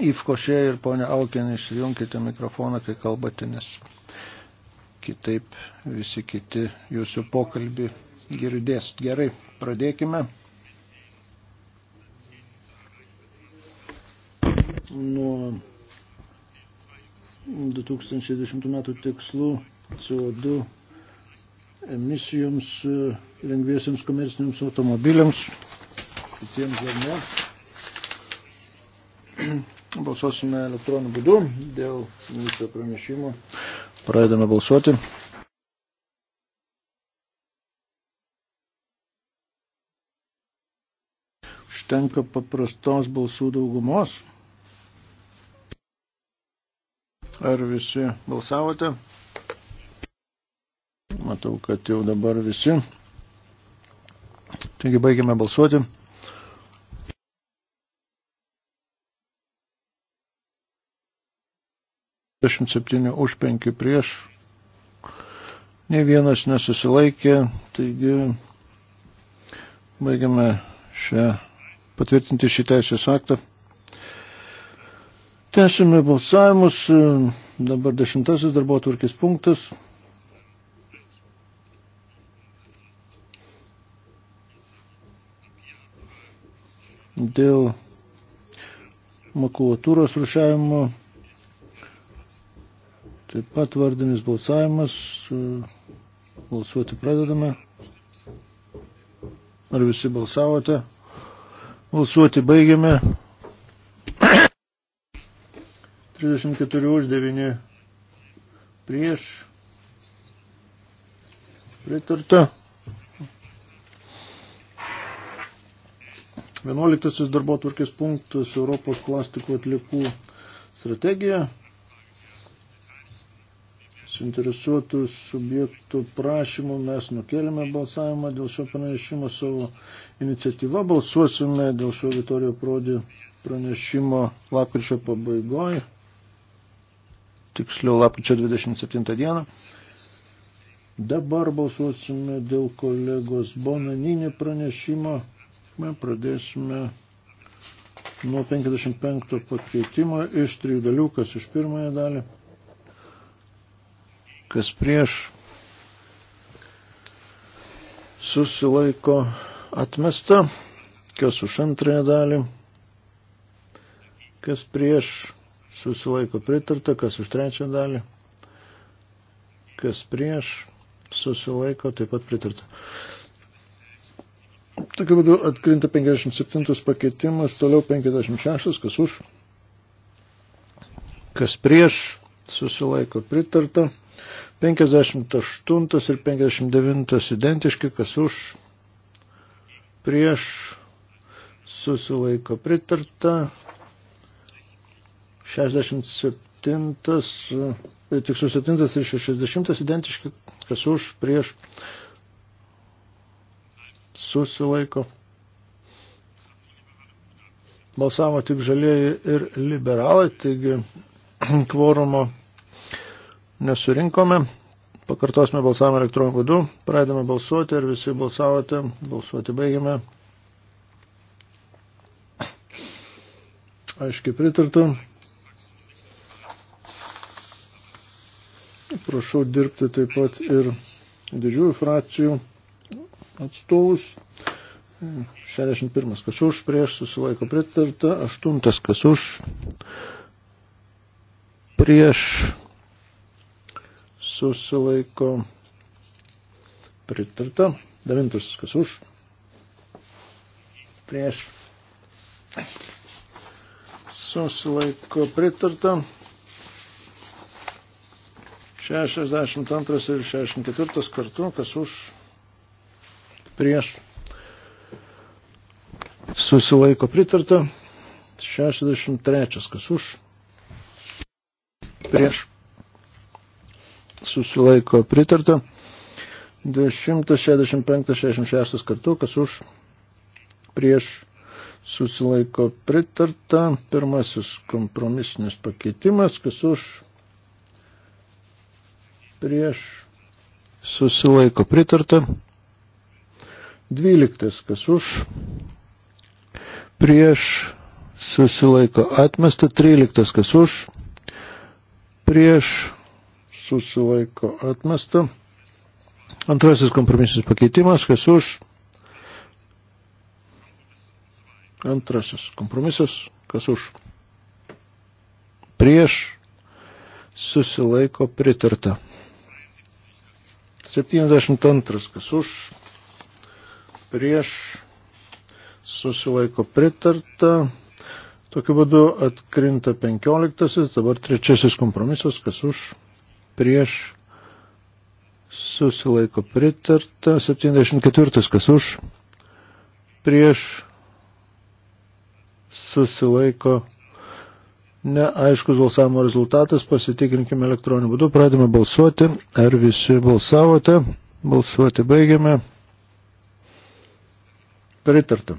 Įfkošė ir ponia Alkin, išjungkite mikrofoną, kai kalbate, nes kitaip visi kiti jūsų pokalbį girdės. Gerai, pradėkime. Nuo 2010 metų tikslų CO2 emisijoms lengviesiams komerciniams automobiliams, kitiems dar ne. Balsuosime elektroniniu būdu dėl viso pranešimo. Pradedame balsuoti. Užtenka paprastos balsų daugumos. Ar visi balsavote? Matau, kad jau dabar visi. Taigi baigiame balsuoti. 27 už 5 prieš. Ne vienas nesusilaikė, taigi baigiame šią patvirtinti šį teisės aktą. Tęsime balsavimus. Dabar dešimtasis darbo turkis punktas. Dėl makulatūros rušiavimo Taip pat vardinis balsavimas. Balsuoti pradedame. Ar visi balsavote? Balsuoti baigiame. 34 už 9 prieš. Pritarta. 11 darbo tvarkės punktas Europos plastikų atlikų strategija suinteresuotų subjektų prašymų mes nukėlėme balsavimą dėl šio pranešimo savo iniciatyvą. Balsuosime dėl šio Vitorijo Prodi pranešimo lapkričio pabaigoje, tiksliau lapkričio 27 dieną. Dabar balsuosime dėl kolegos Bonaninį pranešimo. Mes pradėsime nuo 55 pakeitimo iš trijų dalių, kas iš pirmąją dalį kas prieš, susilaiko atmesta, kas už antrąją dalį, kas prieš, susilaiko pritarta, kas už trečią dalį, kas prieš, susilaiko taip pat pritarta. Tokiu būdu atkrinta 57 pakeitimas, toliau 56, kas už, kas prieš, susilaiko pritarta. 58 ir 59 identiški, kas už, prieš, susilaiko pritarta, 67, e, tiksliau 7 ir 60 identiški, kas už, prieš, susilaiko. Balsavo tik žalieji ir liberalai, taigi kvorumo nesurinkome. Pakartosime balsavimą elektroniniu būdu. Pradedame balsuoti ir visi balsavote. Balsuoti baigėme. Aiškiai pritartu. Prašau dirbti taip pat ir didžiųjų frakcijų atstovus. 61. Kas už, prieš susilaiko pritarta. 8. Kas už, prieš susilaiko pritarta. Devintas, kas už, prieš susilaiko pritarta. 62 ir 64 kartu, kas už prieš susilaiko pritarta. 63 kas už prieš susilaiko pritarta. 265-66 kartu, kas už prieš susilaiko pritarta. Pirmasis kompromisinis pakeitimas, kas už prieš susilaiko pritarta. 12, kas už prieš susilaiko atmesta. 13, kas už prieš susilaiko atmesta. Antrasis kompromisinis pakeitimas, kas už. Antrasis kompromisas, kas už. Prieš susilaiko pritarta. 72, kas už. Prieš susilaiko pritarta. Tokiu būdu atkrinta 15, dabar trečiasis kompromisas, kas už prieš susilaiko pritarta, 74 kas už, prieš susilaiko neaiškus balsavimo rezultatas, pasitikrinkime elektroniniu būdu, pradėme balsuoti, ar visi balsavote, balsuoti baigiame, pritarta.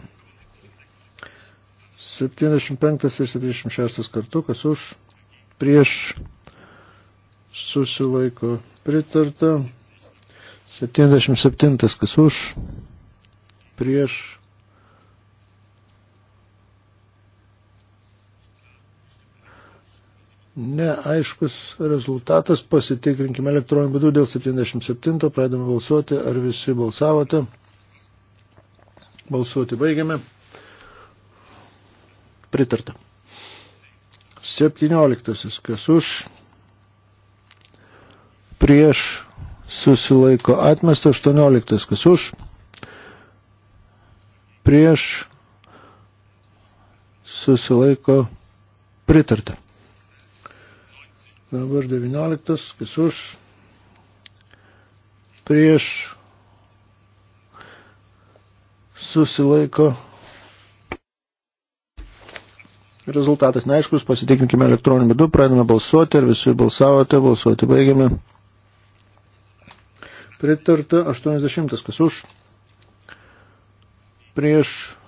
75 ir 76 kartu, kas už, prieš susilaiko pritarta. 77 kas už, prieš. Neaiškus rezultatas, pasitikrinkime elektroniniu būdu dėl 77, pradėme balsuoti, ar visi balsavote. Balsuoti baigiame. Pritarta. 17. Kas už, prieš susilaiko atmesta 18, kas už, prieš susilaiko pritarta. Dabar 19, kas už, prieš susilaiko Rezultatas neaiškus, pasitikrinkime elektroniniu būdu, pradame balsuoti ir visi balsavote, balsuoti baigiame. Pritarta 80. Kas už? Prieš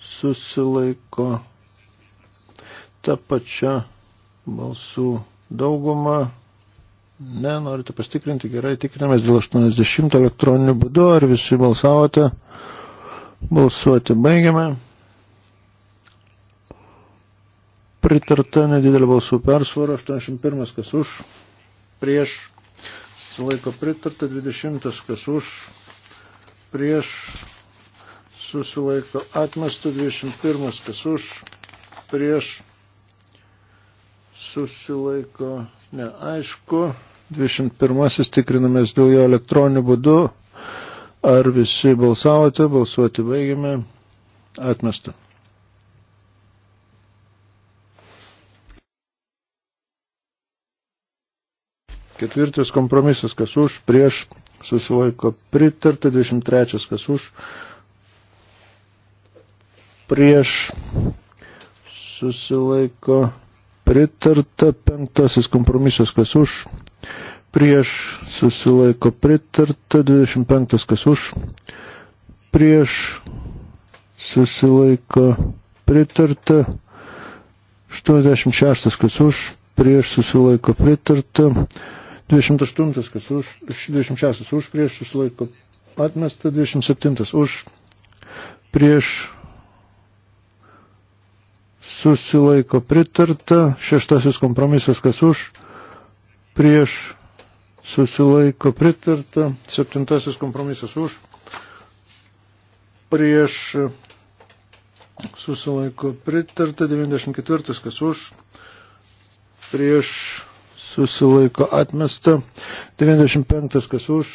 susilaiko ta pačia balsų dauguma. Ne, norite pastikrinti, gerai, tikrinamės dėl 80 elektroninių būdų, ar visi balsavote. Balsuoti baigiame. Pritarta nedidelė balsų persvara, 81 kas už, prieš susilaiko pritarta, 20 kas už, prieš susilaiko atmesta, 21 kas už, prieš susilaiko neaišku. 21 tikrinamės dėl jo elektroniniu būdu. Ar visi balsavote? Balsuoti baigiame. Atmesta. Ketvirtas kompromisas, kas už, prieš, susilaiko pritarta, 23, kas už, prieš, susilaiko pritarta, penktasis kompromisas, kas už, prieš, susilaiko pritarta, 25, kas už, prieš, susilaiko pritarta, 86, kas už, prieš, susilaiko pritarta, 28, kas už, 26 už prieš susilaiko atmesta, 27 už prieš susilaiko pritarta, šeštasis kompromisas kas už prieš susilaiko pritarta, septintasis kompromisas už prieš susilaiko pritarta, 94 kas už prieš susilaiko atmesta. 95 kas už,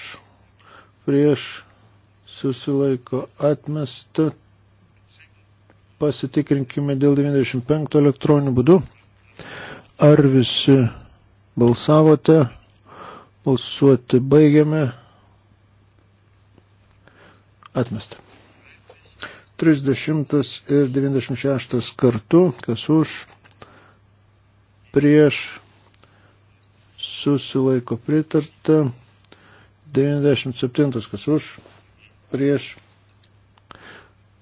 prieš susilaiko atmesta. Pasitikrinkime dėl 95 elektroninių būdų. Ar visi balsavote? Balsuoti baigiame. Atmesta. 30 ir 96 kartu, kas už, prieš susilaiko pritarta. 97 kas už, prieš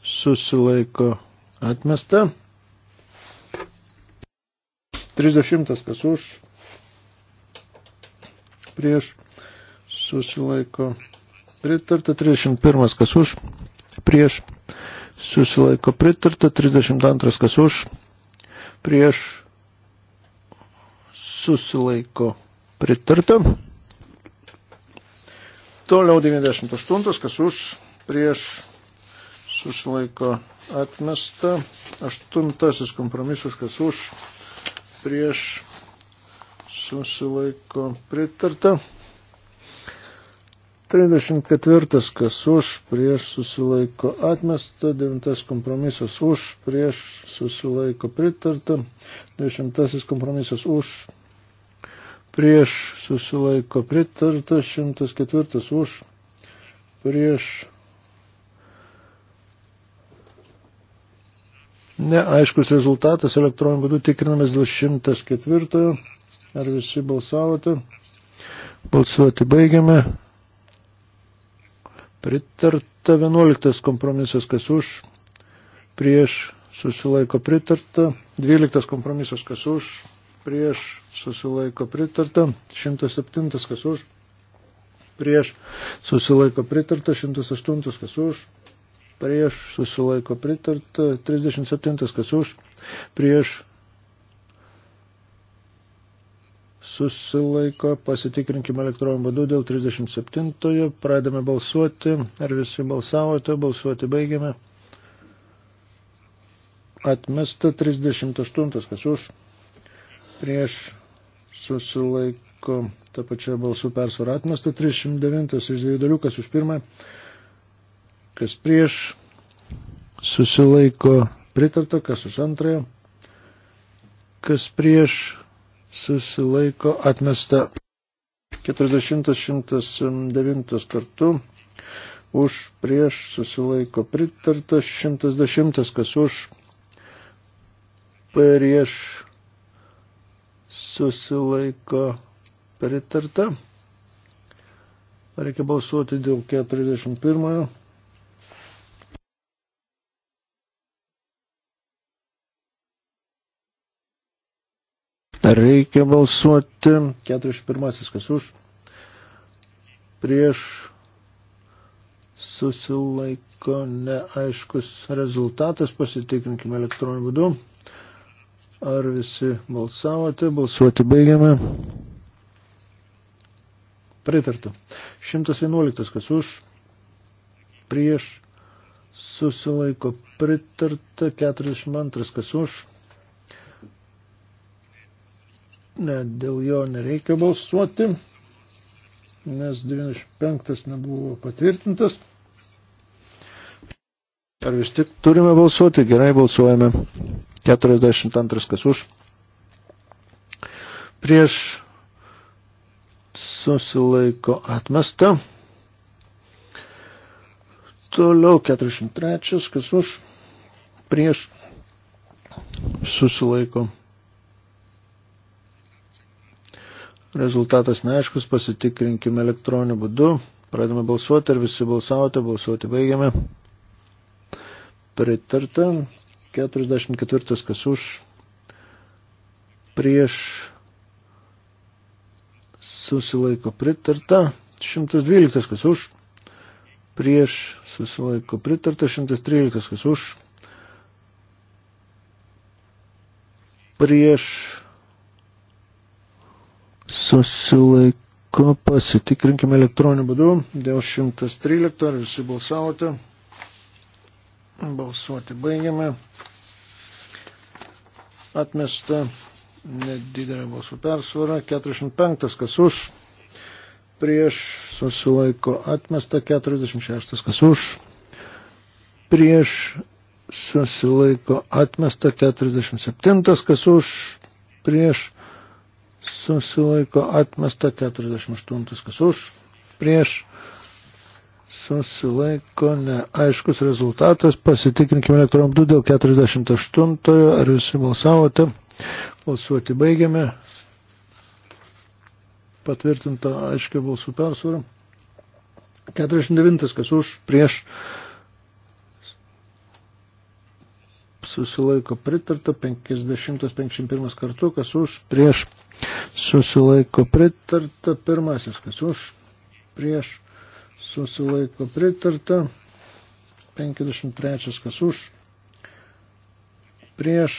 susilaiko atmesta. 30 kas už, prieš susilaiko pritarta. 31 kas už, prieš susilaiko pritarta. 32 kas už, prieš susilaiko pritarta pritarta. Toliau 98, kas už, prieš, susilaiko atmesta. Aštuntasis kompromisas, kas už, prieš, susilaiko pritarta. 34, kas už, prieš susilaiko atmesta, 9 kompromisas už, prieš susilaiko pritarta, 10 kompromisas už, prieš susilaiko pritarta, 104 už, prieš. Neaiškus rezultatas elektroniniu būdu tikrinamas dėl 104. Ar visi balsavote? Balsuoti baigiame. Pritarta 11 kompromisas, kas už, prieš susilaiko pritarta, 12 kompromisas, kas už, prieš susilaiko pritarta, 107 kas už, prieš susilaiko pritarta, 108 kas už, prieš susilaiko pritarta, 37 kas už, prieš susilaiko, pasitikrinkime elektroniniu būdu dėl 37-ojo, pradame balsuoti, ar visi balsavote, balsuoti baigiame. Atmesta 38, kas už prieš susilaiko tą pačią balsų persvarą atmestą 309 iš dviejų dalių, kas už pirmą, kas prieš susilaiko pritarta, kas už antrąją, kas prieš susilaiko atmesta 40-109 kartu, už prieš susilaiko pritarta 110, kas už prieš susilaiko pritarta. Reikia balsuoti dėl 41. Reikia balsuoti 41. kas už. Prieš susilaiko neaiškus rezultatas. Pasitikrinkime elektroniniu būdu. Ar visi balsavote? Balsuoti baigiame. Pritarta. 111. Kas už? Prieš. Susilaiko. Pritarta. 42. Kas už? Ne, dėl jo nereikia balsuoti, nes 95 nebuvo patvirtintas. Ar vis tik turime balsuoti? Gerai balsuojame. 42 kas už. Prieš susilaiko atmesta. Toliau 43 kas už. Prieš susilaiko. Rezultatas neaiškus, pasitikrinkime elektroniniu būdu. Pradame balsuoti, ar visi balsavote, balsuoti baigiame. Pritarta, 44 kas už, prieš susilaiko pritarta, 112 kas už, prieš susilaiko pritarta, 113 kas už, prieš susilaiko pasitikrinkime elektroniniu būdu dėl 113 ar visi balsavote. Balsuoti baigiame. Atmesta nedidelė balsų persvara. 45 kas už. Prieš susilaiko atmesta 46 kas už. Prieš susilaiko atmesta 47 kas už. Prieš susilaiko atmesta 48 kas už. Prieš susilaiko neaiškus rezultatas. Pasitikrinkime elektroniniu būdu dėl 48. Ar visi balsavote? Balsuoti baigiame. Patvirtinta aiškia balsų persvara. 49. Kas už, prieš susilaiko pritarta, 50-51 kartu, kas už, prieš, susilaiko pritarta, pirmasis, kas už, prieš, susilaiko pritarta, 53 kas už, prieš,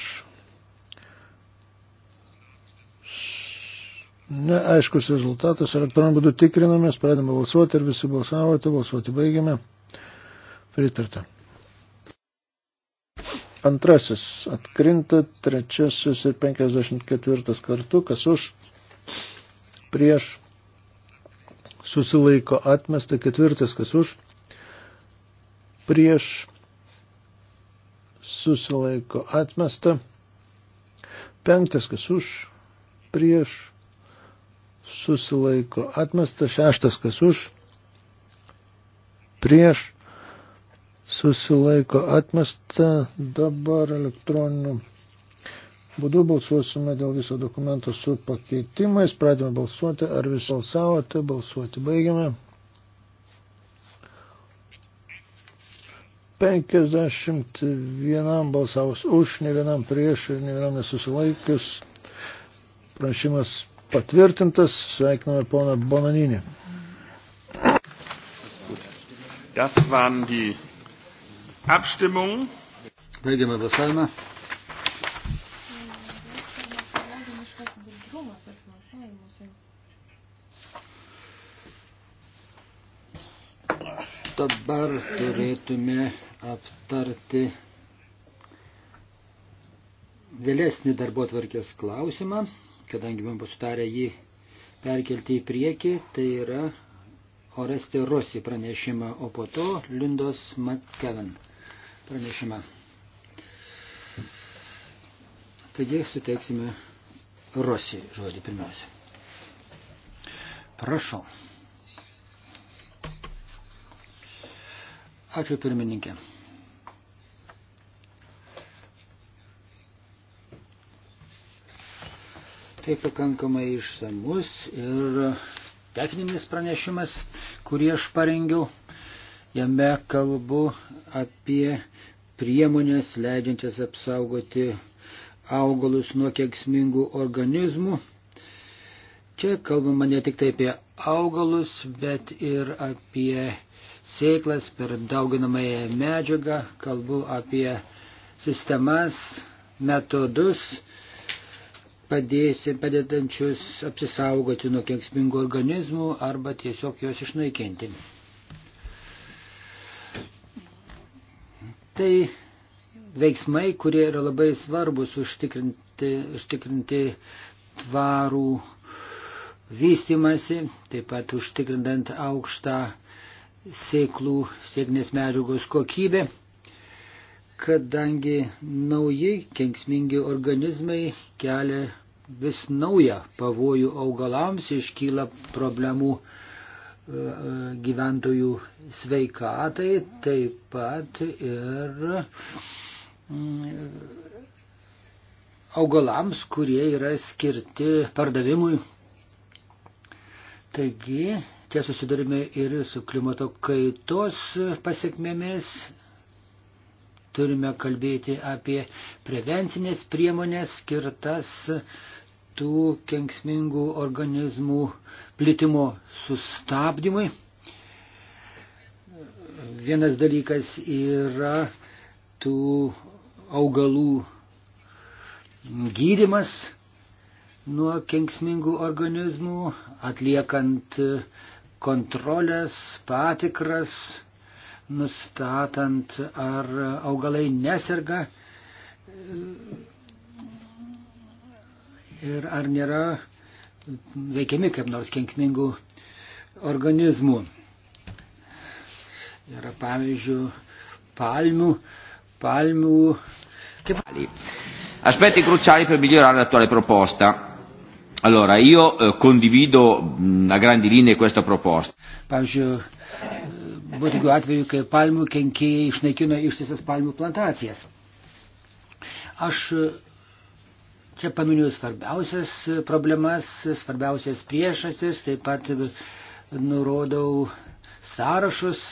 neaiškus rezultatas, elektroniniu būdu tikrinamės, pradėme balsuoti ir visi balsavote, balsuoti baigiame, pritarta. Antrasis atkrinta, trečiasis ir 54 kartu, kas už, prieš, susilaiko atmesta, ketvirtas kas už, prieš susilaiko atmesta, penktas kas už, prieš susilaiko atmesta, šeštas kas už, prieš susilaiko atmesta, dabar elektroniniu būdu balsuosime dėl viso dokumento su pakeitimais. Pradėme balsuoti, ar visi balsavote, balsuoti baigiame. 51 balsavus už, ne vienam prieš ir ne vienam nesusilaikius. Pranešimas patvirtintas. Sveikiname poną Bonaninį. Das waren die Abstimmungen. Baigiame balsavimą. turėtume aptarti vėlesnį darbo tvarkės klausimą, kadangi man pasitarė jį perkelti į priekį, tai yra Oreste Rosi pranešimą, o po to Lindos McKevin pranešimą. Taigi suteiksime Rosi žodį pirmiausia. Prašau. Ačiū pirmininkė. Tai pakankamai išsamus ir techninis pranešimas, kurį aš parengiau. Jame kalbu apie priemonės leidžiančias apsaugoti augalus nuo keksmingų organizmų. Čia kalbama ne tik tai apie augalus, bet ir apie sėklas, per dauginamąją medžiagą, kalbu apie sistemas, metodus, padėsi, padedančius apsisaugoti nuo kenksmingų organizmų arba tiesiog juos išnaikinti. Tai veiksmai, kurie yra labai svarbus užtikrinti, užtikrinti tvarų vystimasi, taip pat užtikrintant aukštą sėklų, sėknės medžiagos kokybė, kadangi nauji kenksmingi organizmai kelia vis naują pavojų augalams, iškyla problemų e, e, gyventojų sveikatai, taip pat ir mm, augalams, kurie yra skirti pardavimui. Taigi Čia susidurime ir su klimato kaitos pasiekmėmis. Turime kalbėti apie prevencinės priemonės skirtas tų kenksmingų organizmų plitimo sustabdymui. Vienas dalykas yra tų augalų gydimas nuo kenksmingų organizmų, atliekant uh, kontrolės, patikras, nustatant, ar augalai neserga ir ar nėra veikiami kaip nors kenkmingų organizmų. Yra pavyzdžių palmių, palmių. Kaip... Aspetti cruciali per migliorare l'attuale proposta. Allora, io eh, condivido mh, mm, a grandi linee questa proposta. Pavyzdžiui, e, buvo tokių atvejų, kai palmių kenkėjai išnaikino ištisas palmių plantacijas. Aš e, čia paminiu svarbiausias problemas, svarbiausias priešastis, taip pat e, nurodau sąrašus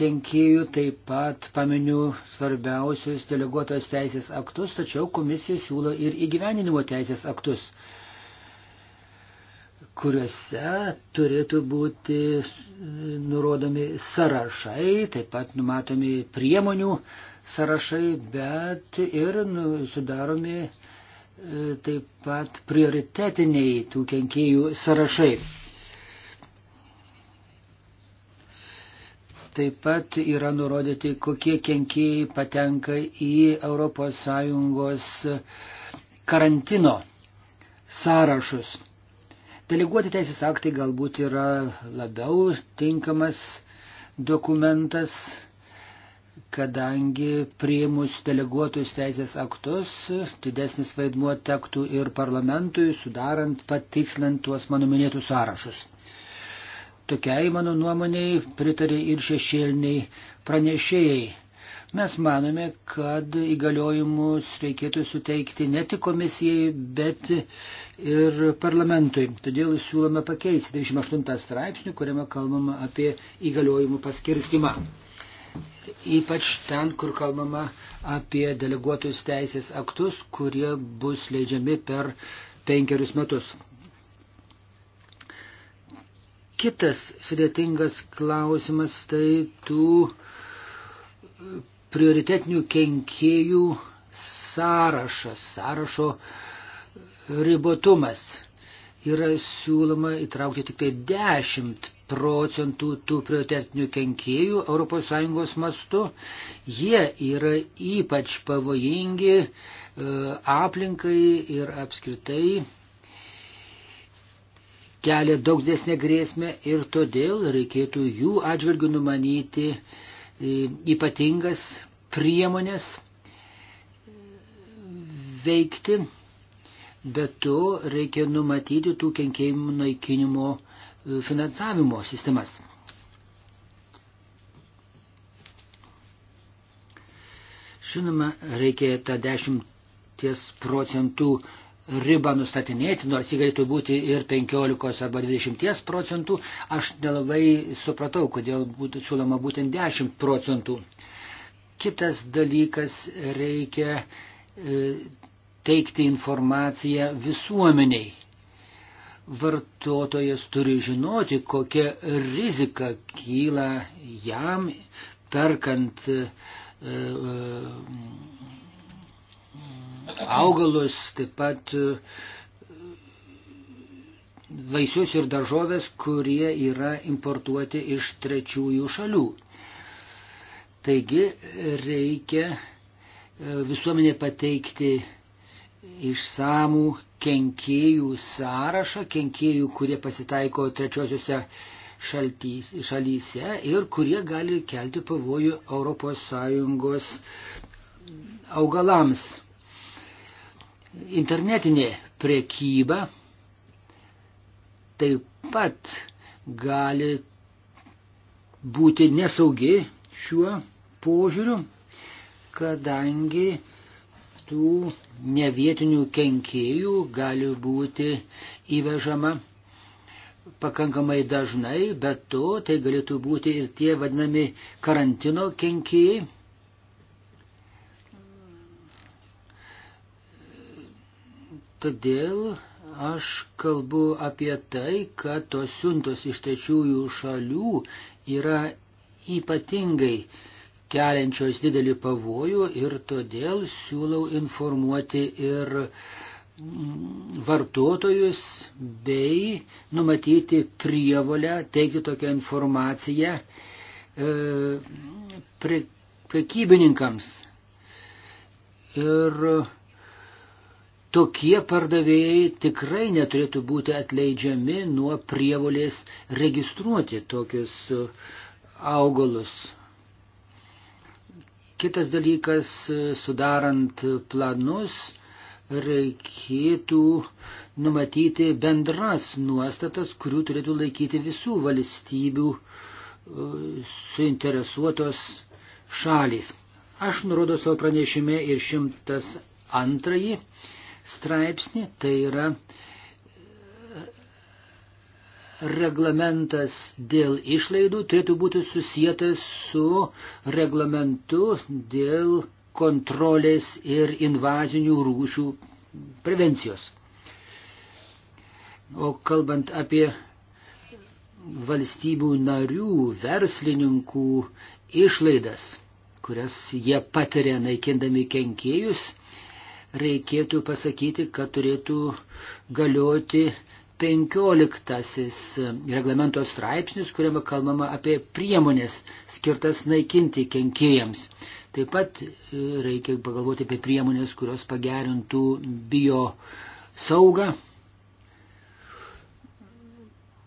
kenkėjų, taip pat paminiu svarbiausius deleguotos teisės aktus, tačiau komisija siūlo ir įgyveninimo teisės aktus kuriuose turėtų būti nurodomi sąrašai, taip pat numatomi priemonių sąrašai, bet ir nu, sudaromi e, taip pat prioritetiniai tų kenkėjų sąrašai. Taip pat yra nurodyti, kokie kenkėjai patenka į ES karantino sąrašus. Deleguoti teisės aktai galbūt yra labiau tinkamas dokumentas, kadangi priimus deleguotus teisės aktus didesnis vaidmuo tektų ir parlamentui, sudarant patikslant tuos mano minėtus sąrašus. Tokiai mano nuomoniai pritarė ir šešėliniai pranešėjai. Mes manome, kad įgaliojimus reikėtų suteikti ne tik komisijai, bet ir parlamentui. Todėl siūlome pakeisti 28 straipsnį, kuriame kalbama apie įgaliojimų paskirstimą. Ypač ten, kur kalbama apie deleguotus teisės aktus, kurie bus leidžiami per penkerius metus. Kitas sudėtingas klausimas tai tų prioritetinių kenkėjų sąrašas, sąrašo ribotumas. Yra siūloma įtraukti tik tai 10 procentų tų prioritetinių kenkėjų ES mastu. Jie yra ypač pavojingi e, aplinkai ir apskritai kelia daug desnė grėsmė ir todėl reikėtų jų atžvilgių numanyti e, ypatingas priemonės veikti, bet tu reikia numatyti tų kenkėjimų naikinimo e, finansavimo sistemas. Žinoma, reikia tą 10 procentų ribą nustatinėti, nors ji galėtų būti ir 15 arba 20 procentų. Aš nelabai supratau, kodėl būtų siūloma būtent 10 procentų. Kitas dalykas reikia e, teikti informaciją visuomeniai. Vartotojas turi žinoti, kokia rizika kyla jam perkant e, e, augalus, taip pat vaisius ir daržovės, kurie yra importuoti iš trečiųjų šalių. Taigi reikia e, visuomenė pateikti išsamų kenkėjų sąrašą, kenkėjų, kurie pasitaiko trečiosiuose šaltys, šalyse ir kurie gali kelti pavojų ES augalams. Internetinė priekyba taip pat gali būti nesaugi šiuo požiūriu, kadangi tų nevietinių kenkėjų gali būti įvežama pakankamai dažnai, bet to tai galėtų būti ir tie vadinami karantino kenkėjai. Todėl aš kalbu apie tai, kad tos siuntos iš trečiųjų šalių yra ypatingai uh, keliančios didelį pavojų ir todėl siūlau informuoti ir mm, vartotojus bei numatyti prievolę teikti tokią informaciją e, prekybininkams. Ir tokie pardavėjai tikrai neturėtų būti atleidžiami nuo prievolės registruoti tokius e, augalus. Kitas dalykas, sudarant planus, reikėtų numatyti bendras nuostatas, kurių turėtų laikyti visų valstybių e, suinteresuotos šalys. Aš nurodo savo pranešime ir 102 straipsnį, tai yra reglamentas dėl išlaidų turėtų būti susijęs su reglamentu dėl kontrolės ir invazinių rūšių prevencijos. O kalbant apie valstybių narių verslininkų išlaidas, kurias jie patiria naikindami kenkėjus, reikėtų pasakyti, kad turėtų galioti 15 reglamento straipsnis, kuriame kalbama apie priemonės skirtas naikinti kenkėjams. Taip pat e, reikia pagalvoti apie priemonės, kurios pagerintų bio saugą.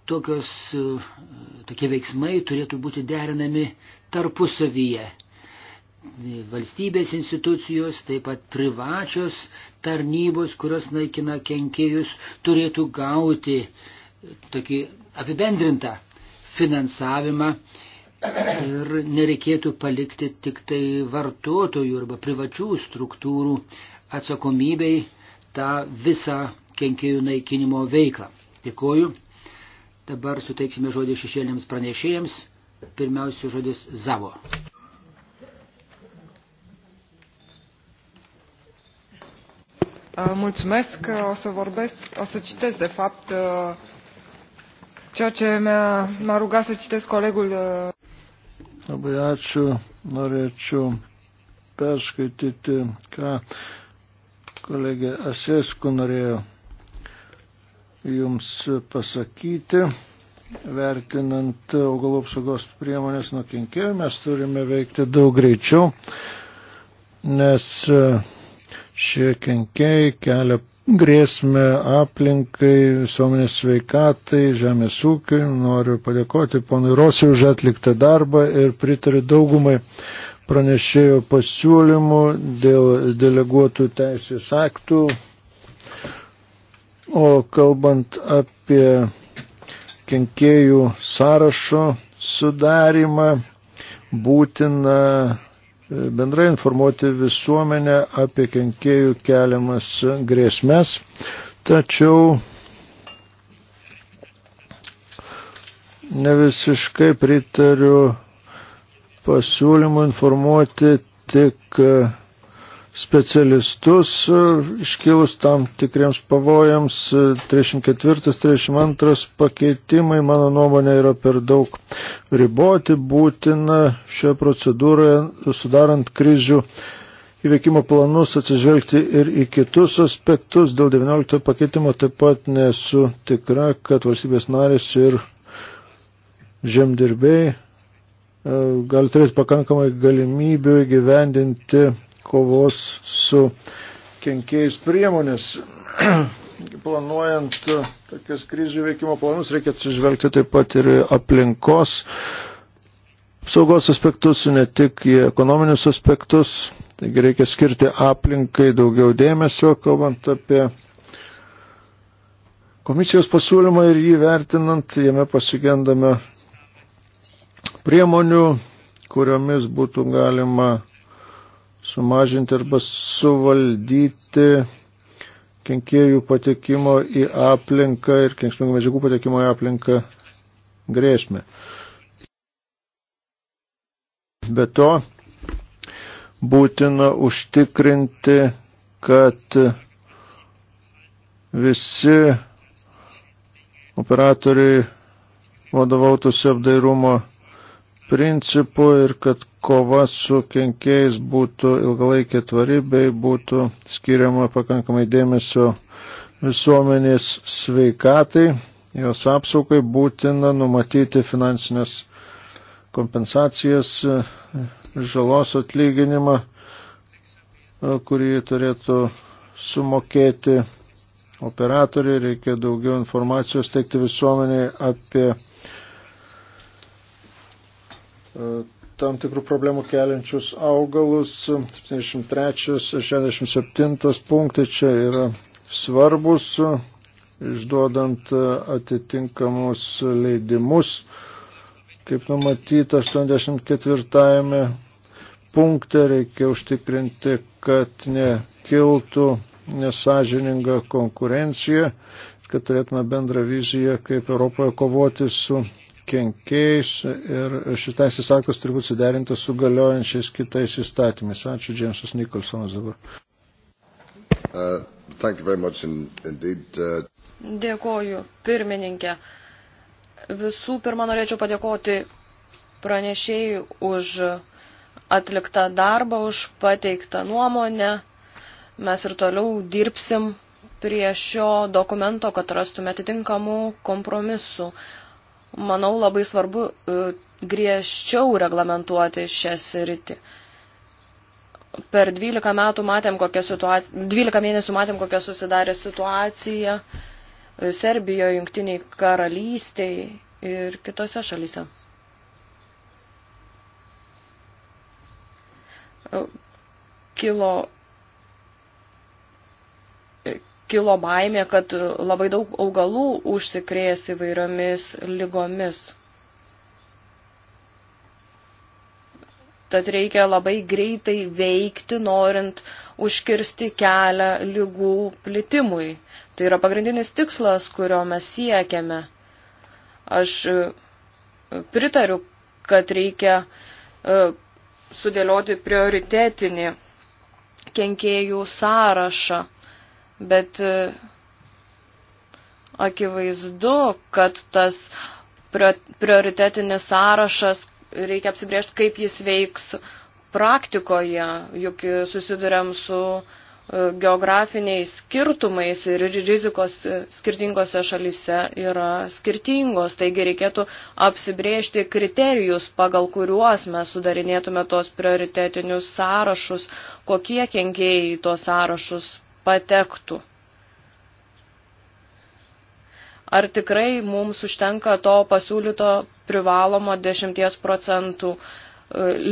Tokios, e, tokie veiksmai turėtų būti derinami tarpusavyje valstybės institucijos, taip pat privačios tarnybos, kurios naikina kenkėjus, turėtų gauti tokį apibendrintą finansavimą ir nereikėtų palikti tik tai vartotojų arba privačių struktūrų atsakomybei tą visą kenkėjų naikinimo veiklą. Dėkuoju. Dabar suteiksime žodį šešėlėms pranešėjams. Pirmiausia žodis Zavo. Uh, mulțumesc. Uh, o să vorbesc, o să citesc, de fapt, uh, ceea ce m-a rugat să citesc colegul. Labai ačiū. Norėčiau perskaityti, ką kolegė Asėsku norėjo jums pasakyti. Vertinant augalų apsaugos priemonės nuo kenkėjų, mes turime veikti daug greičiau, nes uh, Šie kenkėjai kelia grėsmę aplinkai, visuomenės sveikatai, žemės ūkiui. Noriu padėkoti ponui Rosiui už atliktą darbą ir pritariu daugumai pranešėjo pasiūlymų dėl deleguotų teisės aktų. O kalbant apie kenkėjų sąrašo sudarimą, būtina bendrai informuoti visuomenę apie kenkėjų keliamas grėsmes, tačiau ne visiškai pritariu pasiūlymu informuoti tik specialistus e, iškilus tam tikriems pavojams. 34-32 e, pakeitimai, mano nuomonė, yra per daug riboti. Būtina šioje procedūroje, sudarant krizių įveikimo planus, atsižvelgti ir į kitus aspektus. Dėl 19 pakeitimo taip pat nesu tikra, kad valstybės narės ir žemdirbėjai e, gali turėti pakankamai galimybių gyvendinti kovos su kenkėjais priemonės. Planuojant tokias krizių veikimo planus reikia atsižvelgti taip pat ir aplinkos saugos aspektus, ne tik į ekonominius aspektus. Taigi reikia skirti aplinkai daugiau dėmesio, kalbant apie komisijos pasiūlymą ir jį vertinant, jame pasigendame priemonių, kuriomis būtų galima sumažinti arba suvaldyti kenkėjų patekimo į aplinką ir kenksmingų medžiagų patekimo į aplinką grėsmę. Be to, būtina užtikrinti, kad visi operatoriai vadovautųsi apdairumo principų ir kad kova su kenkėjais būtų ilgalaikė tvari bei būtų skiriama pakankamai dėmesio visuomenės sveikatai, jos apsaugai būtina numatyti finansinės kompensacijas, žalos atlyginimą, kurį turėtų sumokėti operatoriai, reikia daugiau informacijos teikti visuomeniai apie E, tam tikrų problemų keliančius augalus. 73-67 punktai čia yra svarbus, išduodant atitinkamus leidimus, kaip numatyta 84 punkte reikia užtikrinti, kad nekiltų nesažininga konkurencija, kad turėtume bendrą viziją, kaip Europoje kovoti su kenkėjais ir šis teisės aktas turi būti suderintas su galiojančiais kitais įstatymais. Ačiū, Džemsas Nikolsonas dabar. Uh, indeed, uh... Dėkoju, pirmininkė. Visų pirma, norėčiau padėkoti pranešėjai už atliktą darbą, už pateiktą nuomonę. Mes ir toliau dirbsim prie šio dokumento, kad rastume atitinkamų kompromisų manau, labai svarbu e, griežčiau reglamentuoti šią sritį. Per 12, metų matėm, kokia situacija, 12 mėnesių matėm, kokia susidarė situacija e, Serbijoje, Junktiniai karalystiai ir kitose šalyse. E, kilo kilo baimė, kad labai daug augalų užsikrės įvairiomis lygomis. Tad reikia labai greitai veikti, norint užkirsti kelią lygų plitimui. Tai yra pagrindinis tikslas, kurio mes siekiame. Aš e, pritariu, kad reikia e, sudėlioti prioritetinį kenkėjų sąrašą bet e, akivaizdu, kad tas prioritetinis sąrašas reikia apsibriežti, kaip jis veiks praktikoje, juk susidurėm su e, geografiniais skirtumais ir rizikos e, skirtingose šalyse yra skirtingos. Taigi reikėtų apsibriežti kriterijus, pagal kuriuos mes sudarinėtume tos prioritetinius sąrašus, kokie kenkėjai tos sąrašus patektų. Ar tikrai mums užtenka to pasiūlyto privalomo 10 procentų e,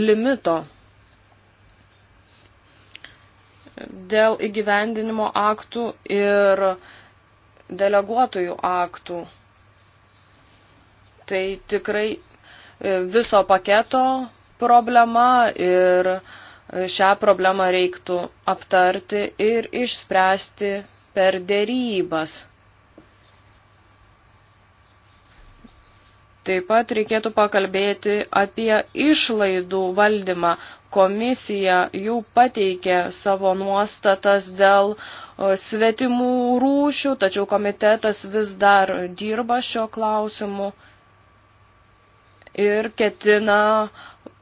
limito? Dėl įgyvendinimo aktų ir deleguotojų aktų. Tai tikrai e, viso paketo problema ir uh, šią problemą reiktų aptarti ir išspręsti per dėrybas. Taip pat reikėtų pakalbėti apie išlaidų valdymą. Komisija jau pateikė savo nuostatas dėl e, svetimų rūšių, tačiau komitetas vis dar dirba šio klausimu ir ketina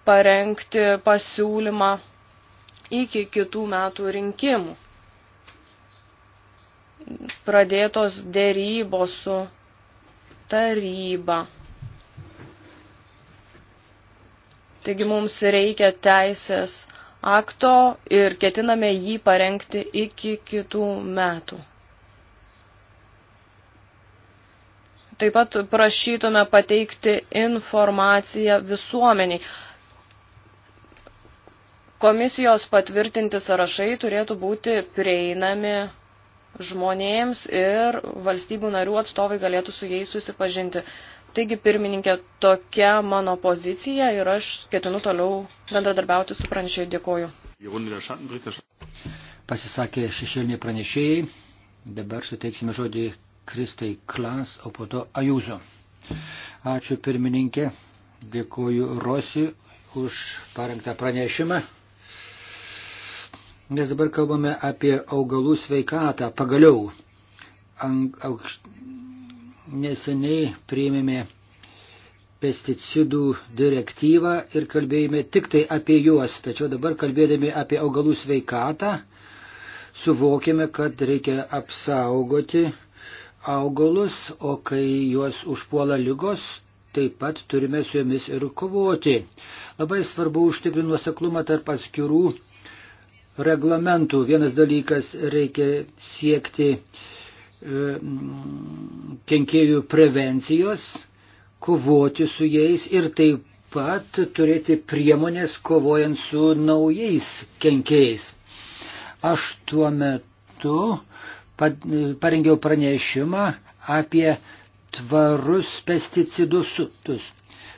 parengti pasiūlymą iki kitų metų rinkimų. Pradėtos dėrybos su taryba. Taigi mums reikia teisės akto ir ketiname jį parengti iki kitų metų. Taip pat prašytume pateikti informaciją visuomeniai Komisijos patvirtinti sąrašai turėtų būti prieinami žmonėms ir valstybių narių atstovai galėtų su jais susipažinti. Taigi, pirmininkė, tokia mano pozicija ir aš ketinu toliau bendradarbiauti su pranešėjai. Dėkoju. Pasisakė šešėliniai pranešėjai. Dabar suteiksime žodį Kristai Klas, o po to Ajūzo. Ačiū pirmininkė. Dėkoju Rosi už parengtą pranešimą. Mes dabar kalbame apie augalų sveikatą. Pagaliau, aukš... neseniai priėmėme pesticidų direktyvą ir kalbėjome tik tai apie juos. Tačiau dabar kalbėdami apie augalų sveikatą, suvokėme, kad reikia apsaugoti augalus, o kai juos užpuola lygos, taip pat turime su jomis ir kovoti. Labai svarbu užtikrinti nuoseklumą tarp atskirų reglamentų. Vienas dalykas reikia siekti e, kenkėjų prevencijos, kovoti su jais ir taip pat turėti priemonės kovojant su naujais kenkėjais. Aš tuo metu e, parengiau pranešimą apie tvarus pesticidus.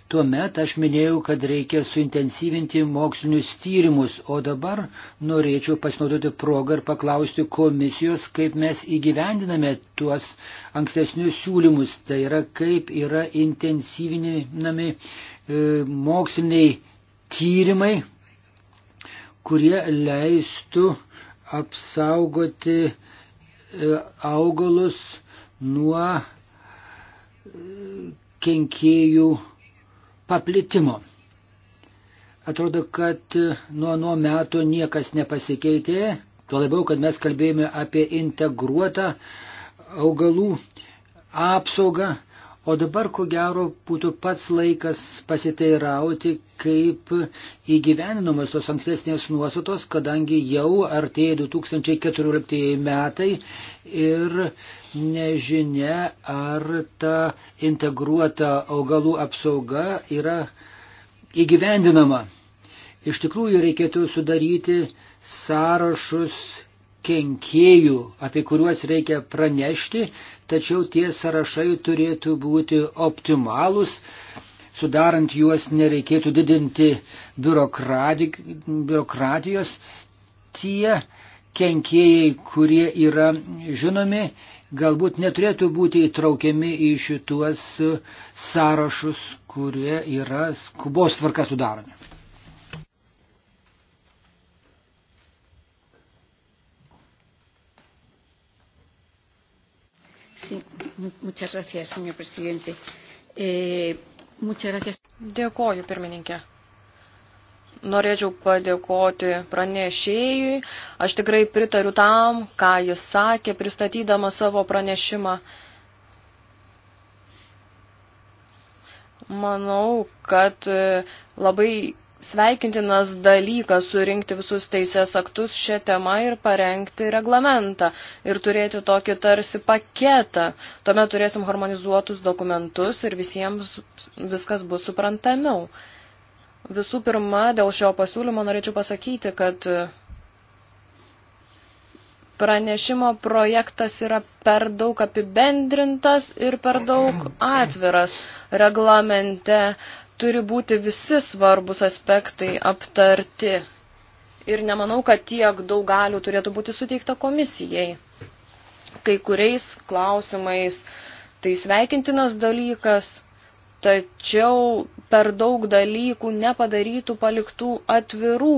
Tuomet aš minėjau, kad reikia suintensyvinti mokslinius tyrimus, o dabar norėčiau pasinaudoti progą ir paklausti komisijos, kaip mes įgyvendiname tuos ankstesnius siūlymus, tai yra kaip yra intensyvinami e, moksliniai tyrimai, kurie leistų apsaugoti e, augalus nuo e, kenkėjų paplitimo. Atrodo, kad nuo nuo metų niekas nepasikeitė, tuo labiau, kad mes kalbėjome apie integruotą augalų apsaugą, O dabar, ko gero, būtų pats laikas pasiteirauti, kaip įgyveninamos tos ankstesnės nuostatos, kadangi jau artėja 2014 metai ir nežinia, ar ta integruota augalų apsauga yra įgyvendinama. Iš tikrųjų reikėtų sudaryti sąrašus kenkėjų, apie kuriuos reikia pranešti, tačiau tie sąrašai turėtų būti optimalūs. Sudarant juos nereikėtų didinti biurokratijos. Tie kenkėjai, kurie yra žinomi, galbūt neturėtų būti įtraukiami į šituos sąrašus, kurie yra skubos tvarka sudaromi. Sí, muchas gracias, señor presidente. Eh, muchas gracias. Dėkoju, pirmininkė. Norėčiau padėkoti pranešėjui. Aš tikrai pritariu tam, ką jis sakė, pristatydama savo pranešimą. Manau, kad e, labai sveikintinas dalykas surinkti visus teisės aktus šią temą ir parengti reglamentą ir turėti tokį tarsi paketą. Tuomet turėsim harmonizuotus dokumentus ir visiems viskas bus suprantamiau. Visų pirma, dėl šio pasiūlymo norėčiau pasakyti, kad pranešimo projektas yra per daug apibendrintas ir per daug atviras. Reglamente turi būti visi svarbus aspektai aptarti. Ir nemanau, kad tiek daug galių turėtų būti suteikta komisijai. Kai kuriais klausimais tai sveikintinas dalykas, tačiau per daug dalykų nepadarytų paliktų atvirų.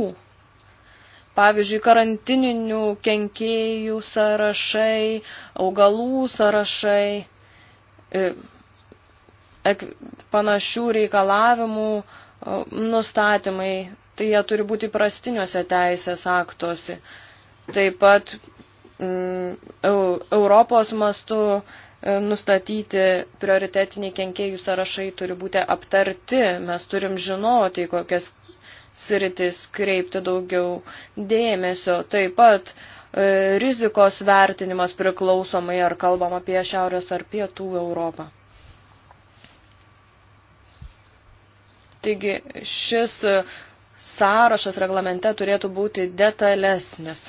Pavyzdžiui, karantininių kenkėjų sąrašai, augalų sąrašai e, panašių reikalavimų nustatymai, tai jie turi būti prastiniuose teisės aktuose. Taip pat mm, Europos mastu e, nustatyti prioritetiniai kenkėjų sąrašai turi būti aptarti. Mes turim žinoti, kokias sritis kreipti daugiau dėmesio. Taip pat e, rizikos vertinimas priklausomai, ar kalbam apie Šiaurės ar Pietų Europą. Taigi šis e, sąrašas reglamente turėtų būti detalesnis.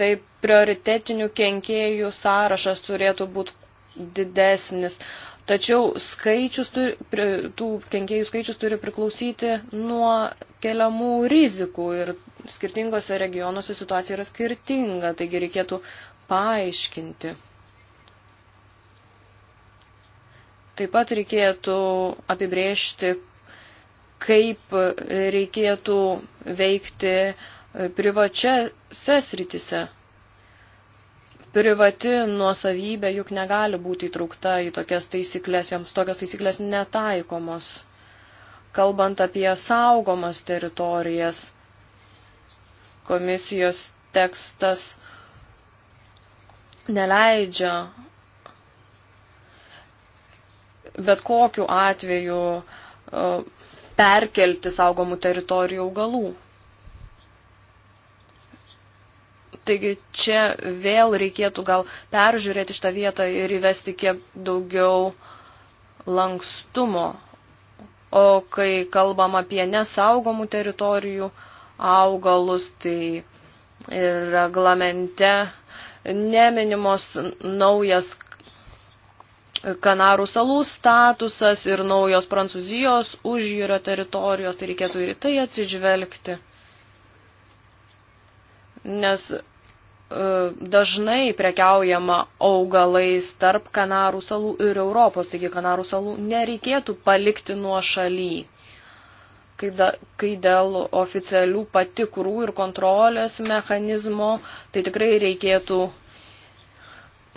Tai prioritetinių kenkėjų sąrašas turėtų būti didesnis. Tačiau skaičius turi, tų kenkėjų skaičius turi priklausyti nuo keliamų rizikų ir skirtingose regionuose situacija yra skirtinga, taigi reikėtų paaiškinti. Taip pat reikėtų apibrėžti, kaip reikėtų veikti privačiose sritise. Privati nuosavybė juk negali būti įtraukta į tokias taisyklės, joms tokios taisyklės netaikomos. Kalbant apie saugomas teritorijas, komisijos tekstas neleidžia bet kokiu atveju e, perkelti saugomų teritorijų augalų. Taigi čia vėl reikėtų gal peržiūrėti šitą vietą ir įvesti kiek daugiau lankstumo. O kai kalbam apie nesaugomų teritorijų augalus, tai ir reglamente neminimos naujas Kanarų salų statusas ir naujos Prancūzijos užjūrio teritorijos, tai reikėtų ir į tai atsižvelgti. Nes e, dažnai prekiaujama augalais tarp Kanarų salų ir Europos, taigi Kanarų salų nereikėtų palikti nuo šaly. Kai, da, kai dėl oficialių patikrų ir kontrolės mechanizmo, tai tikrai reikėtų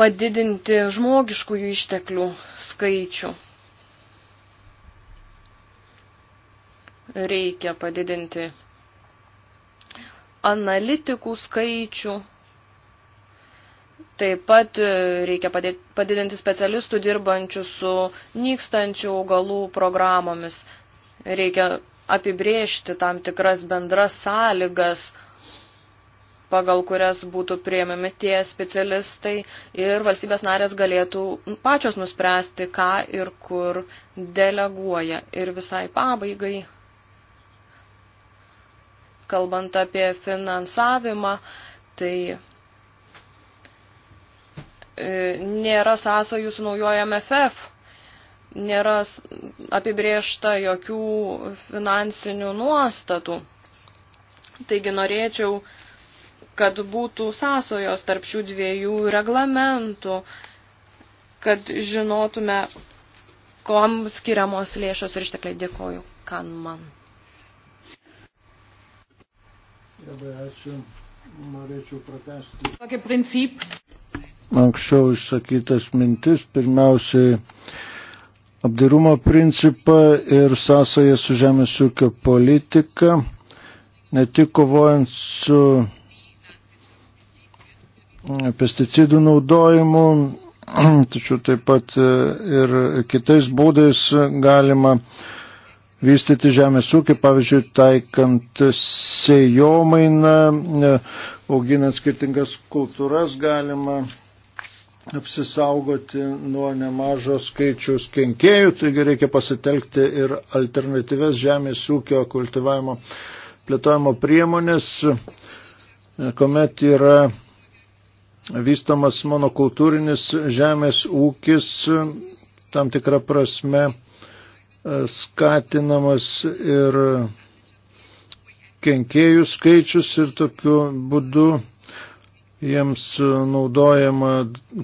padidinti žmogiškųjų išteklių skaičių. Reikia padidinti analitikų skaičių. Taip pat e, reikia padidinti specialistų dirbančių su nykstančių augalų programomis. Reikia apibriežti tam tikras bendras sąlygas, pagal kurias būtų prieimami tie specialistai ir valstybės narės galėtų pačios nuspręsti, ką ir kur deleguoja. Ir visai pabaigai, kalbant apie finansavimą, tai e, nėra sąsojų su naujoja MFF. Nėra apibriešta jokių finansinių nuostatų. Taigi norėčiau kad būtų sąsojos tarp šių dviejų reglamentų, kad žinotume, kom skiriamos lėšos ir ištekliai. Dėkoju, kan man. Labai ačiū. Norėčiau pratesti. Tokia princip. Anksčiau išsakytas mintis, pirmiausiai apdirumo principą ir sąsąją su žemės ūkio politika, ne tik kovojant su pesticidų naudojimu, tačiau taip pat e, ir kitais būdais galima vystyti žemės ūkį, pavyzdžiui, taikant sėjomainą, e, auginant skirtingas kultūras galima apsisaugoti nuo nemažo skaičiaus kenkėjų, taigi reikia pasitelkti ir alternatyves žemės ūkio kultivavimo plėtojimo priemonės, e, kuomet yra vystomas monokultūrinis žemės ūkis tam tikrą prasme e, skatinamas ir kenkėjų skaičius ir tokiu būdu jiems naudojama,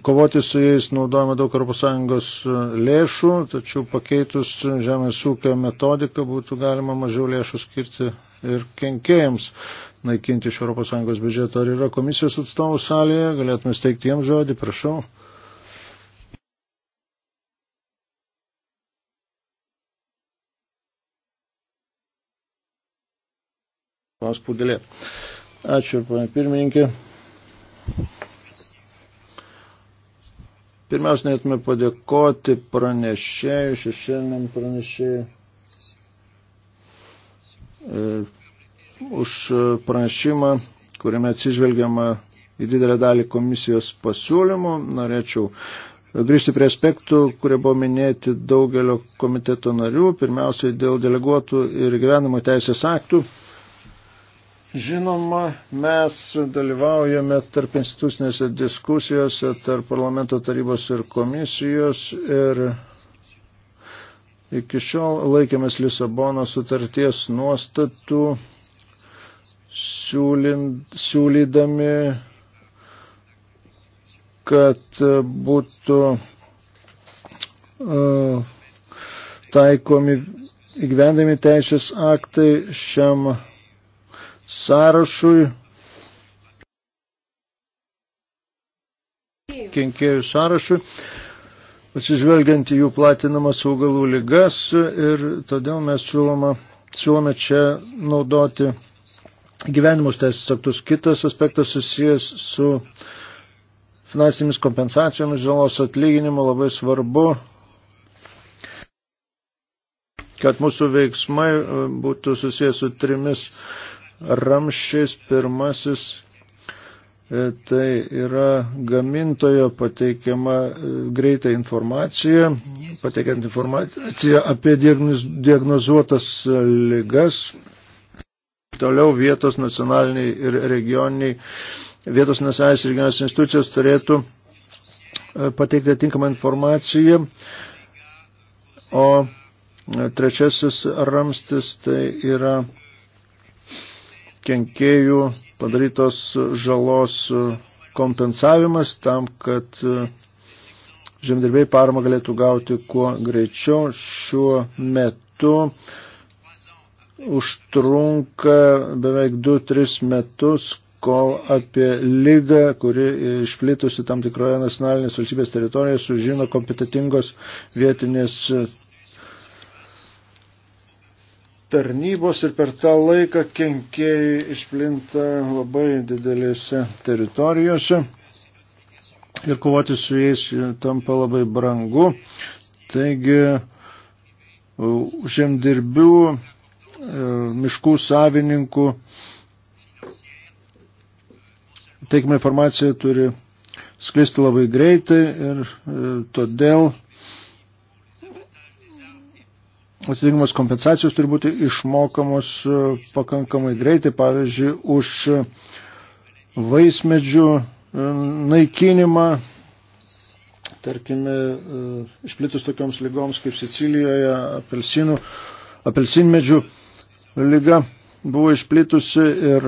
kovoti su jais naudojama daug ES lėšų, tačiau pakeitus žemės ūkio metodiką būtų galima mažiau lėšų skirti ir kenkėjams naikinti iš ES biudžeto. Ar yra komisijos atstovų salėje? Galėtume steigti jiems žodį, prašau. Pas pūdėlė. Ačiū, panė pirmininkė. Pirmiausia, norėtume padėkoti pranešėjų, šešėliniam pranešėjui e, už e, pranešimą, kuriame atsižvelgiama į didelę dalį komisijos pasiūlymų. Norėčiau grįžti prie aspektų, kurie buvo minėti daugelio komiteto narių, pirmiausiai dėl deleguotų ir gyvenimo teisės aktų. Žinoma, mes dalyvaujame tarp institucinėse diskusijose, tarp parlamento tarybos ir komisijos ir iki šiol laikėmės Lisabono sutarties nuostatų siūlind, siūlydami, kad e, būtų uh, taikomi įgyvendami teisės aktai šiam sąrašui, kenkėjų sąrašui, atsižvelgiant į jų platinamas augalų lygas ir todėl mes siūloma, siūlome čia naudoti gyvenimus teisės aktus. Kitas aspektas susijęs su finansinėmis kompensacijomis žalos atlyginimu labai svarbu, kad mūsų veiksmai e, būtų susijęs su trimis ramščiais. Pirmasis e, tai yra gamintojo pateikiama e, greita informacija, pateikiant informaciją apie diagnozuotas ligas Toliau vietos nacionaliniai ir regioniniai, vietos nacionalinės ir regioninės institucijos turėtų e, pateikti atinkamą informaciją, o e, trečiasis ramstis tai yra kenkėjų padarytos žalos kompensavimas tam, kad e, žemdirbiai paramą galėtų gauti kuo greičiau šiuo metu užtrunka beveik 2-3 metus, kol apie lygą, kuri išplitusi tam tikroje nacionalinės valstybės teritorijoje, sužino kompetitingos vietinės tarnybos ir per tą laiką kenkėjai išplinta labai didelėse teritorijose ir kovoti su jais tampa labai brangu. Taigi, žemdirbių E, miškų savininkų, teikime informacija turi sklisti labai greitai ir e, todėl atitinkamos kompensacijos turi būti išmokamos e, pakankamai greitai, pavyzdžiui, už vaismedžių naikinimą, tarkime, išplitus tokioms lygoms kaip Sicilijoje, apelsinų, apelsinmedžių lyga buvo išplitusi ir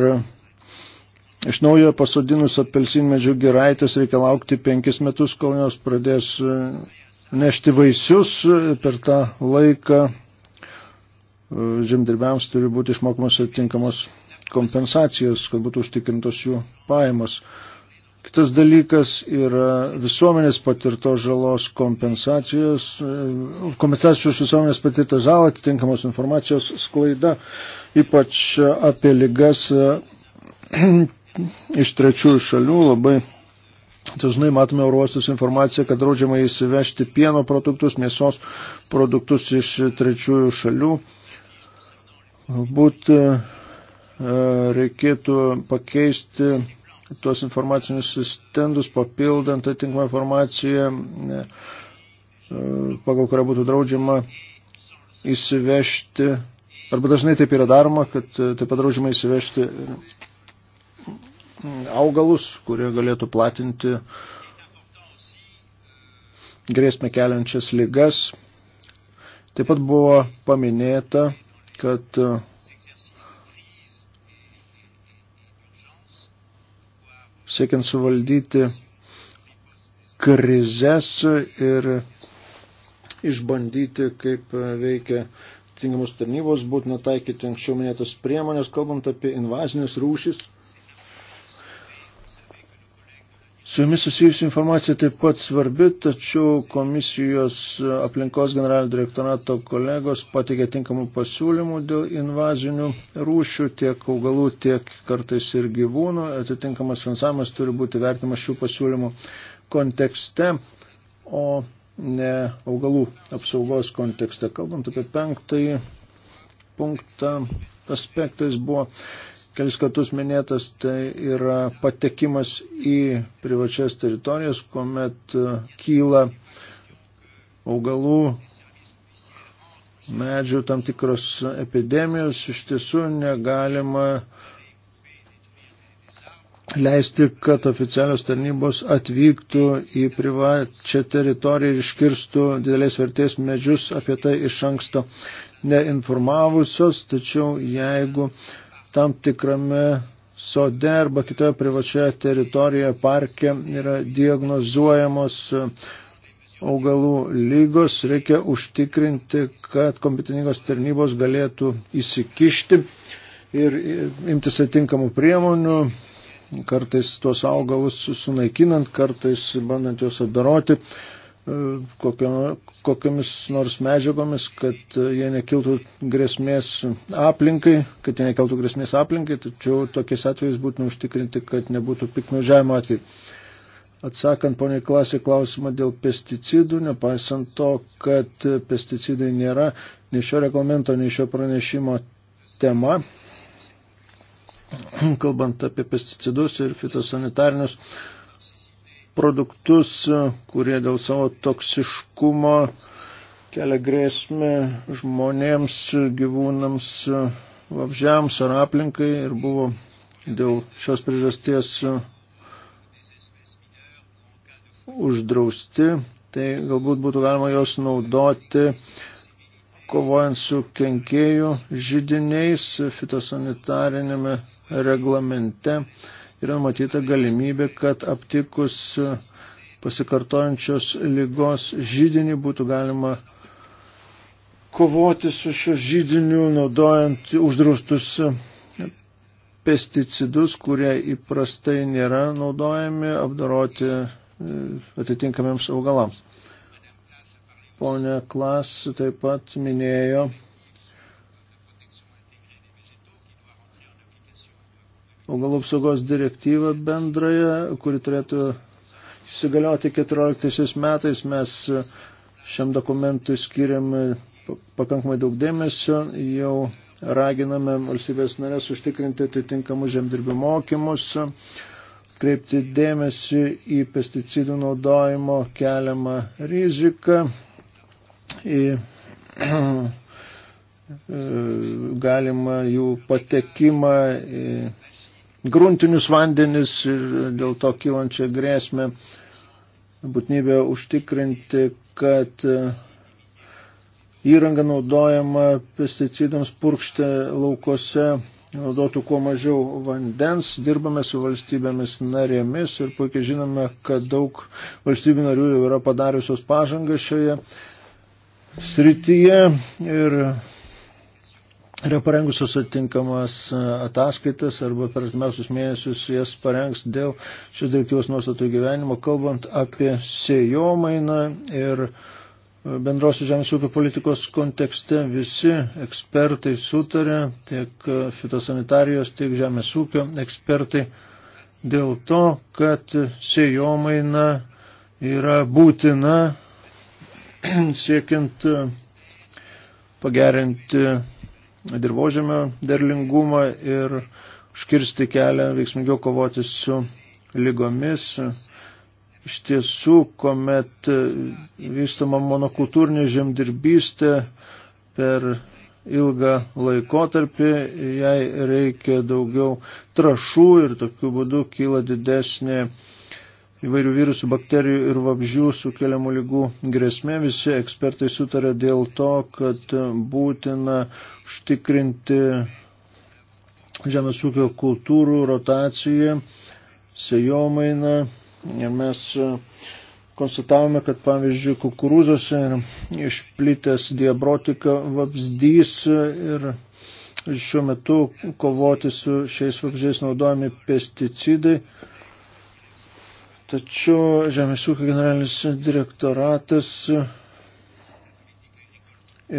iš naujo pasodinus apelsinmedžių giraitės reikia laukti penkis metus, kol jos pradės e, nešti vaisius per tą laiką. E, žemdirbiams turi būti išmokamos atitinkamos kompensacijos, kad būtų užtikrintos jų pajamos. Kitas dalykas yra visuomenės patirtos žalos kompensacijos, kompensacijos visuomenės patirtą žalą, atitinkamos informacijos sklaida, ypač apie lygas iš trečiųjų šalių labai Dažnai matome oruostus informaciją, kad draudžiama įsivežti pieno produktus, mėsos produktus iš trečiųjų šalių. Galbūt e, reikėtų pakeisti tuos informacinius stendus, papildant atinkamą informaciją, e, pagal kurią būtų draudžiama įsivežti, arba dažnai taip yra daroma, kad e, taip pat draudžiama įsivežti e, augalus, kurie galėtų platinti grėsmę keliančias lygas. Taip pat buvo paminėta, kad siekiant suvaldyti krizes ir išbandyti, kaip veikia tingimus tarnybos, būtina taikyti anksčiau minėtas priemonės, kalbant apie invazinės rūšis. Su jumis susijusi informacija taip pat svarbi, tačiau komisijos aplinkos generalinio direktorato kolegos pateikė tinkamų pasiūlymų dėl invazinių rūšių, tiek augalų, tiek kartais ir gyvūnų. Atitinkamas finansavimas turi būti vertinamas šių pasiūlymų kontekste, o ne augalų apsaugos kontekste. Kalbant apie penktąjį punktą, aspektais buvo kelis kartus minėtas, tai yra patekimas į privačias teritorijas, kuomet e, kyla augalų, medžių tam tikros epidemijos. Iš tiesų negalima leisti, kad oficialios tarnybos atvyktų į privačią teritoriją ir iškirstų didelės vertės medžius apie tai iš anksto neinformavusios, tačiau jeigu uh, tam tikrame sode arba kitoje privačioje teritorijoje parke yra diagnozuojamos augalų lygos, reikia užtikrinti, kad kompeteningos tarnybos galėtų įsikišti ir imtis atinkamų priemonių, kartais tuos augalus sunaikinant, kartais bandant juos apdaroti. E, kokio, kokiamis nors medžiagomis, kad jie nekiltų grėsmės aplinkai, kad jie nekeltų grėsmės aplinkai, tačiau tokiais atvejais būtina užtikrinti, kad nebūtų piknaudžiavimo atveju. Atsakant poniai klasė klausimą dėl pesticidų, nepaisant to, kad pesticidai nėra nei šio reglamento, nei šio pranešimo tema, kalbant apie pesticidus ir fitosanitarinius produktus, kurie dėl savo toksiškumo kelia grėsmę žmonėms, gyvūnams, vabžiams ar aplinkai ir buvo dėl šios priežasties uždrausti, tai galbūt būtų galima jos naudoti kovojant su kenkėjų žydiniais fitosanitarinėme reglamente yra matyta galimybė, kad aptikus pasikartojančios lygos žydinį būtų galima kovoti su šiuo žydiniu, naudojant uždraustus pesticidus, kurie įprastai nėra naudojami, apdaroti e, atitinkamiems augalams. Pone Klas taip pat minėjo augalų apsaugos direktyvą bendrąją, kuri turėtų įsigalioti 14 metais. Mes šiam dokumentui skiriam pakankamai daug dėmesio, jau raginame valstybės narės užtikrinti atitinkamus žemdirbių mokymus, kreipti dėmesį į pesticidų naudojimo keliamą riziką, į e, galimą jų patekimą į gruntinius vandenis ir dėl to kylančią grėsmę, būtinybę užtikrinti, kad e, įranga naudojama pesticidams purkšti laukuose naudotų kuo mažiau vandens, dirbame su valstybėmis narėmis ir puikiai žinome, kad daug valstybių narių jau yra padariusios pažangą šioje srityje ir yra parengusios atinkamas e, ataskaitas arba per artimiausius mėnesius jas parengs dėl šios direktyvos nuostatų gyvenimo, kalbant apie sėjomainą ir e, bendrosios žemės ūkio politikos kontekste visi ekspertai sutarė, tiek e, fitosanitarijos, tiek žemės ūkio ekspertai, dėl to, kad sėjomaina yra būtina siekiant pagerinti dirbožėmio derlingumą ir užkirsti kelią veiksmingiau kovoti su lygomis. Iš tiesų, kuomet vystoma monokultūrinė žemdirbystė per ilgą laikotarpį, jai reikia daugiau trašų ir tokiu būdu kyla didesnė įvairių virusų, bakterijų ir vabžių sukeliamų lygų grėsmė. Visi ekspertai sutarė dėl to, kad būtina užtikrinti žemės ūkio kultūrų rotaciją, sejomainą. Ir mes konstatavome, kad pavyzdžiui, kukurūzose išplitęs diabrotika vabzdys ir šiuo metu kovoti su šiais vabzdžiais naudojami pesticidai. Tačiau Žemės ūkio generalinis direktoratas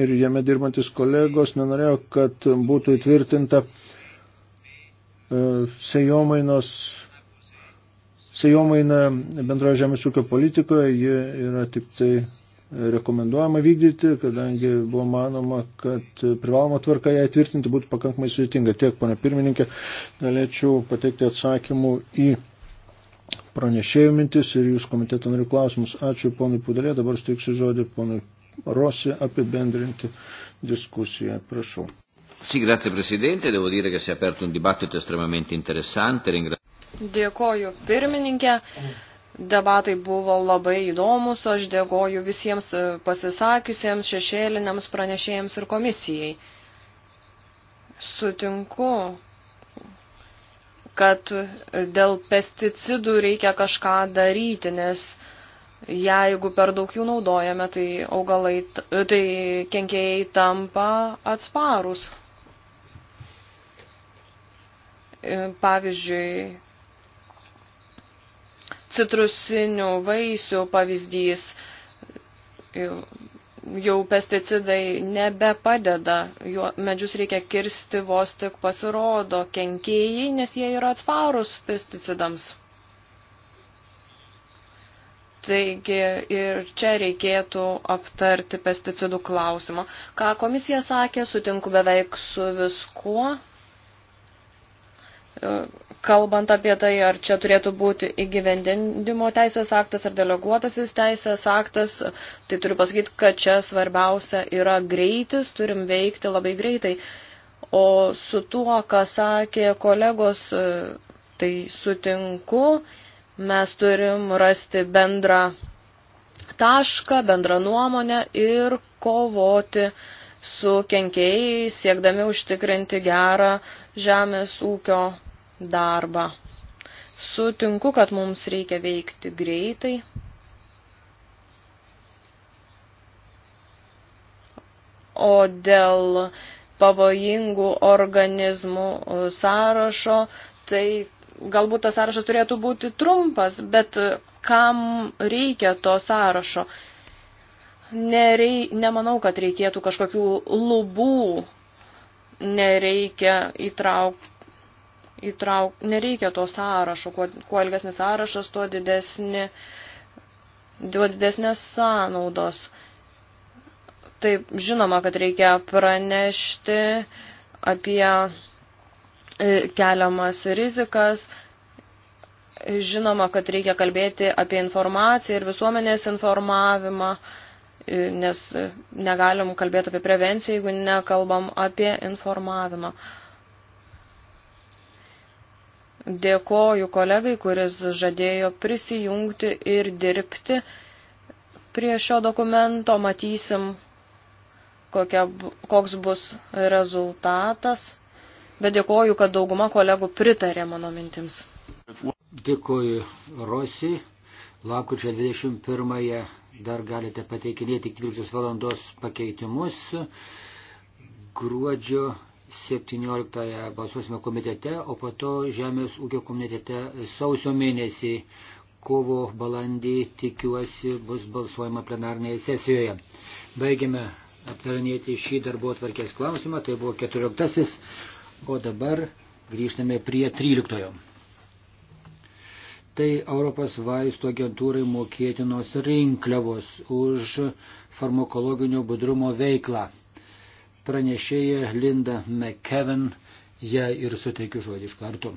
ir jame dirbantis kolegos nenorėjo, kad būtų įtvirtinta e, sejomainos Sejomaina bendroje žemės ūkio politikoje ji yra tik tai rekomenduojama vykdyti, kadangi buvo manoma, kad privaloma tvarka ją įtvirtinti būtų pakankamai sudėtinga. Tiek, ponia pirmininkė, galėčiau pateikti atsakymų į pranešėjų mintis ir jūs komiteto narių klausimus. Ačiū ponui Pudelė, dabar steiksiu žodį ponui Rosi apibendrinti diskusiją. Prašau. Sì, grazie Presidente, devo dire che si è aperto un dibattito estremamente interessante. Ringra... Dėkoju pirmininkė, debatai buvo labai įdomus, aš dėkoju visiems pasisakiusiems, šešėliniams pranešėjams ir komisijai. Sutinku, kad dėl pesticidų reikia kažką daryti, nes jeigu per daug jų naudojame, tai augalai, tai kenkėjai tampa atsparus. E, pavyzdžiui, citrusinių vaisių pavyzdys e, jau pesticidai nebepadeda, Juo, medžius reikia kirsti vos tik pasirodo kenkėjai, nes jie yra atsparus pesticidams. Taigi ir čia reikėtų aptarti pesticidų klausimą. Ką komisija sakė, sutinku beveik su viskuo kalbant apie tai, ar čia turėtų būti įgyvendinimo teisės aktas ar deleguotasis teisės aktas, tai turiu pasakyti, kad čia svarbiausia yra greitis, turim veikti labai greitai. O su tuo, ką sakė kolegos, tai sutinku, mes turim rasti bendrą tašką, bendrą nuomonę ir kovoti su kenkėjais, siekdami užtikrinti gerą žemės ūkio darbą. Sutinku, kad mums reikia veikti greitai. O dėl pavojingų organizmų sąrašo, tai galbūt tas sąrašas turėtų būti trumpas, bet kam reikia to sąrašo? Nerei, nemanau, kad reikėtų kažkokių lubų, nereikia įtraukti įtrauk, nereikia to sąrašo, kuo, kuo ilgesnis sąrašas, tuo, didesni, tuo didesnės sąnaudos. Taip, žinoma, kad reikia pranešti apie e, keliamas rizikas, žinoma, kad reikia kalbėti apie informaciją ir visuomenės informavimą, e, nes e, negalim kalbėti apie prevenciją, jeigu nekalbam apie informavimą. Dėkoju kolegai, kuris žadėjo prisijungti ir dirbti prie šio dokumento. Matysim, kokia, koks bus rezultatas. Bet dėkoju, kad dauguma kolegų pritarė mano mintims. Dėkoju Rosi. Lakučio 21-ąją dar galite pateikinėti 12 valandos pakeitimus. Gruodžio 17 balsuosime komitete, o po to Žemės ūkio komitete sausio mėnesį, kovo balandį tikiuosi bus balsuojama plenarnėje sesijoje. Baigėme aptarinėti šį darbo atvarkės klausimą, tai buvo 14, o dabar grįžtame prie 13. Tai Europos vaistų agentūrai mokėtinos rinkliavos už farmakologinio budrumo veiklą pranešėja Linda McKevin, ją ir suteikiu žodį iš karto.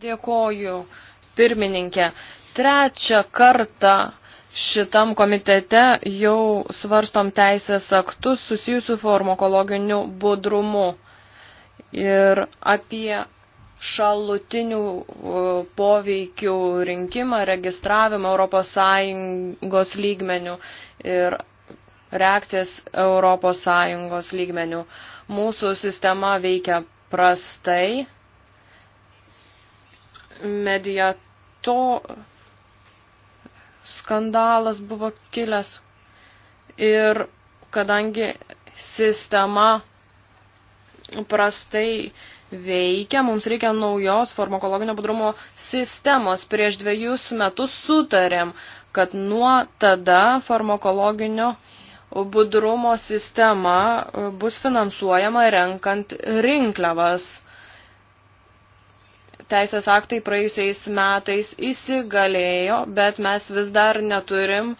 Dėkoju, pirmininkė. Trečią kartą šitam komitete jau svarstom teisės aktus susijusių farmakologiniu budrumu ir apie šalutinių poveikių rinkimą, registravimą ES lygmenių ir reakcijas ES lygmenių. Mūsų sistema veikia prastai. Mediato skandalas buvo kilęs ir kadangi sistema prastai veikia, mums reikia naujos farmakologinio budrumo sistemos. Prieš dviejus metus sutarėm, kad nuo tada farmakologinio budrumo sistema e, bus finansuojama renkant rinkliavas. Teisės aktai praėjusiais metais įsigalėjo, bet mes vis dar neturim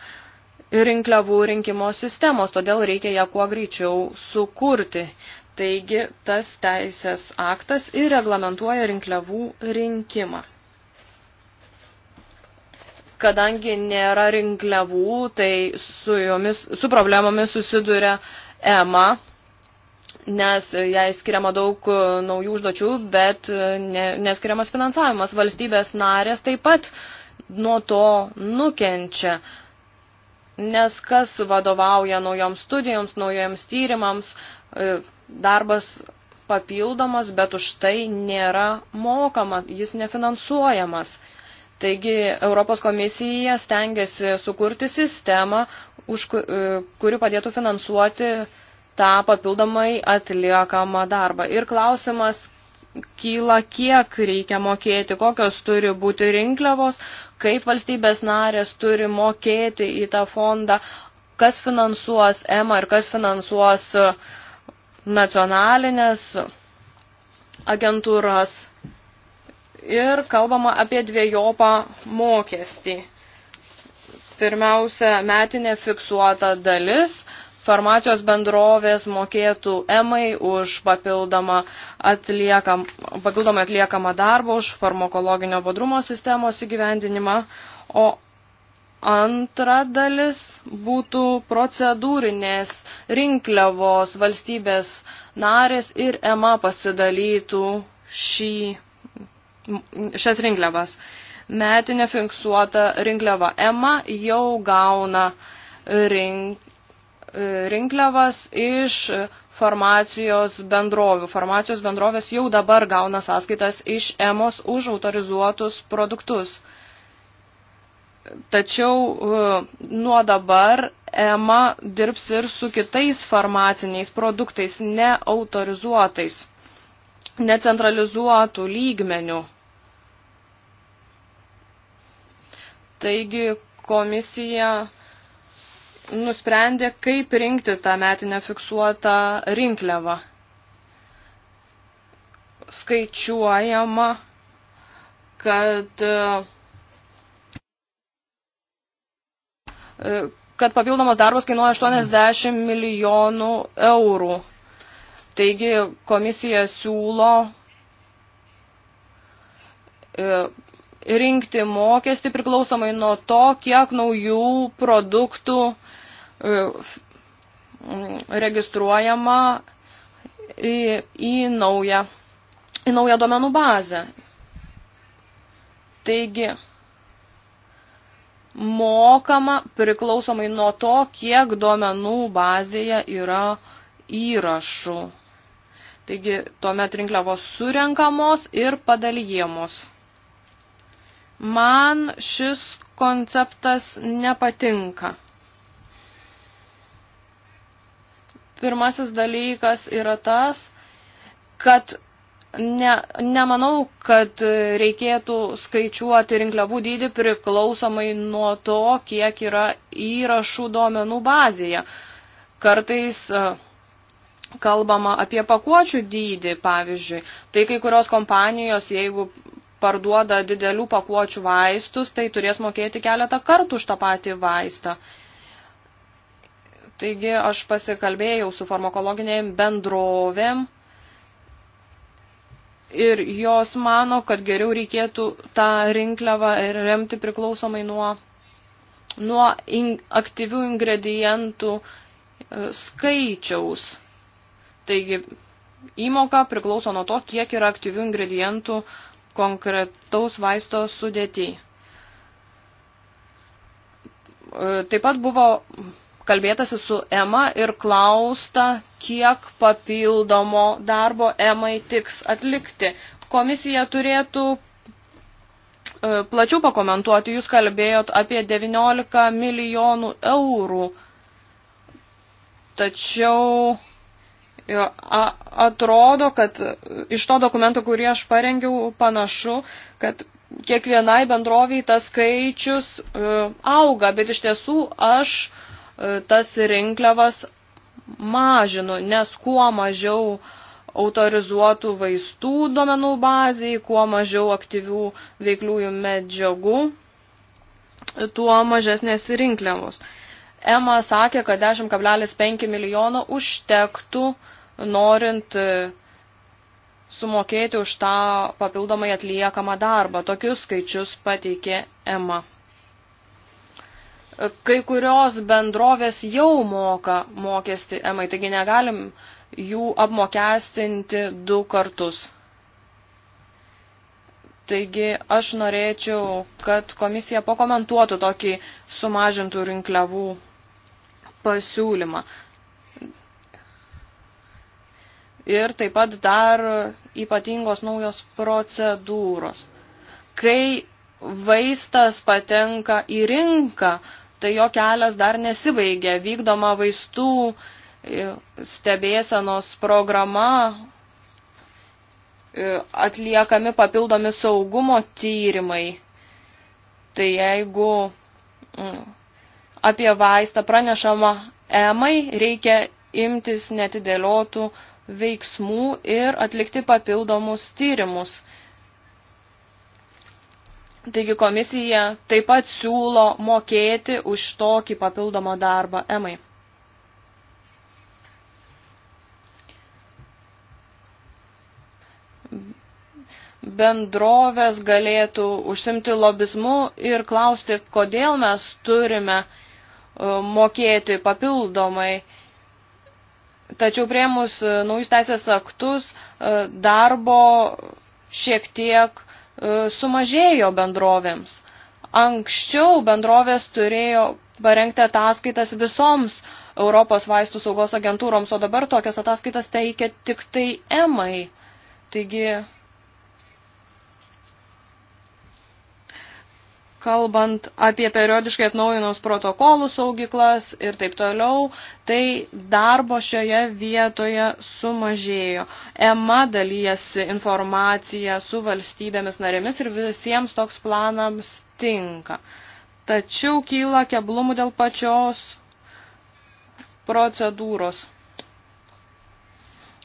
rinkliavų rinkimo sistemos, todėl reikia ją kuo greičiau sukurti. Taigi tas teisės aktas ir reglamentuoja rinkliavų rinkimą. Kadangi nėra rinkliavų, tai su, jomis, su problemomis susiduria EMA, nes jai skiriama daug naujų užduočių, bet ne, neskiriamas finansavimas. Valstybės narės taip pat nuo to nukenčia nes kas vadovauja naujoms studijoms, naujoms tyrimams, e, darbas papildomas, bet už tai nėra mokama, jis nefinansuojamas. Taigi Europos komisija stengiasi sukurti sistemą, už e, kuri padėtų finansuoti tą papildomai atliekamą darbą. Ir klausimas, kyla, kiek reikia mokėti, kokios turi būti rinkliavos, kaip valstybės narės turi mokėti į tą fondą, kas finansuos EMA ir kas finansuos uh, nacionalinės agentūras. Ir kalbama apie dviejopą mokestį. Pirmiausia, metinė fiksuota dalis, farmacijos bendrovės mokėtų EMAI už papildomą atliekam, papildomą atliekamą darbą, už farmakologinio badrumo sistemos įgyvendinimą, o antra dalis būtų procedūrinės rinkliavos valstybės narės ir EMA pasidalytų šį, šias rinkliavas. Metinė fiksuota rinkliava EMA jau gauna rink, E, rinkliavas iš farmacijos bendrovių. Farmacijos bendrovės jau dabar gauna sąskaitas iš EMOS už autorizuotus produktus. Tačiau e, nuo dabar EMA dirbs ir su kitais farmaciniais produktais, neautorizuotais, necentralizuotų lygmenių. Taigi komisija nusprendė, kaip rinkti tą metinę fiksuotą rinkliavą. Skaičiuojama, kad, e, kad papildomas darbas kainuoja 80 milijonų eurų. Taigi komisija siūlo e, rinkti mokestį priklausomai nuo to, kiek naujų produktų uh, E, mm, registruojama į, į, naują, į naują domenų bazę. Taigi, mokama priklausomai nuo to, kiek duomenų bazėje yra įrašų. Taigi, tuomet rinkliavos surenkamos ir padalyjamos. Man šis konceptas nepatinka. Pirmasis dalykas yra tas, kad ne, nemanau, kad reikėtų skaičiuoti rinkliavų dydį priklausomai nuo to, kiek yra įrašų duomenų bazėje. Kartais e, kalbama apie pakuočių dydį, pavyzdžiui. Tai kai kurios kompanijos, jeigu parduoda didelių pakuočių vaistus, tai turės mokėti keletą kartų už tą patį vaistą. Taigi aš pasikalbėjau su farmakologinėm bendrovėm ir jos mano, kad geriau reikėtų tą rinkliavą remti priklausomai nuo, nuo in, aktyvių ingredientų e, skaičiaus. Taigi įmoka priklauso nuo to, kiek yra aktyvių ingredientų konkretaus vaisto sudėtyje. Taip pat buvo kalbėtasi su EMA ir klausta, kiek papildomo darbo EMAI tiks atlikti. Komisija turėtų e, plačiau pakomentuoti, jūs kalbėjot apie 19 milijonų eurų, tačiau e, atrodo, kad e, iš to dokumento, kurį aš parengiau, panašu, kad kiekvienai bendroviai tas skaičius auga, bet iš tiesų aš tas rinkliavas mažinu, nes kuo mažiau autorizuotų vaistų duomenų baziai, kuo mažiau aktyvių veikliųjų medžiagų, tuo mažesnės rinkliavos. EMA sakė, kad 10,5 milijono užtektų norint e, sumokėti už tą papildomai atliekamą darbą. Tokius skaičius pateikė EMA kai kurios bendrovės jau moka mokestį EMAI, taigi negalim jų apmokestinti du kartus. Taigi aš norėčiau, kad komisija pakomentuotų tokį sumažintų rinkliavų pasiūlymą. Ir taip pat dar ypatingos naujos procedūros. Kai vaistas patenka į rinką, tai jo kelias dar nesibaigia. Vykdoma vaistų e, stebėsenos programa, e, atliekami papildomi saugumo tyrimai. Tai jeigu mm, apie vaistą pranešama emai, reikia imtis netidėliotų veiksmų ir atlikti papildomus tyrimus. Taigi komisija taip pat siūlo mokėti už tokį papildomą darbą EMAI. Bendrovės galėtų užsimti lobizmu ir klausti, kodėl mes turime e, mokėti papildomai. Tačiau priemus e, naujus teisės aktus e, darbo šiek tiek E, sumažėjo bendrovėms. Anksčiau bendrovės turėjo parengti ataskaitas visoms Europos vaistų saugos agentūroms, o dabar tokias ataskaitas teikia tik tai EMAI. Taigi kalbant apie periodiškai atnaujinus protokolų saugyklas ir taip toliau, tai darbo šioje vietoje sumažėjo. EMA dalyjasi informaciją su valstybėmis narėmis ir visiems toks planams tinka. Tačiau kyla keblumų dėl pačios procedūros.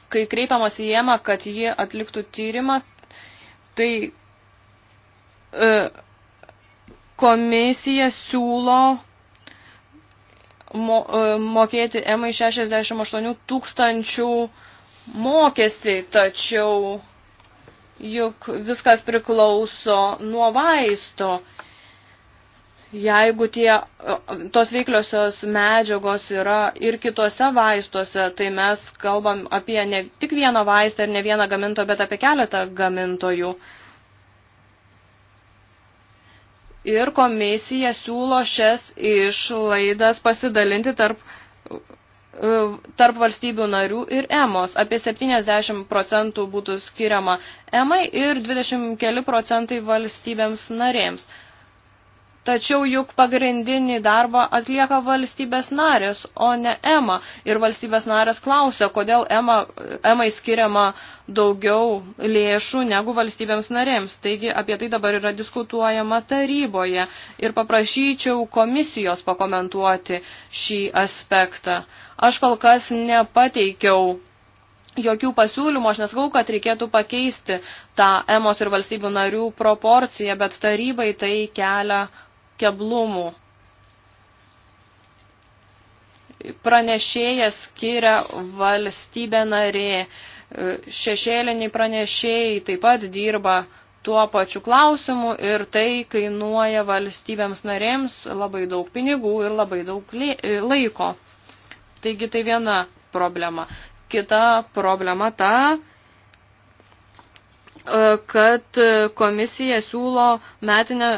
Kai kreipiamas į EMA, kad ji atliktų tyrimą, tai e, komisija siūlo mo, e, mokėti EMAI 68 tūkstančių mokestį, tačiau juk viskas priklauso nuo vaisto. Jeigu tie, e, tos veikliosios medžiagos yra ir kitose vaistuose, tai mes kalbam apie ne tik vieną vaistą ir ne vieną gamintoją, bet apie keletą gamintojų. Uh, ir komisija siūlo šias išlaidas pasidalinti tarp, e, tarp valstybių narių ir EMOS. Apie 70 procentų būtų skiriama EMAI ir 20 keli procentai valstybėms narėms. Tačiau juk pagrindinį darbą atlieka valstybės narės, o ne EMA. Ir valstybės narės klausia, kodėl EMA, EMA skiriama daugiau lėšų negu valstybėms narėms. Taigi apie tai dabar yra diskutuojama taryboje. Ir paprašyčiau komisijos pakomentuoti šį aspektą. Aš kol kas nepateikiau jokių pasiūlymų, aš nesakau, kad reikėtų pakeisti tą EMOS ir valstybių narių proporciją, bet tarybai tai kelia keblumų. Pranešėjas skiria valstybė narė, šešėliniai pranešėjai taip pat dirba tuo pačiu klausimu ir tai kainuoja valstybėms narėms labai daug pinigų ir labai daug laiko. Taigi tai viena problema. Kita problema ta, kad komisija siūlo metinę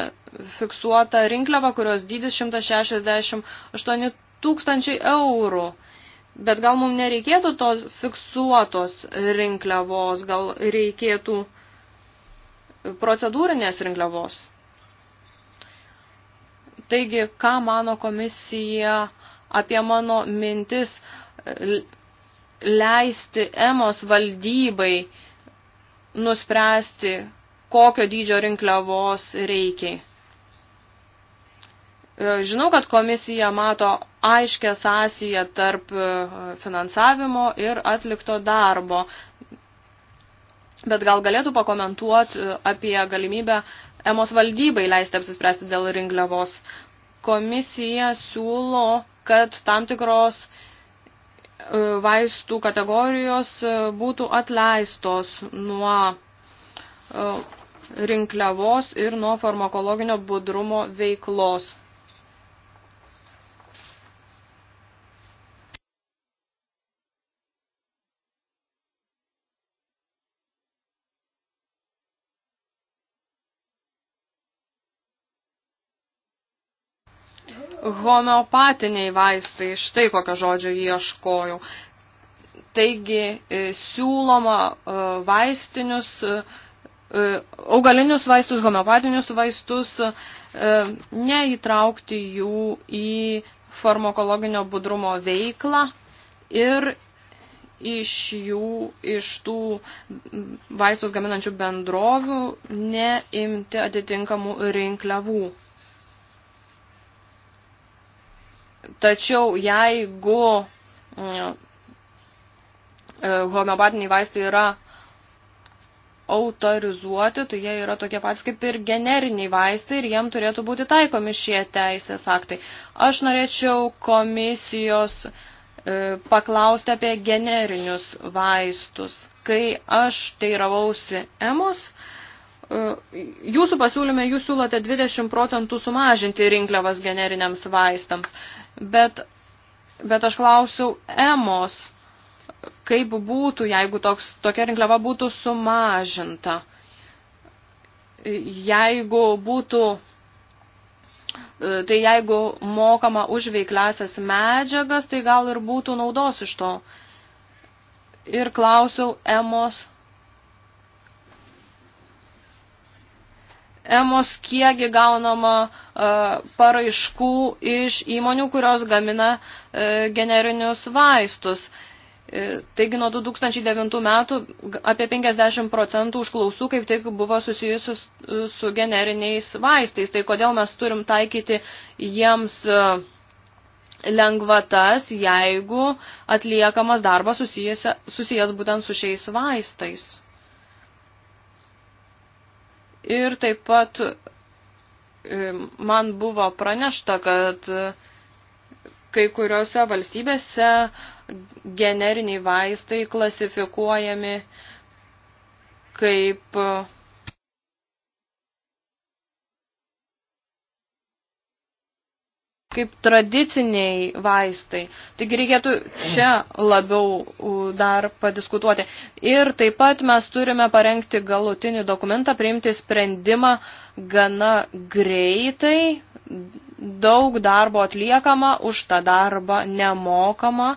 fiksuota rinkliava, kurios dydis 168 tūkstančiai eurų. Bet gal mums nereikėtų tos fiksuotos rinkliavos, gal reikėtų procedūrinės rinkliavos. Taigi, ką mano komisija apie mano mintis leisti EMOS valdybai nuspręsti, kokio dydžio rinkliavos reikia. E, žinau, kad komisija mato aiškę sąsiją tarp e, finansavimo ir atlikto darbo, bet gal galėtų pakomentuoti e, apie galimybę EMOS valdybai leisti apsispręsti dėl rinkliavos. Komisija siūlo, kad tam tikros vaistų kategorijos būtų atleistos nuo rinkliavos ir nuo farmakologinio budrumo veiklos. homeopatiniai vaistai, štai kokio žodžio ieškojau. Taigi e, siūloma e, vaistinius, e, augalinius vaistus, homeopatinius vaistus neįtraukti jų į farmakologinio budrumo veiklą ir iš jų, iš tų vaistus gaminančių bendrovių neimti atitinkamų rinkliavų. Tačiau jeigu mm, e, homeopatiniai vaistai yra autorizuoti, tai jie yra tokie patys kaip ir generiniai vaistai ir jiem turėtų būti taikomi šie teisės aktai. Aš norėčiau komisijos e, paklausti apie generinius vaistus. Kai aš teiravausi emos, Jūsų pasiūlyme jūs siūlote 20 procentų sumažinti rinkliavas generiniams vaistams, bet, bet aš klausiu EMOS, kaip būtų, jeigu toks, tokia rinkliava būtų sumažinta. Jeigu būtų, tai jeigu mokama už veikliasias medžiagas, tai gal ir būtų naudos iš to. Ir klausiau EMOS emos, kiekgi gaunama e, paraiškų iš įmonių, kurios gamina e, generinius vaistus. E, taigi nuo 2009 metų apie 50 procentų užklausų kaip tik buvo susijusius su generiniais vaistais. Tai kodėl mes turim taikyti jiems lengvatas, jeigu atliekamas darbas susijęs, susijęs būtent su šiais vaistais. Ir taip pat e, man buvo pranešta, kad e, kai kuriuose valstybėse generiniai vaistai klasifikuojami kaip e, kaip tradiciniai vaistai. Taigi reikėtų čia labiau dar padiskutuoti. Ir taip pat mes turime parengti galutinį dokumentą, priimti sprendimą gana greitai, daug darbo atliekama, už tą darbą nemokama.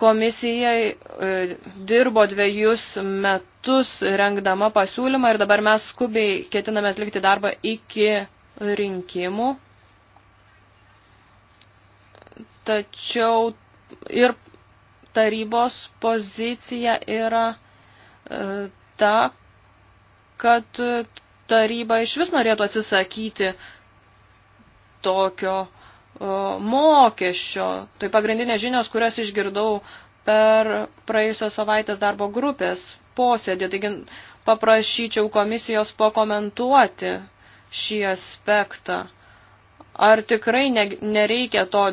Komisijai e, dirbo dviejus metus rengdama pasiūlymą ir dabar mes skubiai ketiname atlikti darbą iki rinkimų tačiau ir tarybos pozicija yra e, ta, kad taryba iš vis norėtų atsisakyti tokio e, mokesčio. Tai pagrindinės žinios, kurias išgirdau per praėjusią savaitės darbo grupės posėdį. Taigi paprašyčiau komisijos pakomentuoti šį aspektą. Ar tikrai nereikia to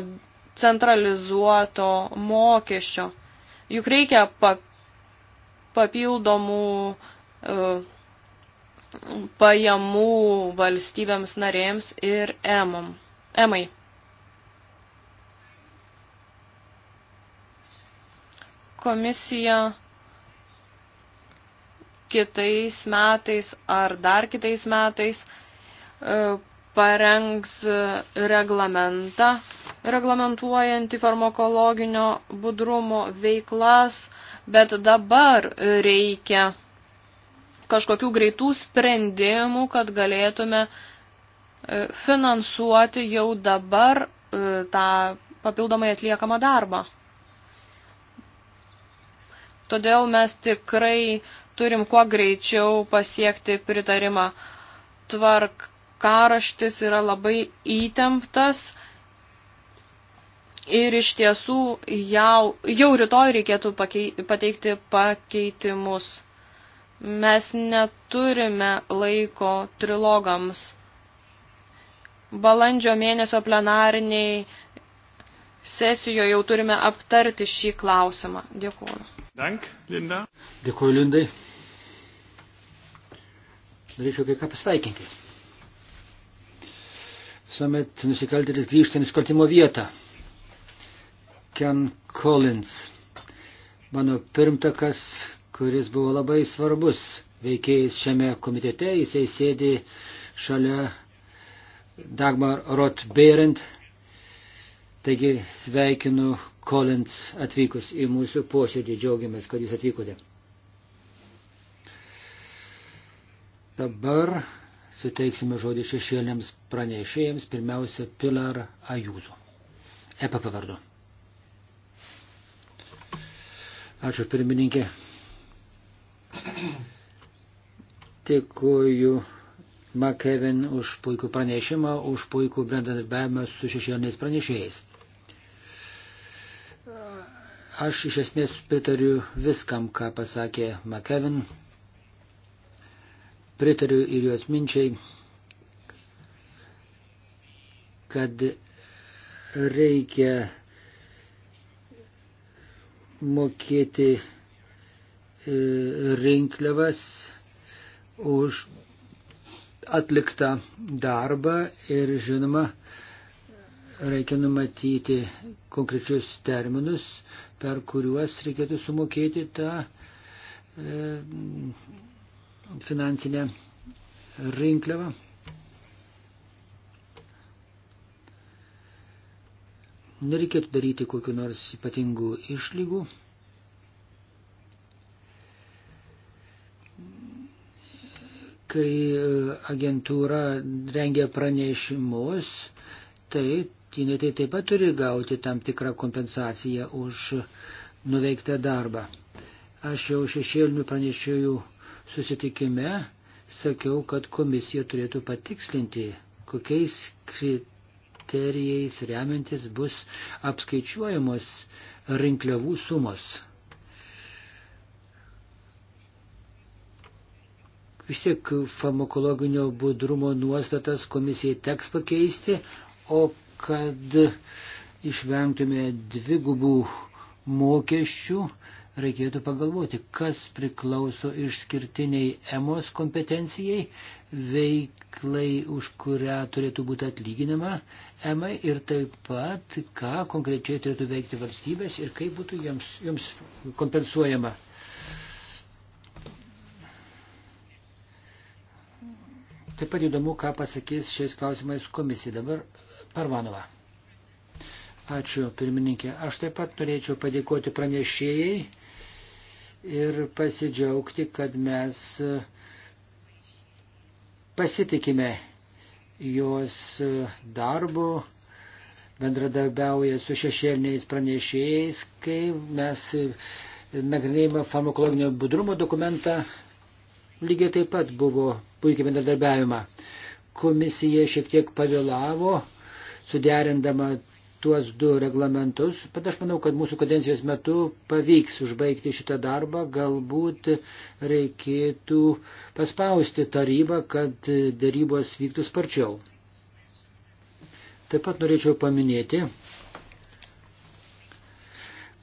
centralizuoto mokesčio. Juk reikia papildomų e, pajamų valstybėms narėms ir emom. Emai. Komisija kitais metais ar dar kitais metais e, parengs reglamentą reglamentuojanti farmakologinio budrumo veiklas, bet dabar reikia kažkokių greitų sprendimų, kad galėtume e, finansuoti jau dabar e, tą papildomai atliekamą darbą. Todėl mes tikrai turim kuo greičiau pasiekti pritarimą. Tvarkaraštis yra labai įtemptas, Ir iš tiesų jau, jau rytoj reikėtų pakei, pateikti pakeitimus. Mes neturime laiko trilogams. Balandžio mėnesio plenariniai sesijoje jau turime aptarti šį klausimą. Dėkuoju. Dank, Linda. Dėkuoju, Lindai. Norėčiau kai ką pasveikinti. Visuomet nusikaltėlis grįžta į nusikaltimo vietą. Ken Collins, mano pirmtakas, kuris buvo labai svarbus veikėjas šiame komitete, jisai sėdi šalia Dagmar Rotberend. Taigi sveikinu Collins atvykus į mūsų posėdį, džiaugiamės, kad jūs atvykote. Dabar suteiksime žodį šešėliams pranešėjams, pirmiausia Pilar Ajūzo. EPP vardu. Ačiū pirmininkė. Dėkuoju Makevin už puikų pranešimą, už puikų bendradarbiavimą su šešėliniais pranešėjais. Aš iš esmės pritariu viskam, ką pasakė Makevin. Pritariu ir jos minčiai, kad reikia mokėti e, rinkliavas už atliktą darbą ir žinoma, reikia numatyti konkrečius terminus, per kuriuos reikėtų sumokėti tą e, finansinę rinkliavą. nereikėtų daryti kokiu nors ypatingų išlygų. Kai e, agentūra rengia pranešimus, tai jinai tai taip pat turi gauti tam tikrą kompensaciją už nuveiktą darbą. Aš jau šešėlinių pranešėjų susitikime sakiau, kad komisija turėtų patikslinti, kokiais krit kriterijais remiantis bus apskaičiuojamos rinkliavų sumos. Vis tiek farmakologinio budrumo nuostatas komisijai teks pakeisti, o kad išvengtume dvigubų mokesčių, reikėtų pagalvoti, kas priklauso išskirtiniai emos kompetencijai, veiklai, už kurią turėtų būti atlyginama emai ir taip pat, ką konkrečiai turėtų veikti valstybės ir kaip būtų jiems, jiems kompensuojama. Taip pat įdomu, ką pasakys šiais klausimais komisija dabar Parvanova. Ačiū, pirmininkė. Aš taip pat norėčiau padėkoti pranešėjai ir pasidžiaugti, kad mes e, pasitikime jos e, darbu, bendradarbiauja su šešėliniais pranešėjais, kai mes e, nagrinėjimą farmakologinio budrumo dokumentą lygiai taip pat buvo puikiai bendradarbiavimą. Komisija šiek tiek pavėlavo, suderindama tuos du reglamentus, bet aš manau, kad mūsų kadencijos metu pavyks užbaigti šitą darbą, galbūt reikėtų paspausti tarybą, kad darybos vyktų sparčiau. Taip pat norėčiau paminėti,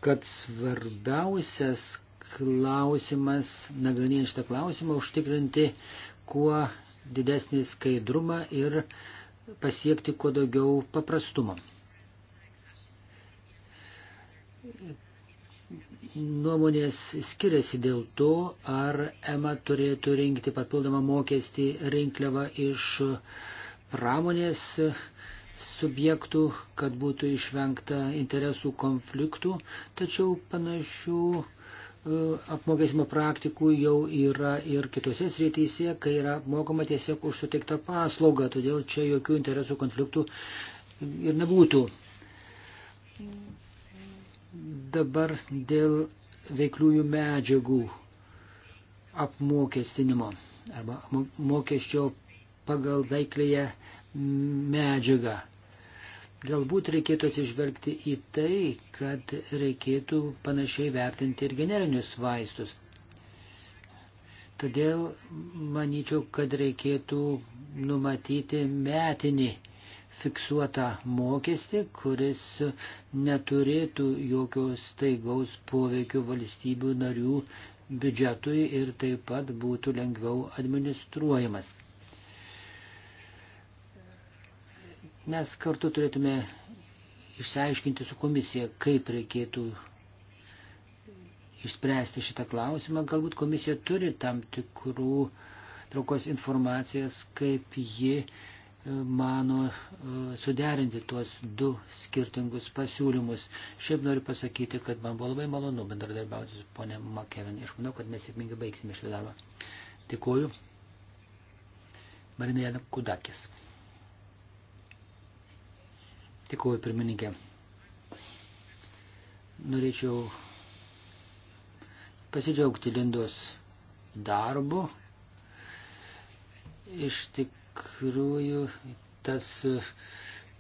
kad svarbiausias klausimas, nagrinėjant šitą klausimą, užtikrinti kuo didesnį skaidrumą ir pasiekti kuo daugiau paprastumo nuomonės skiriasi dėl to, ar EMA turėtų rinkti papildomą mokestį rinkliavą iš pramonės subjektų, kad būtų išvengta interesų konfliktų, tačiau panašių e, apmokesimo praktikų jau yra ir kitose srityse, kai yra mokama tiesiog už suteiktą paslaugą, todėl čia jokių interesų konfliktų ir nebūtų. Dabar dėl veikliųjų medžiagų apmokestinimo arba mokesčio pagal veiklėje medžiagą. Galbūt reikėtų atsižvelgti į tai, kad reikėtų panašiai vertinti ir generinius vaistus. Todėl manyčiau, kad reikėtų numatyti metinį fiksuotą mokestį, kuris neturėtų jokios taigaus poveikio valstybių narių biudžetui ir taip pat būtų lengviau administruojamas. Mes kartu turėtume išsiaiškinti su komisija, kaip reikėtų išspręsti šitą klausimą. Galbūt komisija turi tam tikrų traukos informacijas, kaip ji uh, mano e, suderinti tuos du skirtingus pasiūlymus. Šiaip noriu pasakyti, kad man buvo labai malonu bendradarbiauti su ponė Makevin. Aš manau, kad mes sėkmingai baigsime šį darbą. Dėkuoju. Marina Jana Kudakis. Dėkuoju, pirmininkė. Norėčiau pasidžiaugti Lindos darbu. Iš tik tikrųjų tas,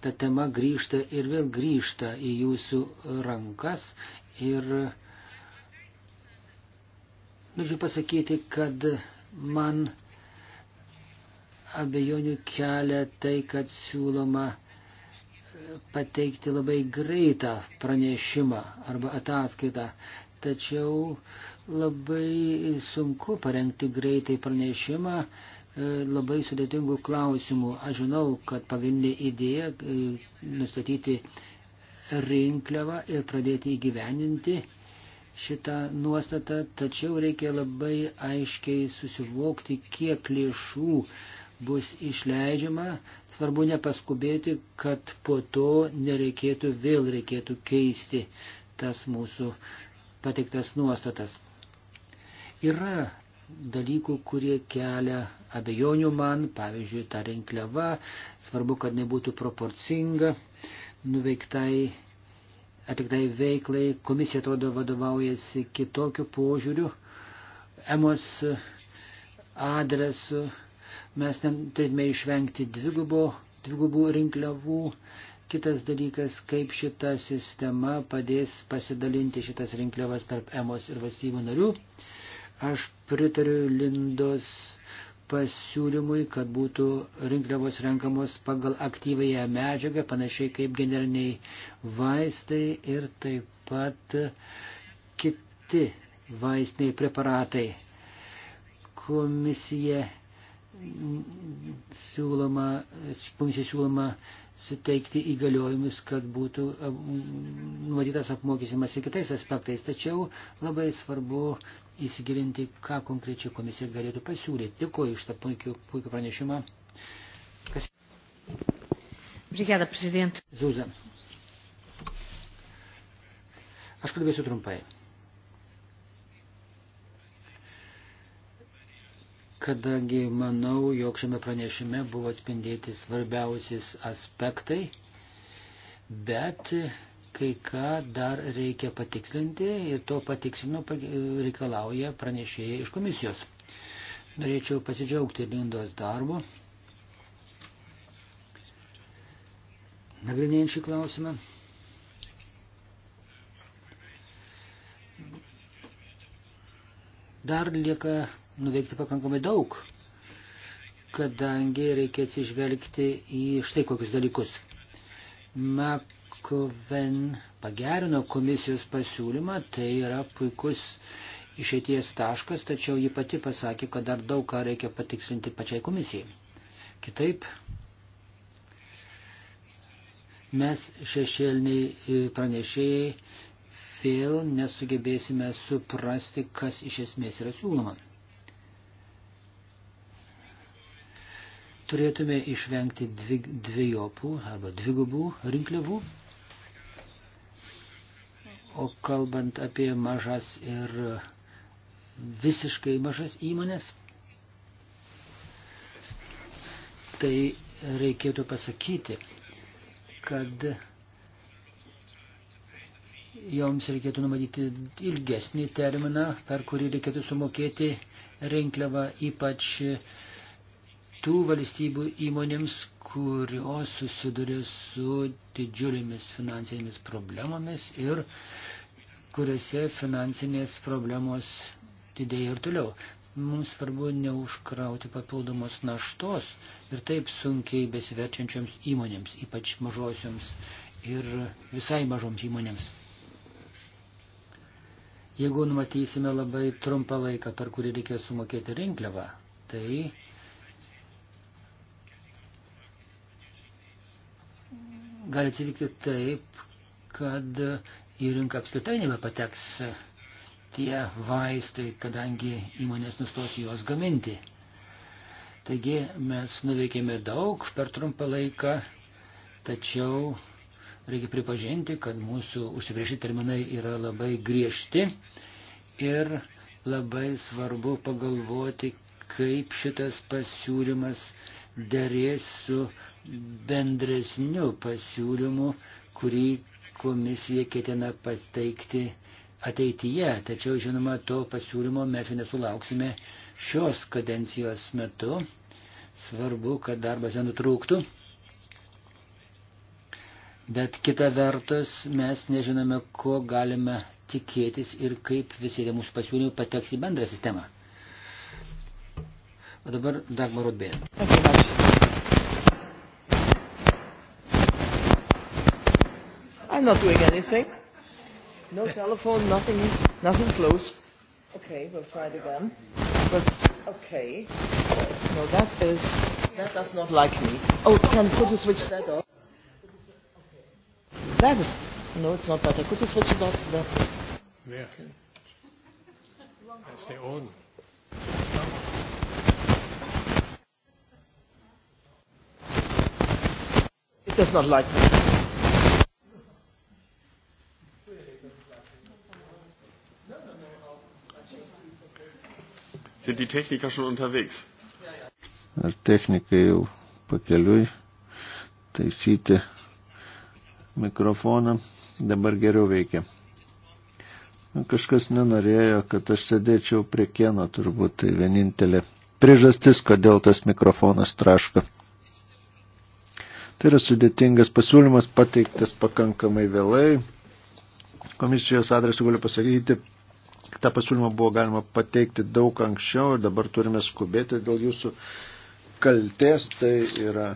ta tema grįžta ir vėl grįžta į jūsų rankas. Ir noriu pasakyti, kad man abejonių kelia tai, kad siūloma pateikti labai greitą pranešimą arba ataskaitą. Tačiau labai sunku parengti greitai pranešimą, E, labai sudėtingų klausimų. Aš žinau, kad pagrindinė idėja e, nustatyti rinkliavą ir pradėti įgyveninti šitą nuostatą, tačiau reikia labai aiškiai susivokti, kiek lėšų bus išleidžiama. Svarbu nepaskubėti, kad po to nereikėtų vėl reikėtų keisti tas mūsų pateiktas nuostatas. Yra dalykų, kurie kelia abejonių man, pavyzdžiui, ta rinkliava, svarbu, kad nebūtų proporcinga nuveiktai, atliktai veiklai, komisija atrodo vadovaujasi kitokiu požiūriu, emos adresu, mes turėtume išvengti dvigubo, dvigubų rinkliavų. Kitas dalykas, kaip šita sistema padės pasidalinti šitas rinkliavas tarp EMOS ir valstybių narių. Aš pritariu Lindos pasiūlymui, kad būtų rinkliavos renkamos pagal aktyvąją medžiagą, panašiai kaip generiniai vaistai ir taip pat kiti vaistiniai preparatai. Komisija siūloma, komisija siūloma suteikti įgaliojimus, kad būtų um, numatytas apmokysimas ir kitais aspektais. Tačiau labai svarbu įsigilinti, ką konkrečiai komisija galėtų pasiūlyti. Dėkuoju iš tą puikų, puikų pranešimą. Kas... Brigada, prezident. Zūza. Aš kalbėsiu trumpai. Kadangi manau, jog šiame pranešime buvo atspindėti svarbiausiais aspektai, bet kai ką dar reikia patikslinti ir to patikslinu reikalauja pranešėjai iš komisijos. Norėčiau pasidžiaugti Lindos darbu. Nagrinėjant šį klausimą. Dar lieka nuveikti pakankamai daug, kadangi reikia atsižvelgti į štai kokius dalykus. Mak Koven pagerino komisijos pasiūlymą, tai yra puikus išeities taškas, tačiau ji pati pasakė, kad dar daug ką reikia patikslinti pačiai komisijai. Kitaip, mes šešėliniai e, pranešėjai vėl nesugebėsime suprasti, kas iš esmės yra siūloma. Turėtume išvengti dvi, dviejopų arba dvigubų rinkliavų O kalbant apie mažas ir visiškai mažas įmonės, tai reikėtų pasakyti, kad joms reikėtų numatyti ilgesnį terminą, per kurį reikėtų sumokėti rinkliavą, ypač tų valstybių įmonėms, kurios susiduria su didžiulėmis finansinėmis problemomis ir kuriuose finansinės problemos didėja ir toliau. Mums svarbu neužkrauti papildomos naštos ir taip sunkiai besiverčiančioms įmonėms, ypač mažosioms ir visai mažoms įmonėms. Jeigu numatysime labai trumpą laiką, per kurį reikės sumokėti rinkliavą, tai gali atsitikti taip, kad į rinką apskritai nebepateks tie vaistai, kadangi įmonės nustos juos gaminti. Taigi mes nuveikėme daug per trumpą laiką, tačiau reikia pripažinti, kad mūsų užsibriežti terminai yra labai griežti ir labai svarbu pagalvoti, kaip šitas pasiūlymas dėrės su bendresniu pasiūlymu, kurį komisija ketina pateikti ateityje. Tačiau, žinoma, to pasiūlymo mes nesulauksime šios kadencijos metu. Svarbu, kad darbas nenutrūktų. Bet kita vertus, mes nežinome, ko galime tikėtis ir kaip visi tie mūsų pasiūlymai pateks į bendrą sistemą. O dabar Dagmar Rudbėlė. I'm not doing anything. No telephone, nothing, nothing close. Okay, we'll try it again. But okay, no, that is that does not like me. Oh, can could you switch that off? That is no, it's not better. Could you switch it off? That is. Yeah. Okay. That's the on. It's not It does not like me. Sind die Techniker schon unterwegs? Ar technikai jau pakeliui taisyti mikrofoną dabar geriau veikia. Kažkas nenorėjo, kad aš sėdėčiau prie kieno, turbūt tai vienintelė priežastis, kodėl tas mikrofonas traška. Tai yra sudėtingas pasiūlymas, pateiktas pakankamai vėlai. Komisijos adresu galiu pasakyti, tą pasiūlymą buvo galima pateikti daug anksčiau ir dabar turime skubėti dėl jūsų kaltės. Tai yra,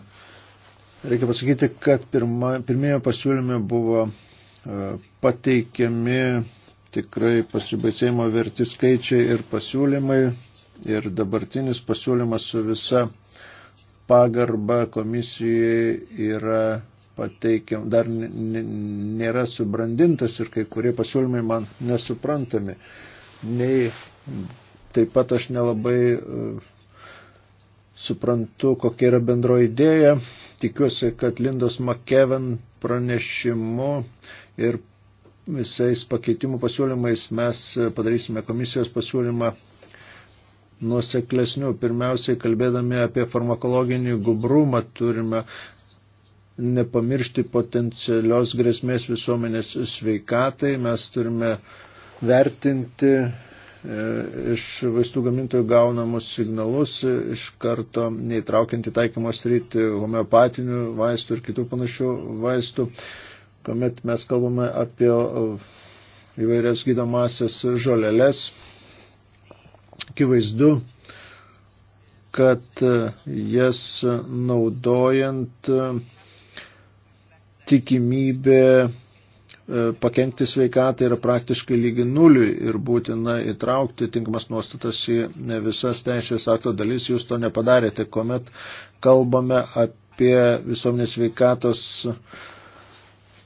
reikia pasakyti, kad pirma, pirmiejo pasiūlyme buvo e, pateikiami tikrai pasibaisėjimo verti skaičiai ir pasiūlymai ir dabartinis pasiūlymas su visa pagarba komisijai yra pateikiam, dar nėra subrandintas ir kai kurie pasiūlymai man nesuprantami. Nei taip pat aš nelabai e, suprantu, kokia yra bendro idėja. Tikiuosi, kad Lindos McKeven pranešimu ir visais pakeitimų pasiūlymais mes padarysime komisijos pasiūlymą nuoseklesnių. Pirmiausiai, kalbėdami apie farmakologinį gubrumą, turime nepamiršti potencialios grėsmės visuomenės sveikatai. Mes turime vertinti e, iš vaistų gamintojų gaunamus signalus, iš karto neįtraukiant į taikymo sritį homeopatinių vaistų ir kitų panašių vaistų, kuomet mes kalbame apie įvairias gydomasias žoleles. Akivaizdu, kad e, jas naudojant tikimybė e, pakengti sveikatai yra praktiškai lygi nuliui ir būtina įtraukti tinkamas nuostatas į e, visas teisės akto dalis, jūs to nepadarėte, kuomet kalbame apie visuomenės sveikatos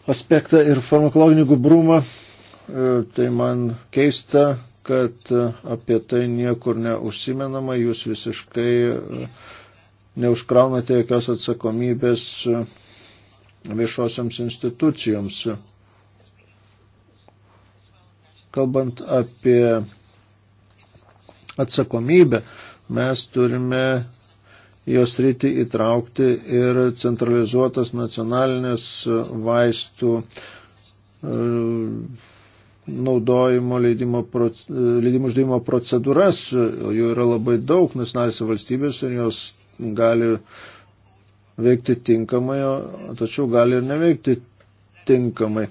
aspektą ir farmakologinį gubrumą, e, tai man keista, kad apie tai niekur neužsimenama, jūs visiškai neužkraunate jokios atsakomybės viešosioms institucijoms. Kalbant apie atsakomybę, mes turime jos rytį įtraukti ir centralizuotas nacionalinės vaistų e, naudojimo leidimo, leidimo uždėjimo procedūras. Jų yra labai daug nacionalinėse valstybėse ir jos gali uh, veikti tinkamai, tačiau gali ir neveikti tinkamai.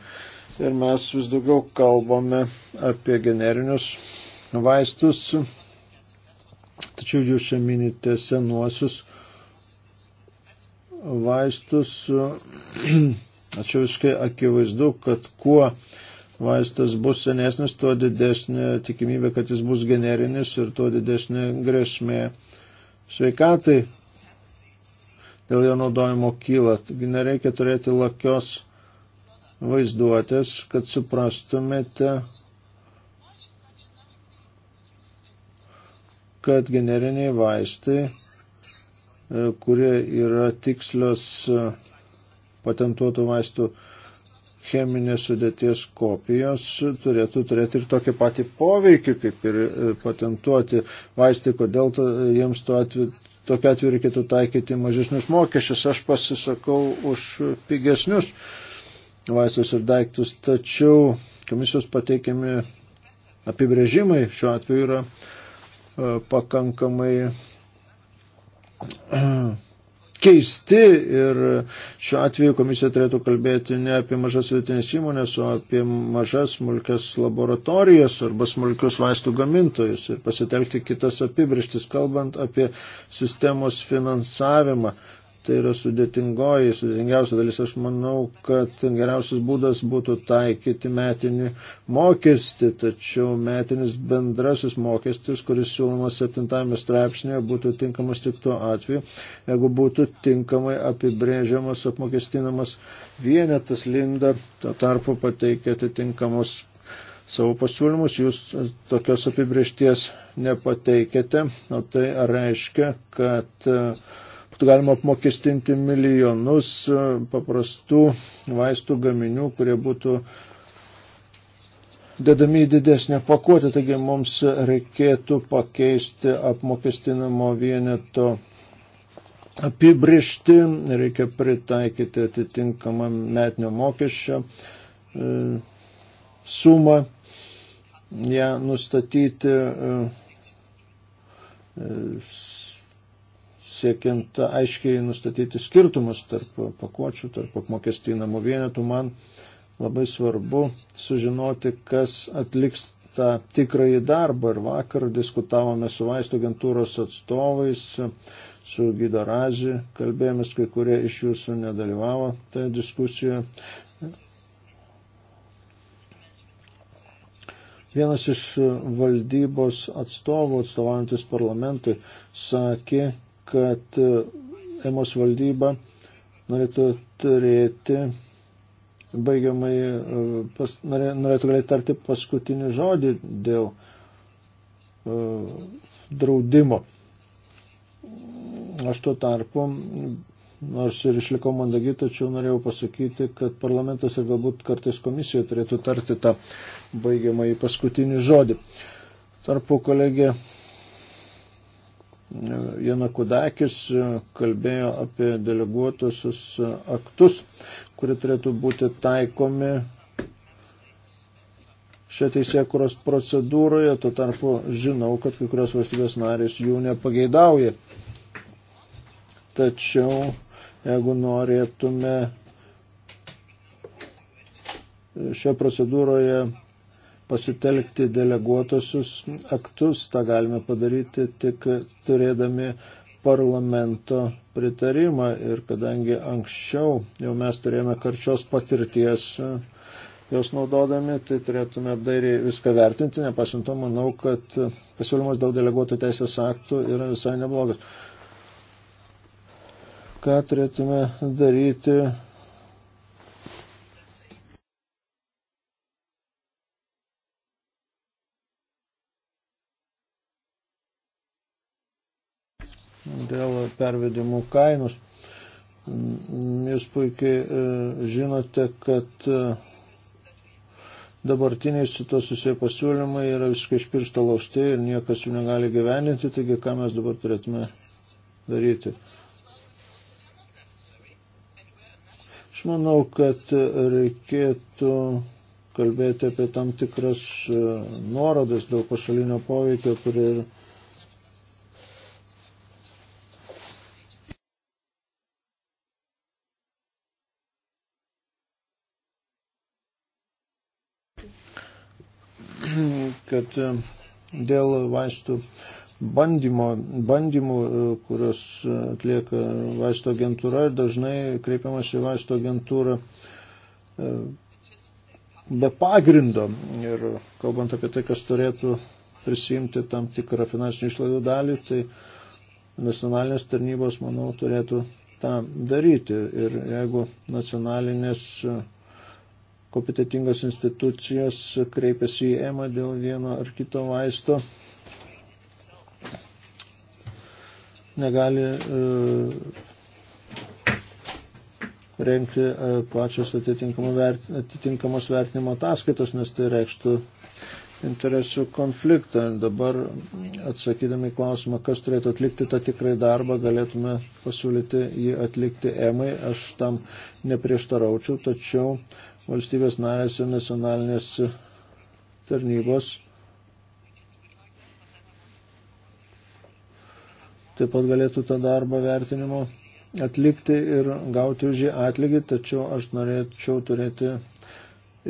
Ir mes vis daugiau kalbame apie generinius vaistus, tačiau jūs čia minite senuosius vaistus, tačiau viskai akivaizdu, kad kuo vaistas bus senesnis, tuo didesnė tikimybė, kad jis bus generinis ir tuo didesnė grėsmė sveikatai dėl jo naudojimo kyla. Taigi nereikia turėti lakios vaizduotės, kad suprastumėte, kad generiniai vaistai, e, kurie yra tikslios e, patentuotų vaistų cheminės sudėties kopijos turėtų turėti ir tokį patį poveikį, kaip ir e, patentuoti vaistai, kodėl to, jiems to atveju, tokia atveju reikėtų taikyti mažesnius mokesčius. Aš pasisakau už pigesnius vaistus ir daiktus, tačiau komisijos pateikiami apibrėžimai šiuo atveju yra e, pakankamai keisti ir šiuo atveju komisija turėtų kalbėti ne apie mažas vidutinės įmonės, o apie mažas smulkias laboratorijas arba smulkius vaistų gamintojus ir pasitelkti kitas apibrištis, kalbant apie sistemos finansavimą tai yra sudėtingoji, sudėtingiausia dalis. Aš manau, kad geriausias būdas būtų taikyti metinį mokestį, tačiau metinis bendrasis mokestis, kuris siūlomas 7 straipsnėje, būtų tinkamas tik tuo atveju, jeigu būtų tinkamai apibrėžiamas apmokestinamas vienetas linda, tuo tarpu pateikia atitinkamus savo pasiūlymus jūs tokios apibriešties nepateikėte, o tai reiškia, kad būtų galima apmokestinti milijonus e, paprastų vaistų gaminių, kurie būtų dedami į didesnę pakuotę, taigi mums reikėtų pakeisti apmokestinamo vieneto apibrišti, reikia pritaikyti atitinkamą metinio mokesčio e, sumą, ją nustatyti e, siekiant aiškiai nustatyti skirtumus tarp pakuočių, tarp apmokestinamų vienetų, man labai svarbu sužinoti, kas atliks tą tikrąjį darbą. Ir vakar diskutavome su vaistų agentūros atstovais, su Gido Razi, kalbėjomės, kai kurie iš jūsų nedalyvavo toje diskusijoje. Vienas iš valdybos atstovų atstovaujantis parlamentui sakė, kad e, EMOS valdyba norėtų turėti baigiamai, e, pas, norė, norėtų galėti tarti paskutinį žodį dėl uh, draudimo. Aš tuo tarpu, nors ir išlikau mandagi, tačiau norėjau pasakyti, kad parlamentas ir galbūt kartais komisija turėtų tarti tą baigiamąjį paskutinį žodį. Tarpu kolegė Janakudakis e, kalbėjo apie deleguotusius e, aktus, kurie turėtų būti taikomi šią teisėkuros procedūroje, tuo tarpu žinau, kad kai kurios valstybės narės jų nepageidauja. Tačiau, jeigu norėtume šioje procedūroje pasitelkti deleguotosius aktus. Ta galime padaryti tik turėdami parlamento pritarimą ir kadangi anksčiau jau mes turėjome karčios patirties e, jos naudodami, tai turėtume apdairiai viską vertinti, nepasint to manau, kad pasiūlymas dėl deleguotų teisės aktų yra visai neblogas. Ką turėtume daryti pervedimų kainus. Jūs puikiai e, žinote, kad e, dabartiniai su to susiję pasiūlymai yra visiškai išpiršto laužti ir niekas jų negali gyveninti, taigi ką mes dabar turėtume daryti. Aš manau, kad reikėtų kalbėti apie tam tikras e, nuorodas dėl pašalinio poveikio, kurie kad e, dėl vaistų bandymo, bandymų, e, kurios atlieka vaisto agentūra, dažnai kreipiamas į vaisto agentūrą e, be pagrindo. Ir kalbant apie tai, kas turėtų prisijimti tam tikrą finansinių išlaidų dalį, tai nacionalinės tarnybos, manau, turėtų tą daryti. Ir jeigu nacionalinės kompetitingos institucijos kreipiasi į EMA dėl vieno ar kito vaisto, negali e, rengti e, pačios vert, atitinkamos vertinimo ataskaitos, nes tai reikštų interesų konfliktą. Dabar atsakydami klausimą, kas turėtų atlikti tą tikrai darbą, galėtume pasiūlyti jį atlikti EMAI. Aš tam neprieštaraučiau, tačiau valstybės narės ir nacionalinės tarnybos. Taip pat galėtų tą darbą vertinimo atlikti ir gauti už jį atlygį, tačiau aš norėčiau turėti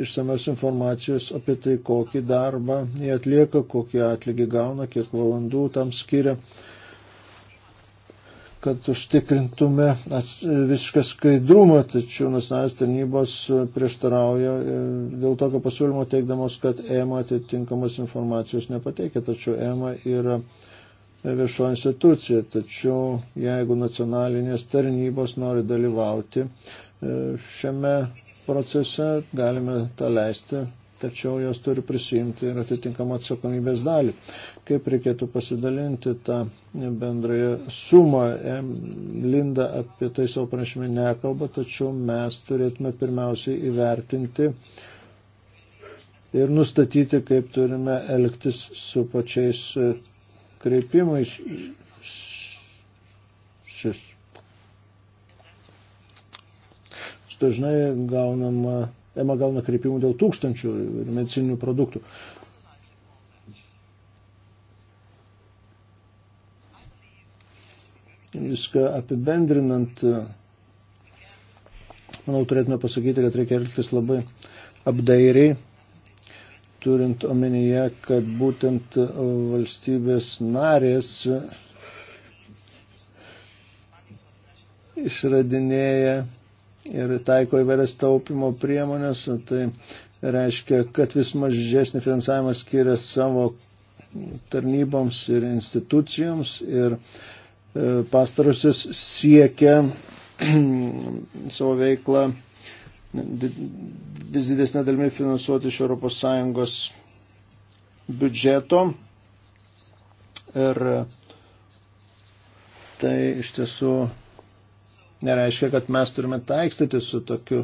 išsamios informacijos apie tai, kokį darbą jie atlieka, kokį atlygį gauna, kiek valandų tam skiria kad užtikrintume visišką skaidrumą, tačiau nacionalinės tarnybos prieštarauja e, dėl tokio pasiūlymo teikdamos, kad EMA atitinkamos informacijos nepateikia, tačiau EMA yra viešo institucija, tačiau jeigu nacionalinės tarnybos nori dalyvauti e, šiame procese, galime tą leisti tačiau jos turi prisimti ir atitinkamą atsakomybės dalį. Kaip reikėtų pasidalinti tą bendrąją sumą, Linda apie tai savo pranešime nekalba, tačiau mes turėtume pirmiausiai įvertinti ir nustatyti, kaip turime elgtis su pačiais e, kreipimais. Šis. Dažnai gaunama EMA gauna kreipimų dėl tūkstančių medicininių produktų. Viską apibendrinant, manau, turėtume pasakyti, kad reikia elgtis labai apdairiai, turint omenyje, kad būtent valstybės narės išradinėja ir taiko įvairias taupimo priemonės, tai reiškia, kad vis mažesnį finansavimą skiria savo tarnyboms ir institucijoms ir e, pastarusius siekia savo veiklą vis didesnė dalimi finansuoti iš ES biudžeto ir e, tai iš tiesų nereiškia, kad mes turime taikstyti su, tokiu,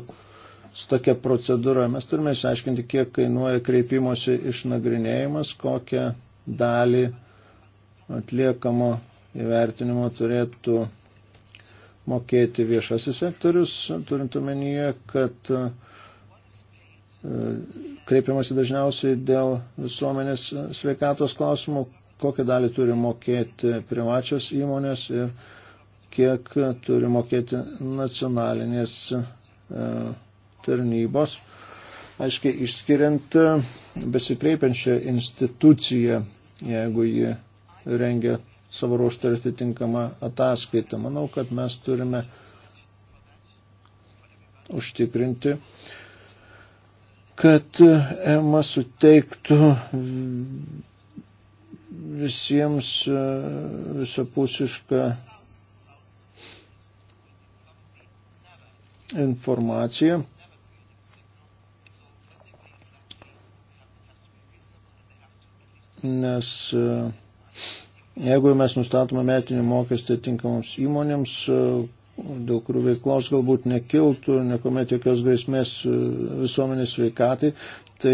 su tokia procedūra. Mes turime išsiaiškinti, kiek kainuoja kreipimosi išnagrinėjimas, kokią dalį atliekamo įvertinimo turėtų mokėti viešasis sektorius, turint omenyje, kad e, kreipiamasi dažniausiai dėl visuomenės sveikatos klausimų, kokią dalį turi mokėti privačios įmonės ir kiek turi mokėti nacionalinės e, tarnybos, aiškiai išskiriant e, besikreipiančią instituciją, jeigu ji rengia savo ruoštą ir atitinkamą ataskaitą. Manau, kad mes turime užtikrinti, kad EMA suteiktų visiems e, visapusišką informaciją. Nes e, jeigu mes nustatome metinį mokestį tinkamoms įmonėms, e, dėl kurių veiklos galbūt nekiltų, nekomet jokios grėsmės e, visuomenės sveikatai, tai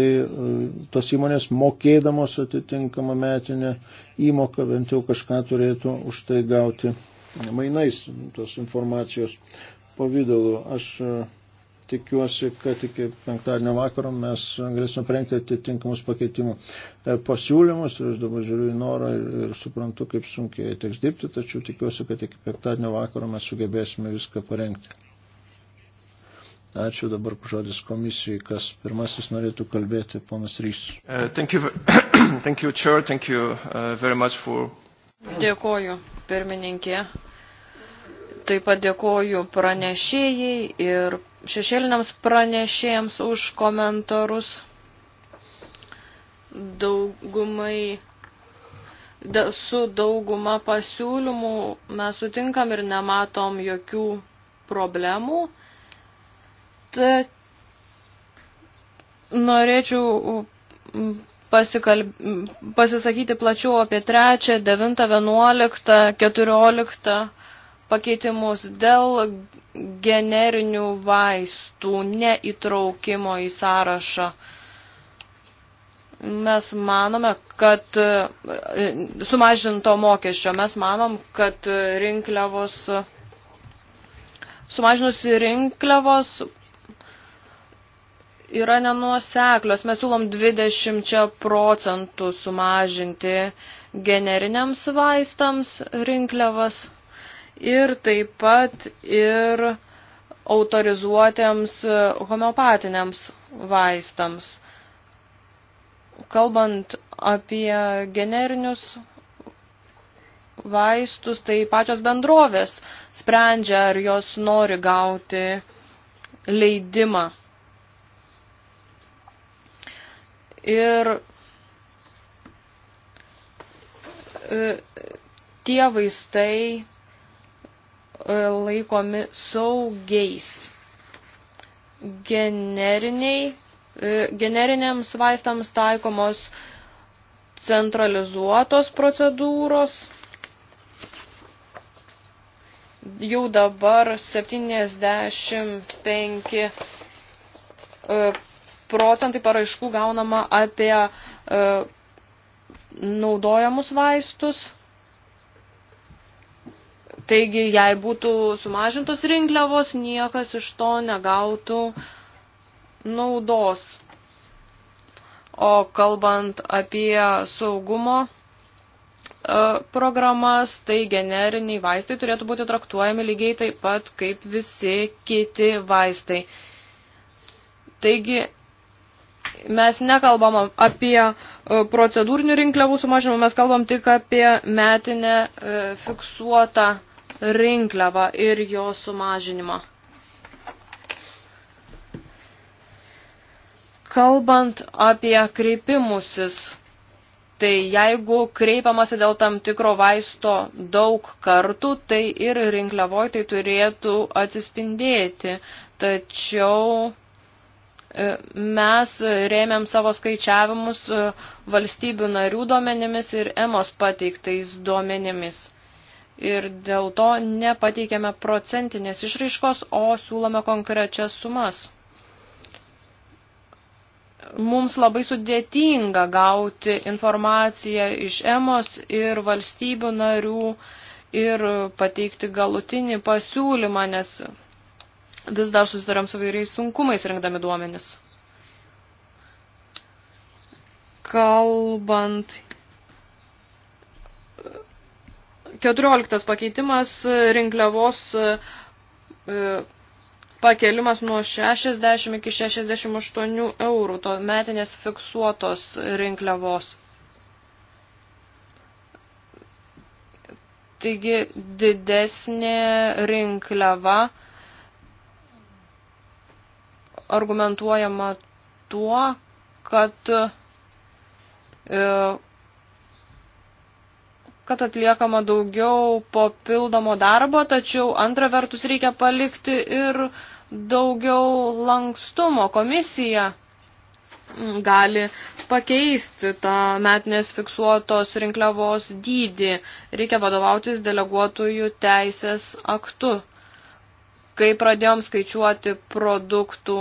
tos įmonės mokėdamos atitinkamą metinę įmoką bent jau kažką turėtų už tai gauti mainais tos informacijos pavydalu. Aš e, tikiuosi, kad iki penktadienio vakaro mes galėsime prengti atitinkamus pakeitimų e, pasiūlymus ir aš dabar žiūriu į norą ir, ir suprantu, kaip sunkiai teks dirbti, tačiau tikiuosi, kad iki penktadienio vakaro mes sugebėsime viską parengti. Ačiū dabar žodis komisijai, kas pirmasis norėtų kalbėti, ponas Rys. Uh, thank you, thank you, Chair, thank you uh, very much for. Dėkoju, pirmininkė. Taip pat dėkoju pranešėjai ir šešėliniams pranešėjams už komentarus. Daugumai, da, su dauguma pasiūlymų mes sutinkam ir nematom jokių problemų. Ta, norėčiau pasikalb... pasisakyti plačiau apie 3, 9, 11, 14 pakeitimus dėl generinių vaistų neįtraukimo į sąrašą. Mes manome, kad e, sumažinto mokesčio, mes manom, kad rinkliavos, sumažinus rinkliavos yra nenuoseklios. Mes siūlom 20 procentų sumažinti generiniams vaistams rinkliavas ir taip pat ir autorizuotiems homeopatiniams vaistams. Kalbant apie generinius vaistus, tai pačios bendrovės sprendžia, ar jos nori gauti leidimą. Ir e, tie vaistai E, laikomi saugiais. Generiniai, e, generiniams vaistams taikomos centralizuotos procedūros. Jau dabar 75 e, procentai paraiškų gaunama apie naudojamus vaistus Taigi, jei būtų sumažintos rinkliavos, niekas iš to negautų naudos. O kalbant apie saugumo e, programas, tai generiniai vaistai turėtų būti traktuojami lygiai taip pat kaip visi kiti vaistai. Taigi mes nekalbam apie e, procedūrinių rinkliavų sumažinimą, mes kalbam tik apie metinę e, fiksuotą rinkliavą ir jo sumažinimą. Kalbant apie kreipimusis, tai jeigu kreipiamasi dėl tam tikro vaisto daug kartų, tai ir rinkliavoj tai turėtų atsispindėti. Tačiau e, mes rėmėm savo skaičiavimus e, valstybių narių duomenimis ir EMOS pateiktais duomenimis ir dėl to nepateikėme procentinės išraiškos, o siūlome konkrečias sumas. Mums labai sudėtinga gauti informaciją iš EMOS ir valstybių narių ir pateikti galutinį pasiūlymą, nes vis dar susidurėm su vairiais sunkumais rinkdami duomenis. Kalbant 14 pakeitimas rinkliavos e, e, pakelimas nuo 60 iki 68 eurų, to metinės fiksuotos rinkliavos. Taigi didesnė rinkliava argumentuojama tuo, kad e, kad atliekama daugiau papildomo darbo, tačiau antra vertus reikia palikti ir daugiau lankstumo. Komisija gali pakeisti tą metinės fiksuotos rinkliavos dydį. Reikia vadovautis deleguotojų teisės aktu. Kai pradėjom skaičiuoti produktų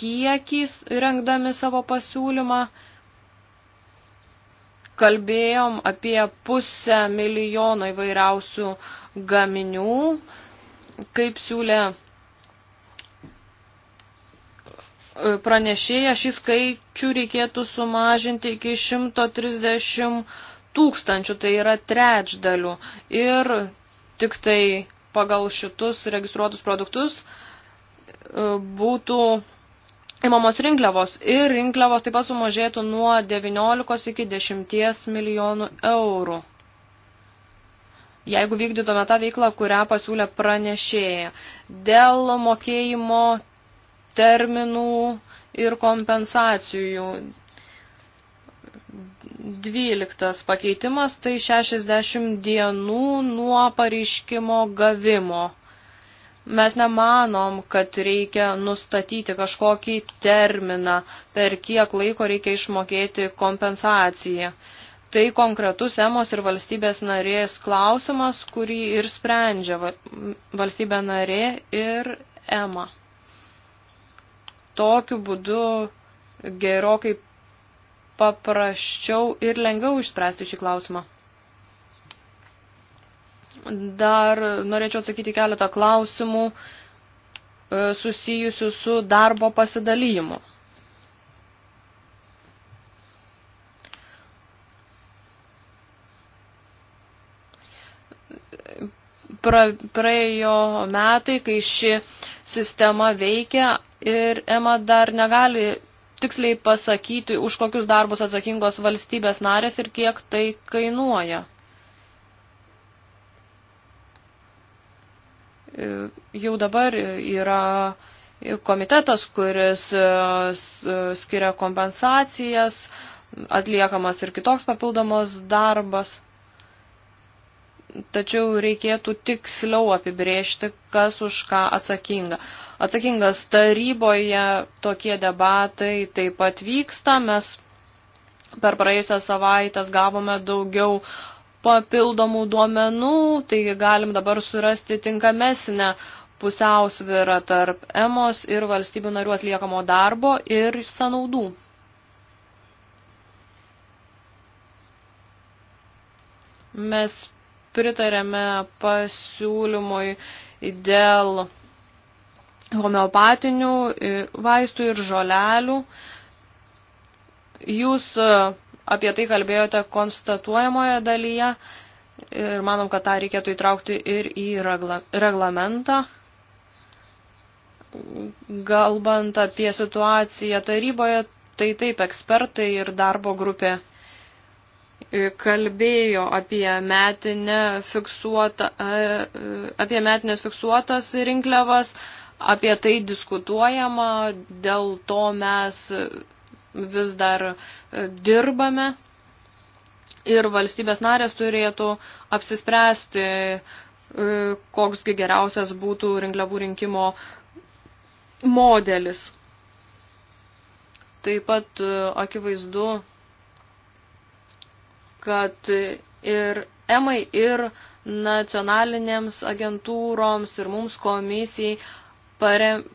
kiekį, rengdami savo pasiūlymą, kalbėjom apie pusę milijono įvairiausių gaminių, kaip siūlė e, pranešėja, šį skaičių reikėtų sumažinti iki 130 tūkstančių, tai yra trečdalių. Ir tik tai pagal šitus registruotus produktus e, būtų Įmamos rinkliavos ir rinkliavos taip pat sumažėtų nuo 19 iki 10 milijonų eurų. Jeigu vykdytume tą veiklą, kurią pasiūlė pranešėja. Dėl mokėjimo terminų ir kompensacijų. 12 pakeitimas tai 60 dienų nuo pareiškimo gavimo. Mes nemanom, kad reikia nustatyti kažkokį terminą, per kiek laiko reikia išmokėti kompensaciją. Tai konkretus EMOS ir valstybės narės klausimas, kurį ir sprendžia valstybė narė ir EMA. Tokiu būdu gerokai paprasčiau ir lengviau išspręsti šį klausimą. Dar norėčiau atsakyti keletą klausimų e, susijusių su darbo pasidalymu. pra, praėjo metai, kai ši sistema veikia ir EMA dar negali tiksliai pasakyti, už kokius darbus atsakingos valstybės narės ir kiek tai kainuoja. Jau dabar yra komitetas, kuris e, e, skiria kompensacijas, atliekamas ir kitoks papildomos darbas. Tačiau reikėtų tiksliau apibrėžti, kas už ką atsakinga. Atsakingas taryboje tokie debatai taip pat vyksta. Mes per praėjusią savaitę gavome daugiau uh, papildomų duomenų, taigi galim dabar surasti tinkamesnę pusiausvyrą tarp EMOS ir valstybių narių atliekamo darbo ir sanaudų. Mes pritarėme pasiūlymui dėl homeopatinių vaistų ir žolelių. Jūs apie tai kalbėjote konstatuojamoje dalyje ir manom, kad tą reikėtų įtraukti ir į regla, reglamentą. Galbant apie situaciją taryboje, tai taip ekspertai ir darbo grupė kalbėjo apie, metinę fiksuotą, apie metinės fiksuotas rinkliavas, apie tai diskutuojama, dėl to mes vis dar e, dirbame ir valstybės narės turėtų apsispręsti, e, koksgi geriausias būtų rinkliavų rinkimo modelis. Taip pat e, akivaizdu, kad ir EMAI, ir nacionalinėms agentūroms, ir mums komisijai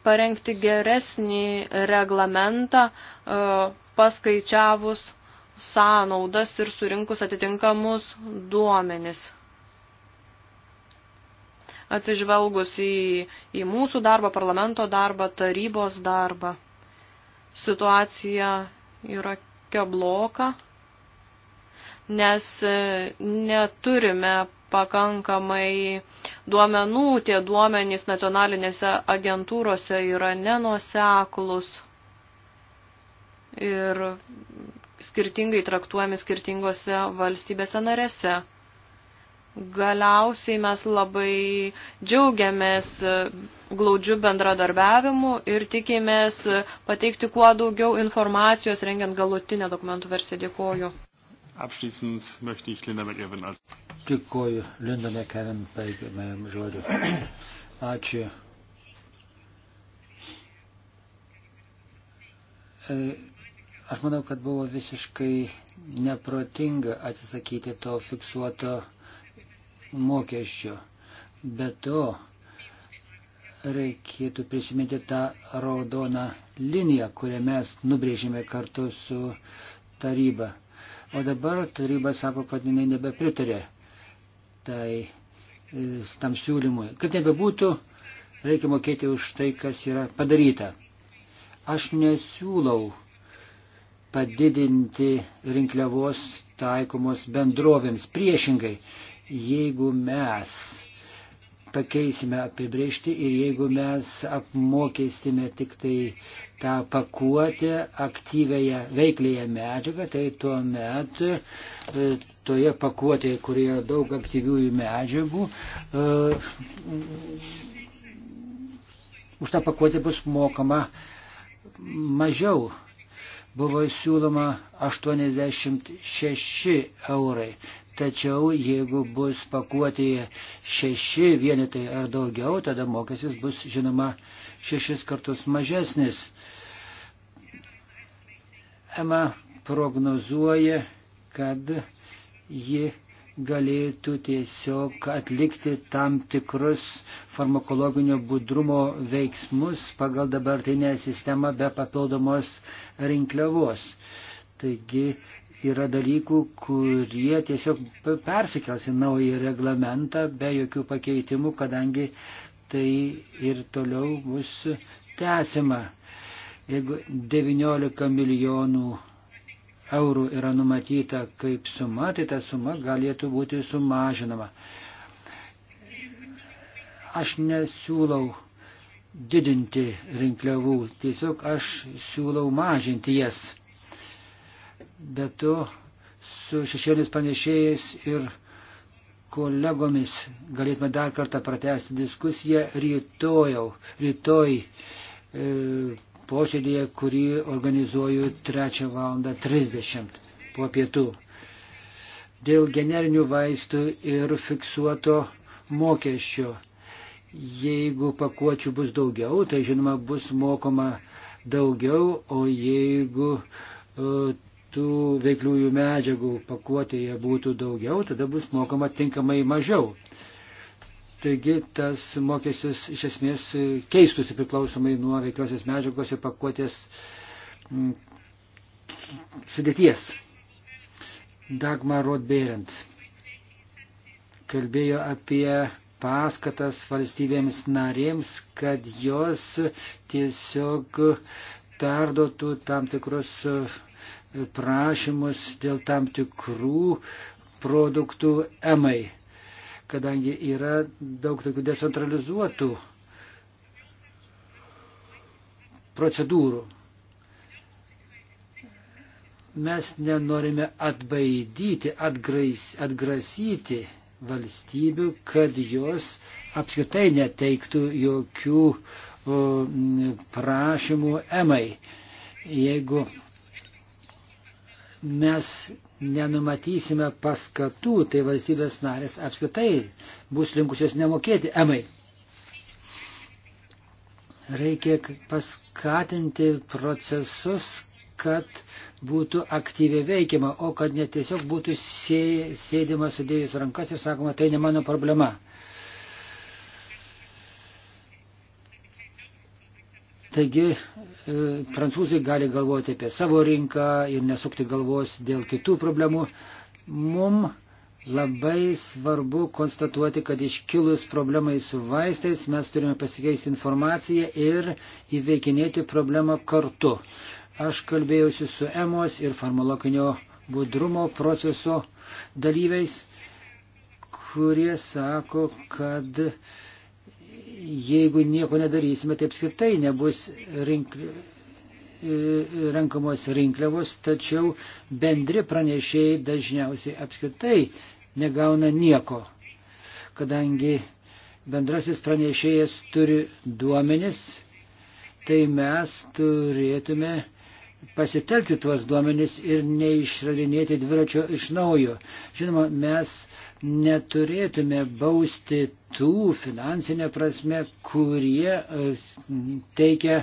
parengti geresnį reglamentą e, paskaičiavus sąnaudas ir surinkus atitinkamus duomenis. Atsižvelgus į, į mūsų darbą, parlamento darbą, tarybos darbą, situacija yra kebloka, nes e, neturime pakankamai duomenų, tie duomenys nacionalinėse agentūrose yra nenuseklus ir skirtingai traktuojami skirtingose valstybėse narėse. Galiausiai mes labai džiaugiamės glaudžių bendradarbiavimų ir tikimės pateikti kuo daugiau informacijos, rengiant galutinę dokumentų versiją. Dėkoju. Abschließend möchte ich Linda McEwen als. Dėkuoju, Linda McEwen, baigiamajam žodžiu. Ačiū. E, aš manau, kad buvo visiškai neprotinga atsisakyti to fiksuoto mokesčio. Be to, reikėtų prisiminti tą raudoną liniją, kurią mes nubrėžėme kartu su taryba o dabar taryba sako, kad jinai nebepritarė tai, e, tam siūlymui. Kaip nebebūtų, reikia mokėti už tai, kas yra padaryta. Aš nesiūlau padidinti rinkliavos taikomos bendrovėms. Priešingai, jeigu mes pakeisime apibriežti ir jeigu mes apmokestime tik tai tą pakuotę aktyvėje veiklėje medžiagą, tai tuomet e, toje pakuotėje, kurioje daug aktyviųjų medžiagų, uh, už tą pakuotę bus mokama mažiau. Buvo siūloma 86 eurai. Tačiau jeigu bus pakuoti šeši vienetai ar daugiau, tada mokestis bus žinoma šešis kartus mažesnis. EMA prognozuoja, kad ji galėtų tiesiog atlikti tam tikrus farmakologinio budrumo veiksmus pagal dabartinę sistemą be papildomos rinkliavos. Taigi yra dalykų, kurie tiesiog persikels į naują reglamentą be jokių pakeitimų, kadangi tai ir toliau bus tęsima. Jeigu 19 milijonų eurų yra numatyta kaip suma, tai ta suma galėtų būti sumažinama. Aš nesiūlau didinti rinkliavų, tiesiog aš siūlau mažinti jas. Yes bet tu su šešėlis panešėjais ir kolegomis galėtume dar kartą pratesti diskusiją rytojau, rytoj e, posėdėje, kurį organizuoju 3 val. 30 po pietų. Dėl generinių vaistų ir fiksuoto mokesčio. Jeigu pakuočių bus daugiau, tai žinoma bus mokoma daugiau, o jeigu uh, tų veikliųjų medžiagų pakuotėje būtų daugiau, tada bus mokama tinkamai mažiau. Taigi tas mokestis iš esmės keistųsi priklausomai nuo veikliosios medžiagos ir pakuotės mm, sudėties. Dagmar Rodberent kalbėjo apie paskatas valstybėms narėms, kad jos tiesiog perdotų tam tikrus uh, prašymus dėl tam tikrų produktų emai, kadangi yra daug tokių decentralizuotų procedūrų. Mes nenorime atbaidyti, atgrais, atgrasyti valstybių, kad jos apskritai neteiktų jokių o, prašymų emai. Jeigu mes nenumatysime paskatų, tai valstybės narės apskritai bus linkusios nemokėti emai. Reikia paskatinti procesus, kad būtų aktyviai veikiama, o kad netiesiog būtų sėdima sudėjus rankas ir sakoma, tai ne mano problema. Taigi E, prancūzai gali galvoti apie savo rinką ir nesukti galvos dėl kitų problemų. Mum labai svarbu konstatuoti, kad iškilus problemai su vaistais mes turime pasikeisti informaciją ir įveikinėti problemą kartu. Aš kalbėjausi su EMOS ir farmologinio budrumo proceso dalyviais, kurie sako, kad uh, jeigu nieko nedarysime, tai apskritai nebus rink, e, renkamos rinkliavos, tačiau bendri pranešėjai dažniausiai apskritai negauna nieko, kadangi bendrasis pranešėjas turi duomenis, tai mes turėtume pasitelkti tuos duomenis ir neišradinėti dviračio iš naujo. Žinoma, mes neturėtume bausti tų finansinė prasme, kurie e, teikia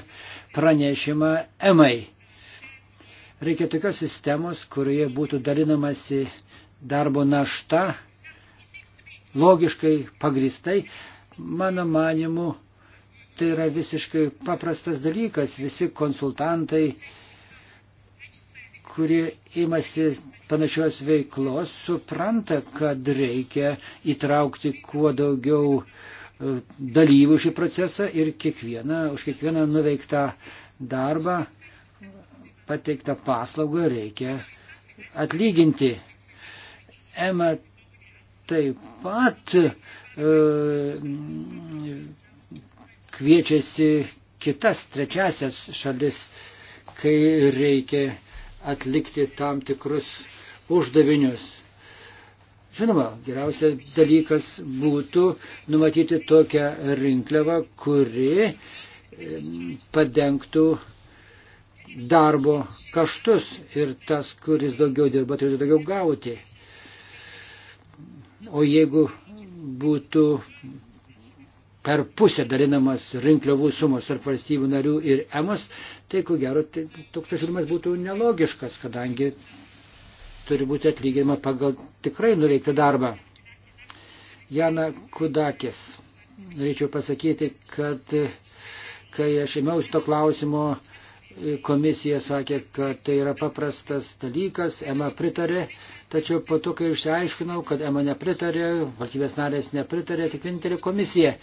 pranešimą emai. Reikia tokios sistemos, kurioje būtų dalinamasi darbo našta, logiškai pagristai. Mano manimu, tai yra visiškai paprastas dalykas. Visi konsultantai, uh, kuri imasi panašios veiklos, supranta, kad reikia įtraukti kuo daugiau e, dalyvių šį procesą ir kiekvieną, už kiekvieną nuveiktą darbą, pateiktą paslaugą reikia atlyginti. Ema taip pat e, kviečiasi kitas trečiasias šalis, kai reikia atlikti tam tikrus uždavinius. Žinoma, geriausias dalykas būtų numatyti tokią rinkliavą, kuri padengtų darbo kaštus ir tas, kuris daugiau dirba, turėtų daugiau gauti. O jeigu būtų per pusę dalinamas rinkliavų sumos tarp valstybių narių ir EMAS, tai ko gero tai, toks pasiūlymas būtų nelogiškas, kadangi turi būti atlyginama pagal tikrai nuveiktą darbą. Jana Kudakis. Norėčiau pasakyti, kad kai aš ėmiausi to klausimo, komisija sakė, kad tai yra paprastas dalykas, EMA pritarė, tačiau po to, kai išsiaiškinau, kad EMA nepritarė, valstybės narės nepritarė, tik vienintelė komisija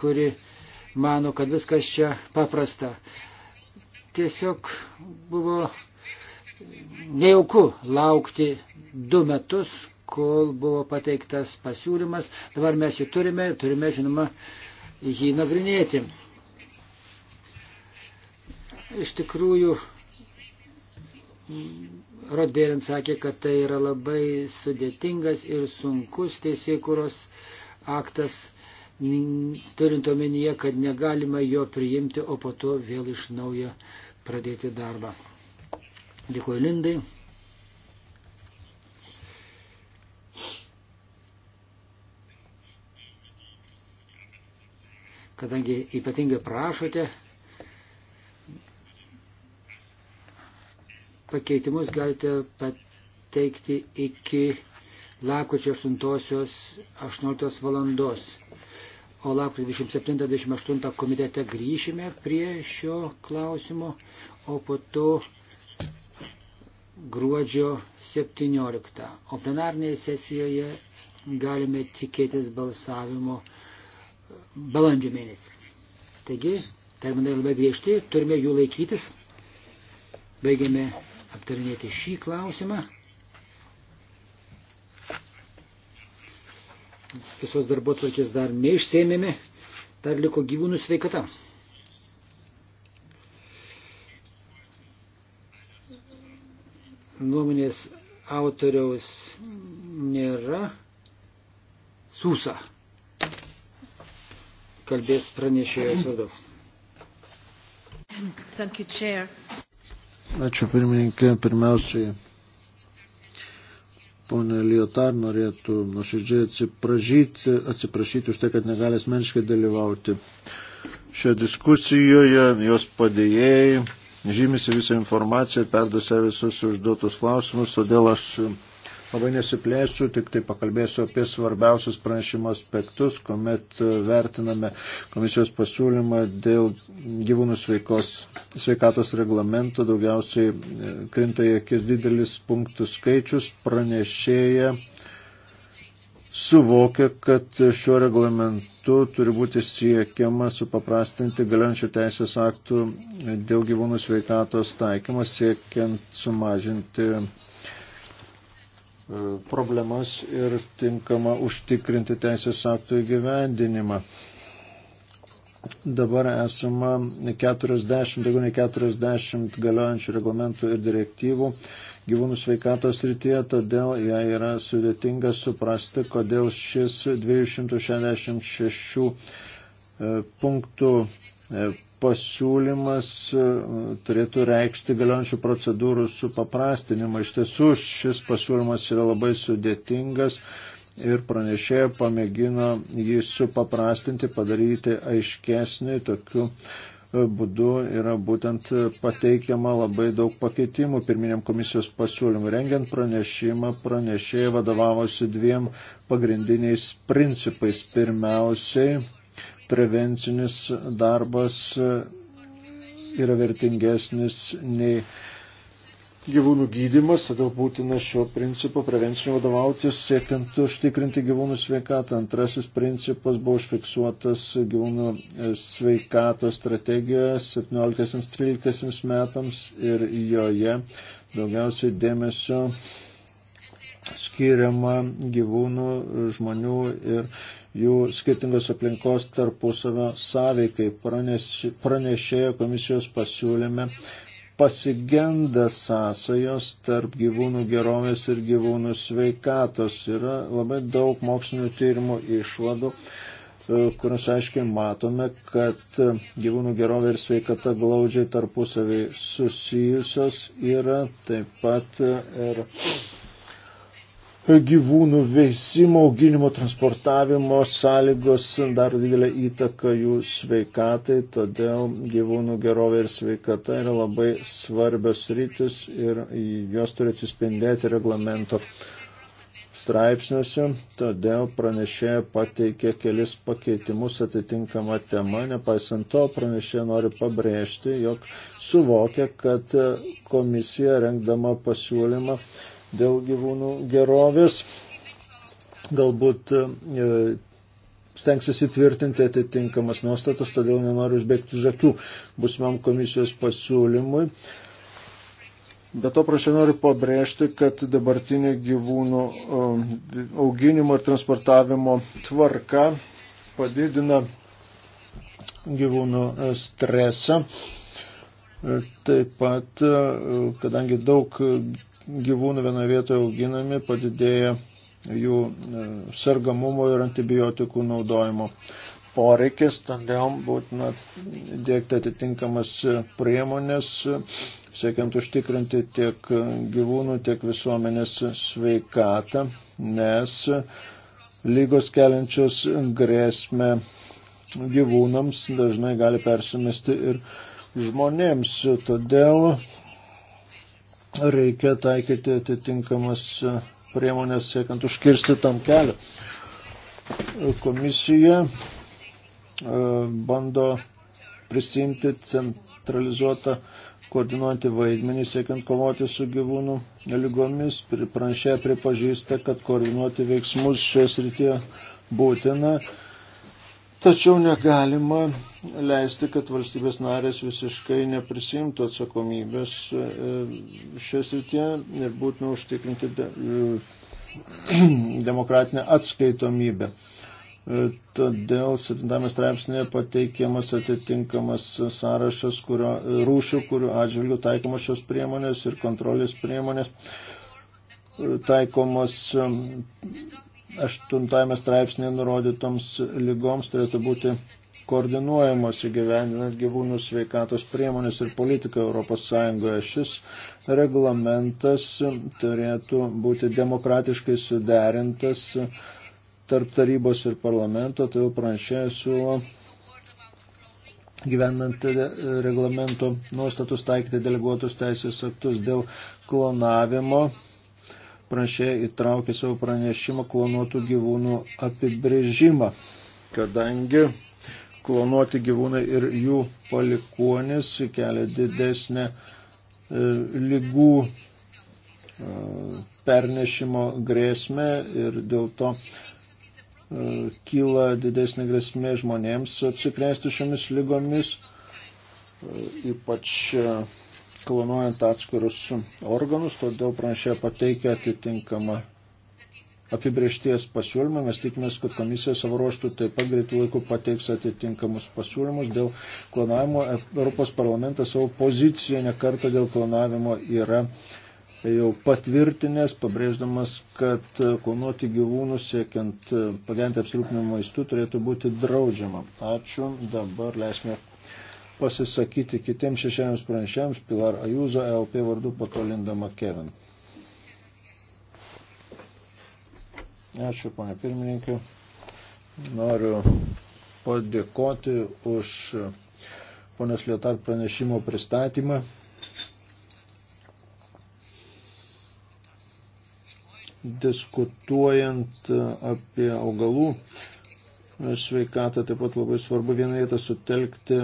kuri mano, kad viskas čia paprasta. Tiesiog buvo nejauku laukti du metus, kol buvo pateiktas pasiūlymas. Dabar mes jį turime ir turime, žinoma, jį nagrinėti. Iš tikrųjų, Rodbėrin sakė, kad tai yra labai sudėtingas ir sunkus teisėkuros aktas turint omenyje, kad negalima jo priimti, o po to vėl iš naujo pradėti darbą. Dėkuoju Lindai. Kadangi ypatingai prašote, pakeitimus galite pateikti iki lakučio 8.18 valandos o lapkričio 27-28 komitete grįšime prie šio klausimo, o po to gruodžio 17. O plenarnėje sesijoje galime tikėtis balsavimo balandžio mėnesį. Taigi, terminai labai griežti, turime jų laikytis. Baigėme aptarinėti šį klausimą. visos darbo tvarkės dar neišsėmėme, dar liko gyvūnų sveikata. Nuomonės autoriaus nėra. Susa kalbės pranešėjas vadovas. Ačiū pirmininkė. Pirmiausiai Pone Lietar norėtų nuoširdžiai atsiprašyti, atsiprašyti už tai, kad negali asmeniškai dalyvauti šioje diskusijoje, jos padėjėjai žymisi visą informaciją, perduose visus užduotus klausimus, todėl aš Labai nesiplėsiu, tik tai pakalbėsiu apie svarbiausius pranešimo aspektus, kuomet vertiname komisijos pasiūlymą dėl gyvūnų sveikos, sveikatos reglamento. Daugiausiai e, krinta į akis didelis punktų skaičius pranešėja suvokia, kad šiuo reglamentu turi būti siekiama supaprastinti galiojančių teisės aktų dėl gyvūnų sveikatos taikymą, siekiant sumažinti E, problemas ir tinkamą užtikrinti teisės aktų įgyvendinimą. Dabar esama 40, daugiau nei 40 galiojančių reglamentų ir direktyvų gyvūnų sveikatos rytyje, todėl ją yra sudėtinga suprasti, kodėl šis 266 e, punktų e, pasiūlymas e, turėtų reikšti galiojančių procedūrų supaprastinimą. Iš tiesų šis pasiūlymas yra labai sudėtingas ir pranešėja pamėgino jį supaprastinti, padaryti aiškesnį tokiu e, būdu yra būtent pateikiama labai daug pakeitimų pirminiam komisijos pasiūlymui. Rengiant pranešimą, pranešėjai vadovavosi dviem pagrindiniais principais. Pirmiausiai, prevencinis darbas yra vertingesnis nei gyvūnų gydimas, todėl būtina šio principo prevencinio vadovautis, siekiant užtikrinti gyvūnų sveikatą. Antrasis principas buvo užfiksuotas gyvūnų e, sveikatos strategijoje 17-13 metams ir joje daugiausiai dėmesio skiriama gyvūnų, žmonių ir jų skirtingos aplinkos tarpusavio sąveikai. Pranešėjo komisijos pasiūlyme pasigenda sąsajos tarp gyvūnų gerovės ir gyvūnų sveikatos. Yra labai daug mokslinių tyrimų išvadų e, kuriuos aiškiai matome, kad e, gyvūnų gerovė ir sveikata glaudžiai tarpusavį susijusios yra taip pat e, ir gyvūnų veisimo, auginimo, transportavimo sąlygos daro didelę įtaką jų sveikatai, todėl gyvūnų gerovė ir sveikata yra labai svarbios rytis ir jos turi atsispindėti reglamento straipsniuose, todėl pranešėja pateikė kelis pakeitimus atitinkamą temą, nepaisant to pranešėja nori pabrėžti, jog suvokia, kad komisija rengdama pasiūlymą dėl gyvūnų gerovės. Galbūt e, stengsis įtvirtinti atitinkamas nuostatas, todėl nenoriu užbėgti žakių busimam komisijos pasiūlymui. Bet to prašau noriu pabrėžti, kad dabartinė gyvūnų e, auginimo ir transportavimo tvarka padidina gyvūnų e, stresą. Taip pat, kadangi daug gyvūnų vienoje vietoje auginami, padidėja jų e, sergamumo ir antibiotikų naudojimo poreikis, todėl būtina dėkti atitinkamas priemonės, siekiant užtikrinti tiek gyvūnų, tiek visuomenės sveikatą, nes lygos keliančios grėsmę gyvūnams dažnai gali persimesti ir žmonėms. Todėl reikia taikyti atitinkamas priemonės siekiant užkirsti tam kelią. Komisija e, bando prisimti centralizuotą koordinuoti vaidmenį, siekiant kovoti su gyvūnų lygomis. Pranešėja pripažįsta, kad koordinuoti veiksmus šioje srityje būtina Tačiau negalima leisti, kad valstybės narės visiškai neprisimtų atsakomybės e, šias rytie ir būtina užtikrinti de, e, demokratinę atskaitomybę. E, todėl 7 straipsnėje pateikiamas atitinkamas sąrašas kurio, rūšių, kurių atžvilgių taikomos šios priemonės ir kontrolės priemonės taikomos aštuntame straipsnėje nurodytoms lygoms turėtų būti koordinuojamos įgyvendinant gyvūnų sveikatos priemonės ir politiką Europos Sąjungoje. Šis reglamentas turėtų būti demokratiškai suderintas tarp tarybos ir parlamento, tai jau pranešėjai siūlo gyvenant reglamento nuostatus taikyti deleguotus teisės aktus dėl klonavimo pranešėja įtraukė savo pranešimą klonuotų gyvūnų apibrėžimą, kadangi klonuoti gyvūnai ir jų palikuonis kelia didesnę e, lygų e, pernešimo grėsmę ir dėl to e, kyla didesnė grėsmė žmonėms apsikrėsti šiomis lygomis, e, ypač e, klonuojant atskirus organus, todėl pranešė pateikia atitinkamą apibriešties pasiūlymą. Mes tikimės, kad komisija savo ruoštų taip pat greitų laikų pateiks atitinkamus pasiūlymus dėl klonavimo. Europos parlamentas savo poziciją nekartą dėl klonavimo yra jau patvirtinęs, pabrėždamas, kad klonuoti gyvūnus siekiant pagerinti apsirūpinimo maistu turėtų būti draudžiama. Ačiū. Dabar leisime pasisakyti kitiems šešiems pranešėms Pilar Ajuzo, ELP vardu patolinda Makeven. Ačiū, pane pirmininkė. Noriu padėkoti už ponios Lietar pranešimo pristatymą. Diskutuojant apie augalų sveikatą, taip pat labai svarbu vieną vietą sutelkti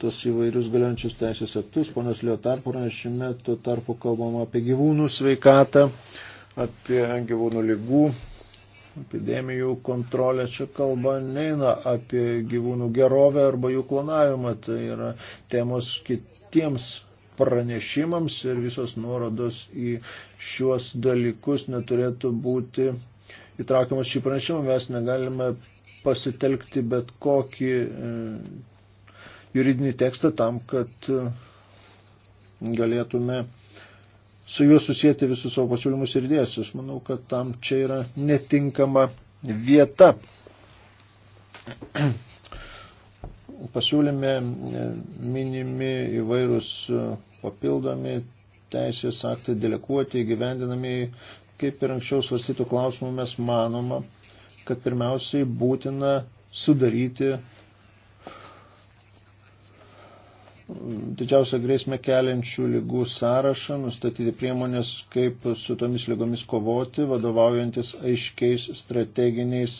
tos įvairius galiančius teisės aktus. Ponas Liotar pranešime tuo tarpu kalbama apie gyvūnų sveikatą, apie gyvūnų lygų, epidemijų kontrolę. Čia kalba neina apie gyvūnų gerovę arba jų klonavimą. Tai yra temos kitiems pranešimams ir visos nuorodos į šiuos dalykus neturėtų būti įtraukiamas šį pranešimą. Mes negalime pasitelkti bet kokį e, juridinį tekstą tam, kad e, galėtume su juo susijęti visus savo pasiūlymus ir idėjas. Aš manau, kad tam čia yra netinkama vieta. Pasiūlyme e, minimi įvairūs e, papildomi teisės aktai deleguoti, gyvendinami, kaip ir anksčiau svarstytų klausimų mes manoma, kad pirmiausiai būtina sudaryti didžiausią grėsmę keliančių lygų sąrašą, nustatyti priemonės, kaip su tomis lygomis kovoti, vadovaujantis aiškiais strateginiais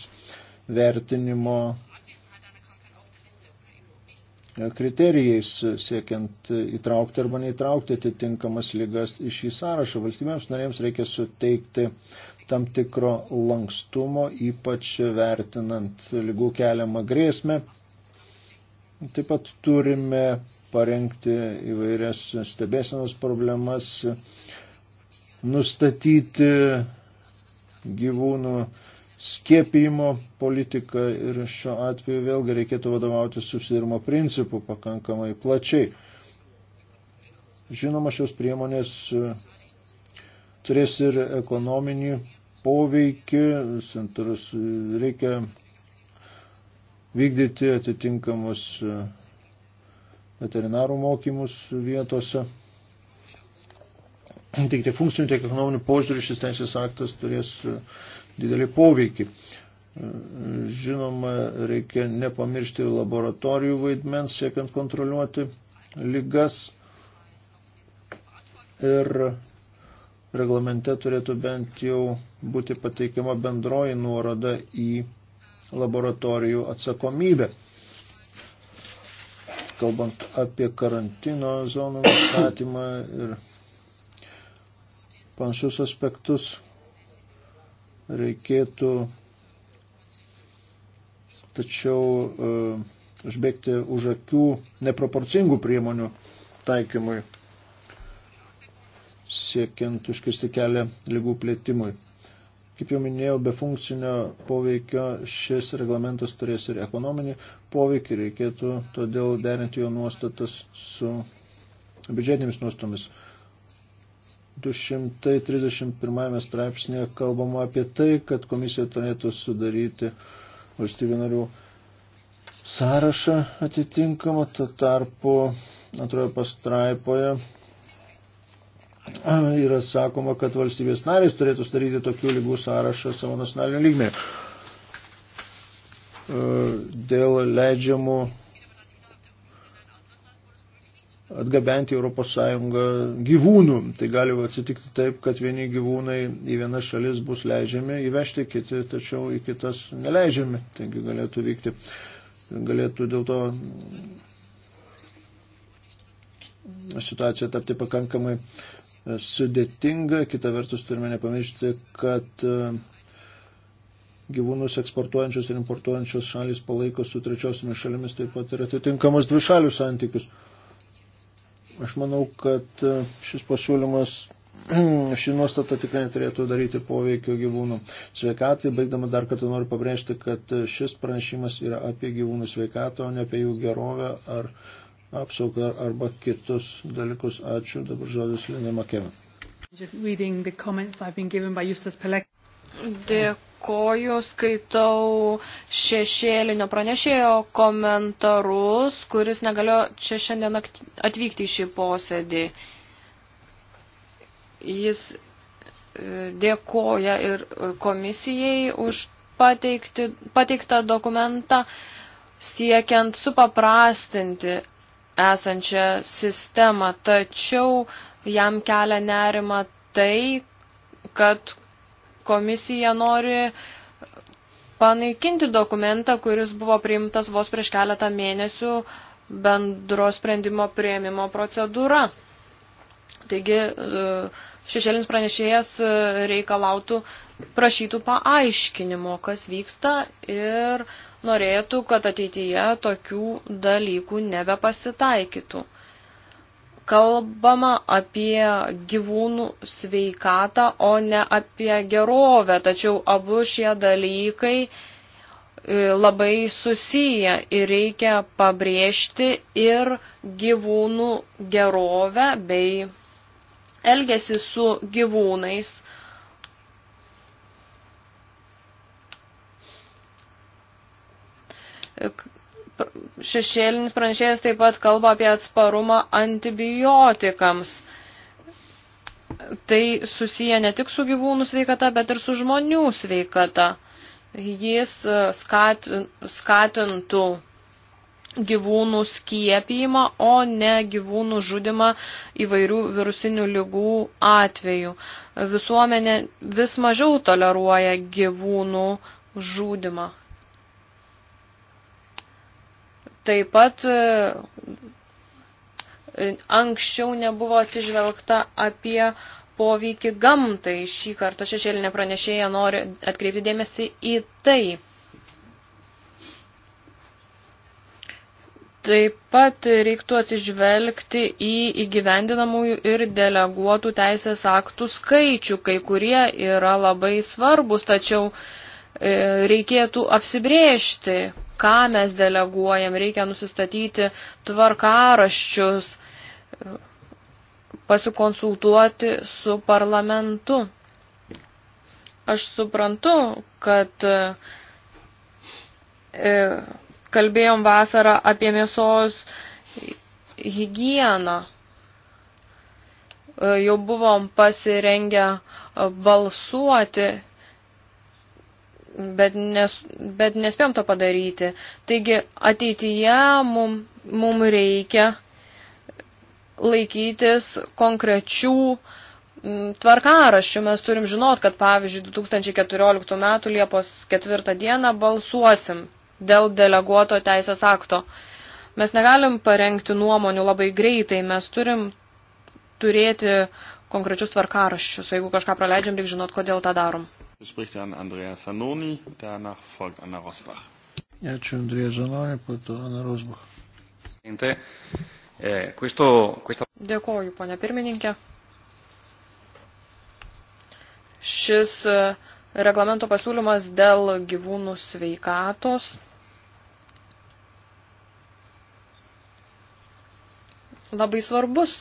vertinimo kriterijais, siekiant įtraukti arba neįtraukti atitinkamas lygas į šį sąrašą. Valstybėms narėms reikia suteikti tam tikro lankstumo, ypač vertinant lygų keliamą grėsmę Taip pat turime parengti įvairias stebėsenos problemas, nustatyti gyvūnų skiepijimo politiką ir šiuo atveju vėlgi reikėtų vadovauti susidarimo principų pakankamai plačiai. Žinoma, šios priemonės turės ir ekonominį poveikį, reikia vykdyti atitinkamus e, veterinarų mokymus vietose. Tik tiek funkcijų, tiek ekonominių požiūrių šis teisės aktas turės e, didelį poveikį. E, žinoma, reikia nepamiršti laboratorijų vaidmens, siekiant kontroliuoti lygas. Ir reglamente turėtų bent jau būti pateikiama bendroji nuoroda į laboratorijų atsakomybė. Kalbant apie karantino zonų nustatymą ir panašius aspektus, reikėtų tačiau e, užbėgti už akių neproporcingų priemonių taikymui siekiant užkirsti kelią lygų plėtimui. Kaip jau minėjau, be funkcinio poveikio šis reglamentas turės ir ekonominį poveikį, reikėtų todėl derinti jo nuostatas su biudžetinėmis nuostomis. 231 straipsnėje kalbama apie tai, kad komisija turėtų sudaryti valstybių narių sąrašą atitinkamą, tuo tarpu antroje pastraipoje yra sakoma, kad valstybės narės turėtų sudaryti tokių lygų sąrašą savo nacionalinio lygmenį. Dėl leidžiamų atgabenti Europos Sąjungą gyvūnų. Tai gali atsitikti taip, kad vieni gyvūnai į vienas šalis bus leidžiami įvežti, kiti tačiau į kitas neleidžiami. Taigi galėtų vykti, galėtų dėl to situacija tapti pakankamai e, sudėtinga. Kita vertus turime nepamiršti, kad e, gyvūnus eksportuojančios ir importuojančios šalis palaiko su trečiosiomis šalimis taip pat ir atitinkamus dvišalius santykius. Aš manau, kad e, šis pasiūlymas, ši nuostata tikrai neturėtų daryti poveikio gyvūnų sveikatai. Baigdama dar kartą noriu pabrėžti, kad šis pranešimas yra apie gyvūnų sveikatą, o ne apie jų gerovę ar uh, apsaugą arba kitus dalykus. Ačiū. Dabar žodis Linai Makėvė. Dėkoju, skaitau šešėlinio pranešėjo komentarus, kuris negalėjo čia šiandien atvykti į šį posėdį. Jis e, dėkoja ir komisijai už pateikti, pateiktą dokumentą siekiant supaprastinti esančią sistemą, tačiau jam kelia nerima tai, kad komisija nori panaikinti dokumentą, kuris buvo priimtas vos prieš keletą mėnesių bendro sprendimo prieimimo procedūra. Taigi e, šešėlinis pranešėjas e, reikalautų prašytų paaiškinimo, kas vyksta ir norėtų, kad ateityje tokių dalykų nebepasitaikytų. Kalbama apie gyvūnų sveikatą, o ne apie gerovę, tačiau abu šie dalykai e, labai susiję ir reikia pabrėžti ir gyvūnų gerovę bei elgesi su gyvūnais Šešėlinis pranešėjas taip pat kalba apie atsparumą antibiotikams. Tai susiję ne tik su gyvūnų sveikata, bet ir su žmonių sveikata. Jis e, skat, skatintų gyvūnų skiepijimą, o ne gyvūnų žudimą įvairių virusinių lygų atveju. Visuomenė vis mažiau toleruoja gyvūnų žudimą. Taip pat e, anksčiau nebuvo atsižvelgta apie poveikį gamtai. Šį kartą šešėlinė pranešėja nori atkreipti dėmesį į tai. Taip pat reiktų atsižvelgti į įgyvendinamųjų ir deleguotų teisės aktų skaičių, kai kurie yra labai svarbus, tačiau uh, E, reikėtų apsibriežti, ką mes deleguojam, reikia nusistatyti tvarkaraščius, pasikonsultuoti su parlamentu. Aš suprantu, kad e, kalbėjom vasarą apie mėsos higieną. E, jau buvom pasirengę balsuoti bet, nes, bet nespėjom to padaryti. Taigi ateityje mum, mum reikia laikytis konkrečių mm, tvarkaraščių. Mes turim žinot, kad pavyzdžiui 2014 metų Liepos 4 dieną balsuosim dėl deleguoto teisės akto. Mes negalim parengti nuomonių labai greitai, mes turim turėti konkrečius tvarkaraščius. Jeigu kažką praleidžiam, reik žinot, kodėl tą darom. Es spricht dann Andreas Zanoni, danach folgt Anna Rosbach. Ačiū Andrija Zanonė, po to Ana Rosbach. Eh, Dėkoju, ponia pirmininkė. Šis eh, reglamento pasiūlymas dėl gyvūnų sveikatos labai svarbus.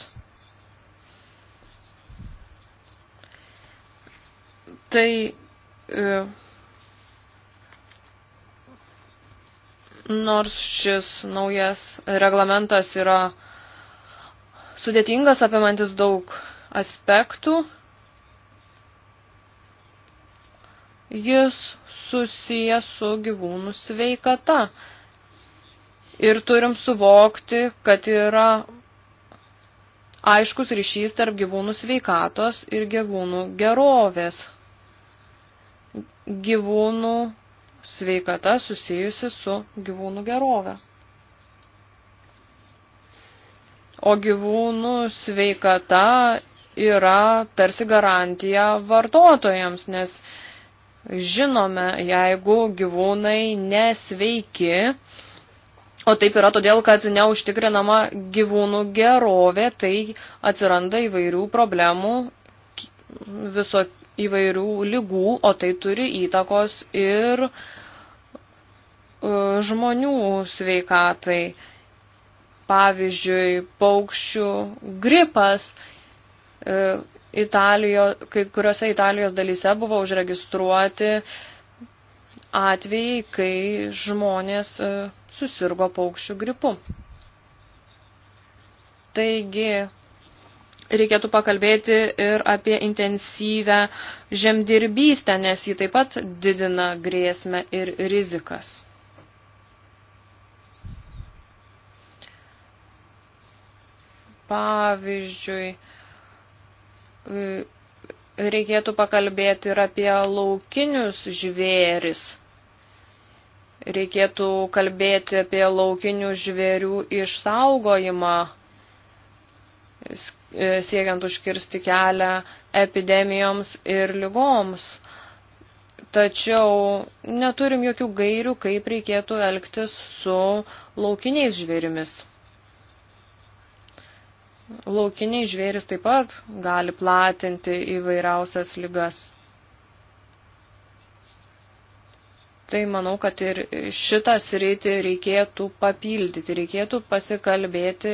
Tai E, nors šis naujas reglamentas yra sudėtingas, apimantis daug aspektų, jis susijęs su gyvūnų sveikata. Ir turim suvokti, kad yra aiškus ryšys tarp gyvūnų sveikatos ir gyvūnų gerovės gyvūnų sveikata susijusi su gyvūnų gerove. O gyvūnų sveikata yra tarsi garantija vartotojams, nes žinome, jeigu gyvūnai nesveiki, o taip yra todėl, kad neužtikrinama gyvūnų gerovė, tai atsiranda įvairių problemų viso, įvairių lygų, o tai turi įtakos ir e, žmonių sveikatai. Pavyzdžiui, paukščių gripas e, Italijo, kai kuriuose Italijos dalyse buvo užregistruoti atvejai, kai žmonės e, susirgo paukščių gripu. Taigi reikėtų pakalbėti ir apie intensyvę žemdirbystę, nes ji taip pat didina grėsmę ir rizikas. Pavyzdžiui, reikėtų pakalbėti ir apie laukinius žvėris. Reikėtų kalbėti apie laukinių žvėrių išsaugojimą E, siekiant užkirsti kelią epidemijoms ir lygoms. Tačiau neturim jokių gairių, kaip reikėtų elgtis su laukiniais žvėrimis. Laukiniai žvėris taip pat gali platinti įvairiausias lygas. tai manau, kad ir šitą sritį reikėtų papildyti, reikėtų pasikalbėti,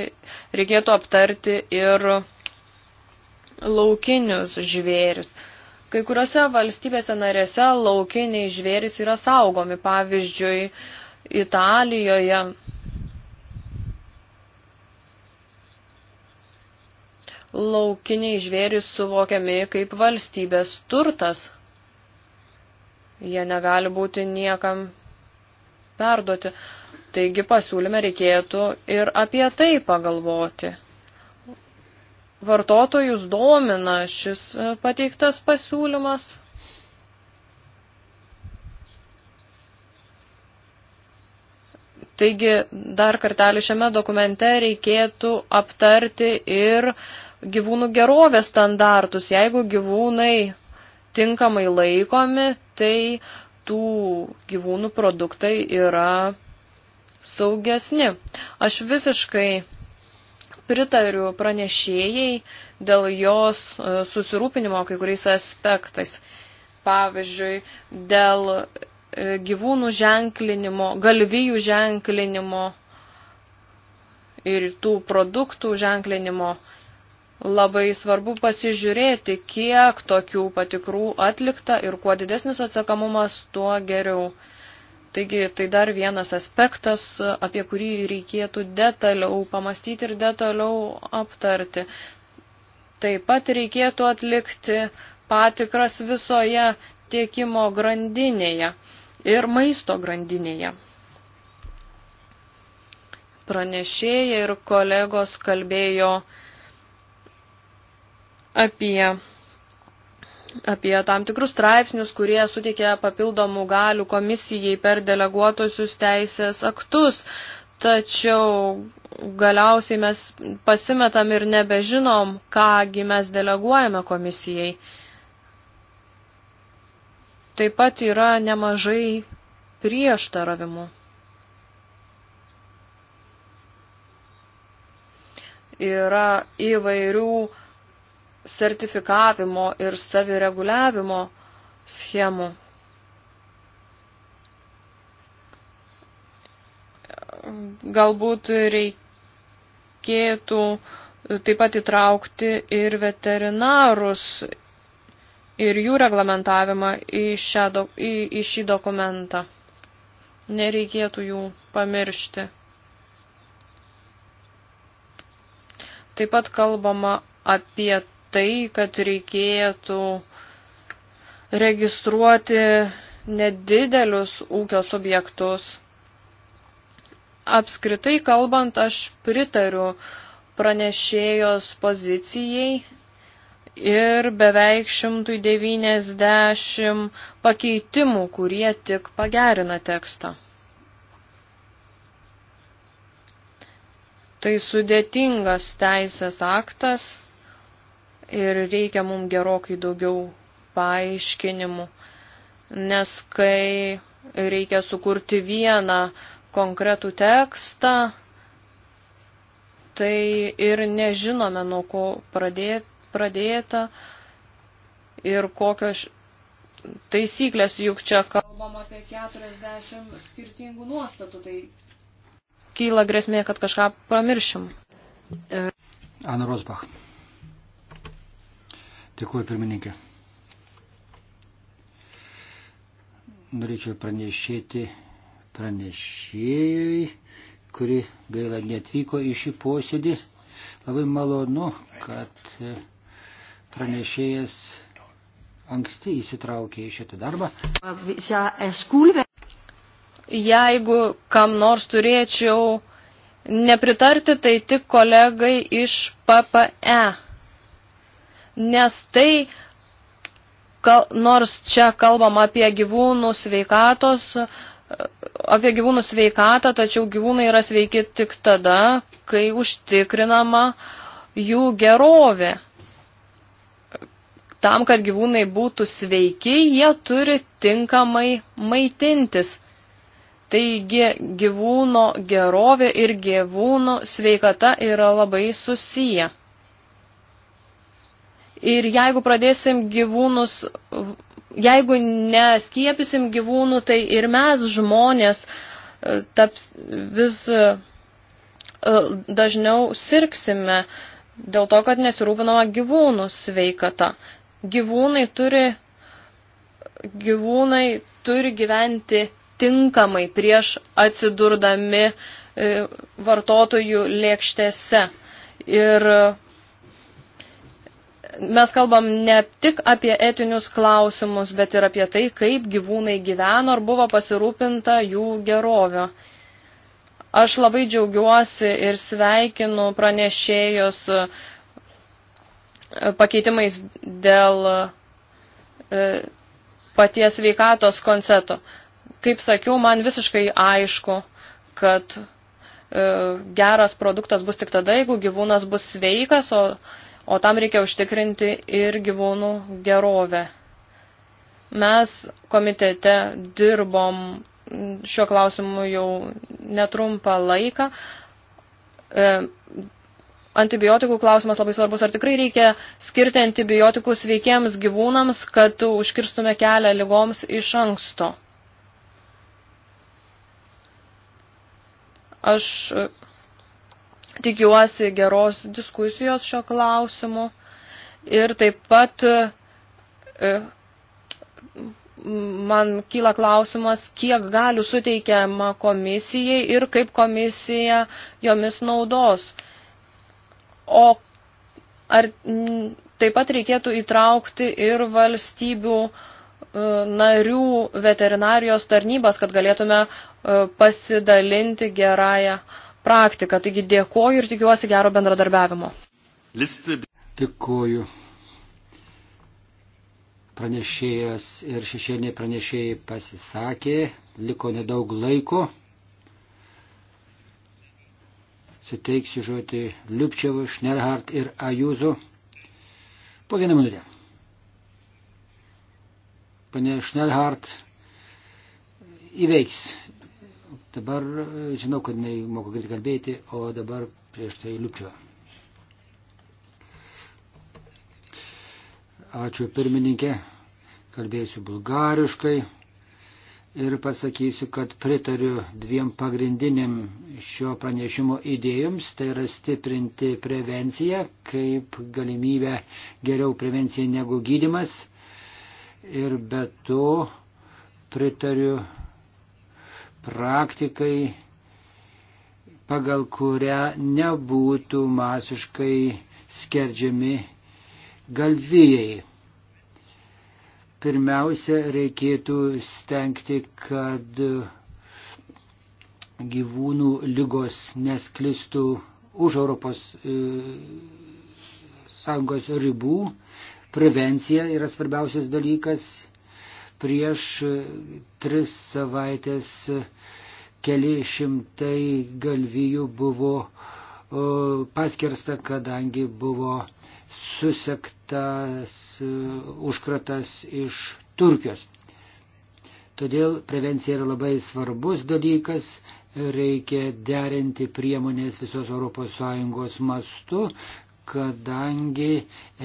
reikėtų aptarti ir laukinius žvėris. Kai kuriuose valstybėse narėse laukiniai žvėris yra saugomi, pavyzdžiui, Italijoje. Laukiniai žvėris suvokiami kaip valstybės turtas. Jie negali būti niekam perduoti. Taigi pasiūlyme reikėtų ir apie tai pagalvoti. Vartotojus domina šis e, pateiktas pasiūlymas. Taigi dar kartelį šiame dokumente reikėtų aptarti ir gyvūnų gerovės standartus. Jeigu gyvūnai tinkamai laikomi, tai tų gyvūnų produktai yra saugesni. Aš visiškai pritariu pranešėjai dėl jos e, susirūpinimo kai kuriais aspektais. Pavyzdžiui, dėl e, gyvūnų ženklinimo, galvijų ženklinimo ir tų produktų ženklinimo labai svarbu pasižiūrėti, kiek tokių patikrų atlikta ir kuo didesnis atsakamumas, tuo geriau. Taigi tai dar vienas aspektas, apie kurį reikėtų detaliau pamastyti ir detaliau aptarti. Taip pat reikėtų atlikti patikras visoje tiekimo grandinėje ir maisto grandinėje. Pranešėja ir kolegos kalbėjo apie, apie tam tikrus straipsnius, kurie suteikia papildomų galių komisijai per deleguotusius teisės aktus. Tačiau galiausiai mes pasimetam ir nebežinom, kągi mes deleguojame komisijai. Taip pat yra nemažai prieštaravimų. Yra įvairių sertifikavimo ir savireguliavimo schemų. Galbūt reikėtų taip pat įtraukti ir veterinarus ir jų reglamentavimą į, šią, į, į šį dokumentą. Nereikėtų jų pamiršti. Taip pat kalbama apie tai, kad reikėtų registruoti nedidelius ūkio subjektus. Apskritai kalbant, aš pritariu pranešėjos pozicijai ir beveik 190 pakeitimų, kurie tik pagerina tekstą. Tai sudėtingas teisės aktas ir reikia mums gerokai daugiau paaiškinimų, nes kai reikia sukurti vieną konkretų tekstą, tai ir nežinome, nuo ko pradėta ir kokios taisyklės, juk čia kalbam apie 40 skirtingų nuostatų, tai kyla grėsmė, kad kažką pamiršim. Ana Rosbach. Dėkuoju, pirmininkė. Norėčiau pranešėti pranešėjai, kuri gaila netvyko į šį posėdį. Labai malonu, kad pranešėjas anksti įsitraukė į šitą darbą. Jeigu kam nors turėčiau nepritarti, tai tik kolegai iš PPE nes tai, kal, nors čia kalbam apie gyvūnų sveikatos, apie gyvūnų sveikatą, tačiau gyvūnai yra sveiki tik tada, kai užtikrinama jų gerovė. Tam, kad gyvūnai būtų sveiki, jie turi tinkamai maitintis. Taigi gyvūno gerovė ir gyvūno sveikata yra labai susiję. Ir jeigu pradėsim gyvūnus, jeigu neskiepysim gyvūnų, tai ir mes žmonės e, taps vis e, e, dažniau sirksime dėl to, kad nesirūpinama gyvūnų sveikata. Gyvūnai turi, gyvūnai turi gyventi tinkamai prieš atsidurdami vartotojų lėkštėse. Ir mes kalbam ne tik apie etinius klausimus, bet ir apie tai, kaip gyvūnai gyveno ar buvo pasirūpinta jų gerovio. Aš labai džiaugiuosi ir sveikinu pranešėjus e, pakeitimais dėl e, paties veikatos koncepto. Kaip sakiau, man visiškai aišku, kad e, geras produktas bus tik tada, jeigu gyvūnas bus sveikas, o o tam reikia užtikrinti ir gyvūnų gerovę. Mes komitete dirbom šiuo klausimu jau netrumpą laiką. E, antibiotikų klausimas labai svarbus. Ar tikrai reikia skirti antibiotikus veikiems gyvūnams, kad užkirstume kelią lygoms iš anksto? Aš tikiuosi geros diskusijos šio klausimu ir taip pat e, man kyla klausimas, kiek galių suteikiama komisijai ir kaip komisija jomis naudos. O ar taip pat reikėtų įtraukti ir valstybių e, narių veterinarijos tarnybas, kad galėtume e, pasidalinti gerąją praktiką. Taigi dėkoju ir tikiuosi gero bendradarbiavimo. Dėkoju. Pranešėjas ir šešėliniai pranešėjai pasisakė, liko nedaug laiko. Suteiksiu žodį Liupčiavų, Šnelhart ir Ajūzų. Po vieną minutę. Pane Šnelhart įveiks Dabar e, žinau, kad jinai moka greitai kalbėti, o dabar prieš tai liukiu. Ačiū pirmininkė, kalbėsiu bulgariškai ir pasakysiu, kad pritariu dviem pagrindiniam šio pranešimo idėjams, tai yra stiprinti prevenciją kaip galimybę geriau prevencija negu gydimas ir be to pritariu praktikai, pagal kurią nebūtų masiškai skerdžiami galvijai. Pirmiausia, reikėtų stengti, kad gyvūnų lygos nesklistų už Europos e, sąjungos ribų. Prevencija yra svarbiausias dalykas prieš tris savaitės keli šimtai galvijų buvo paskirsta, kadangi buvo susektas e, užkratas iš Turkijos. Todėl prevencija yra labai svarbus dalykas, reikia derinti priemonės visos ES mastu, kadangi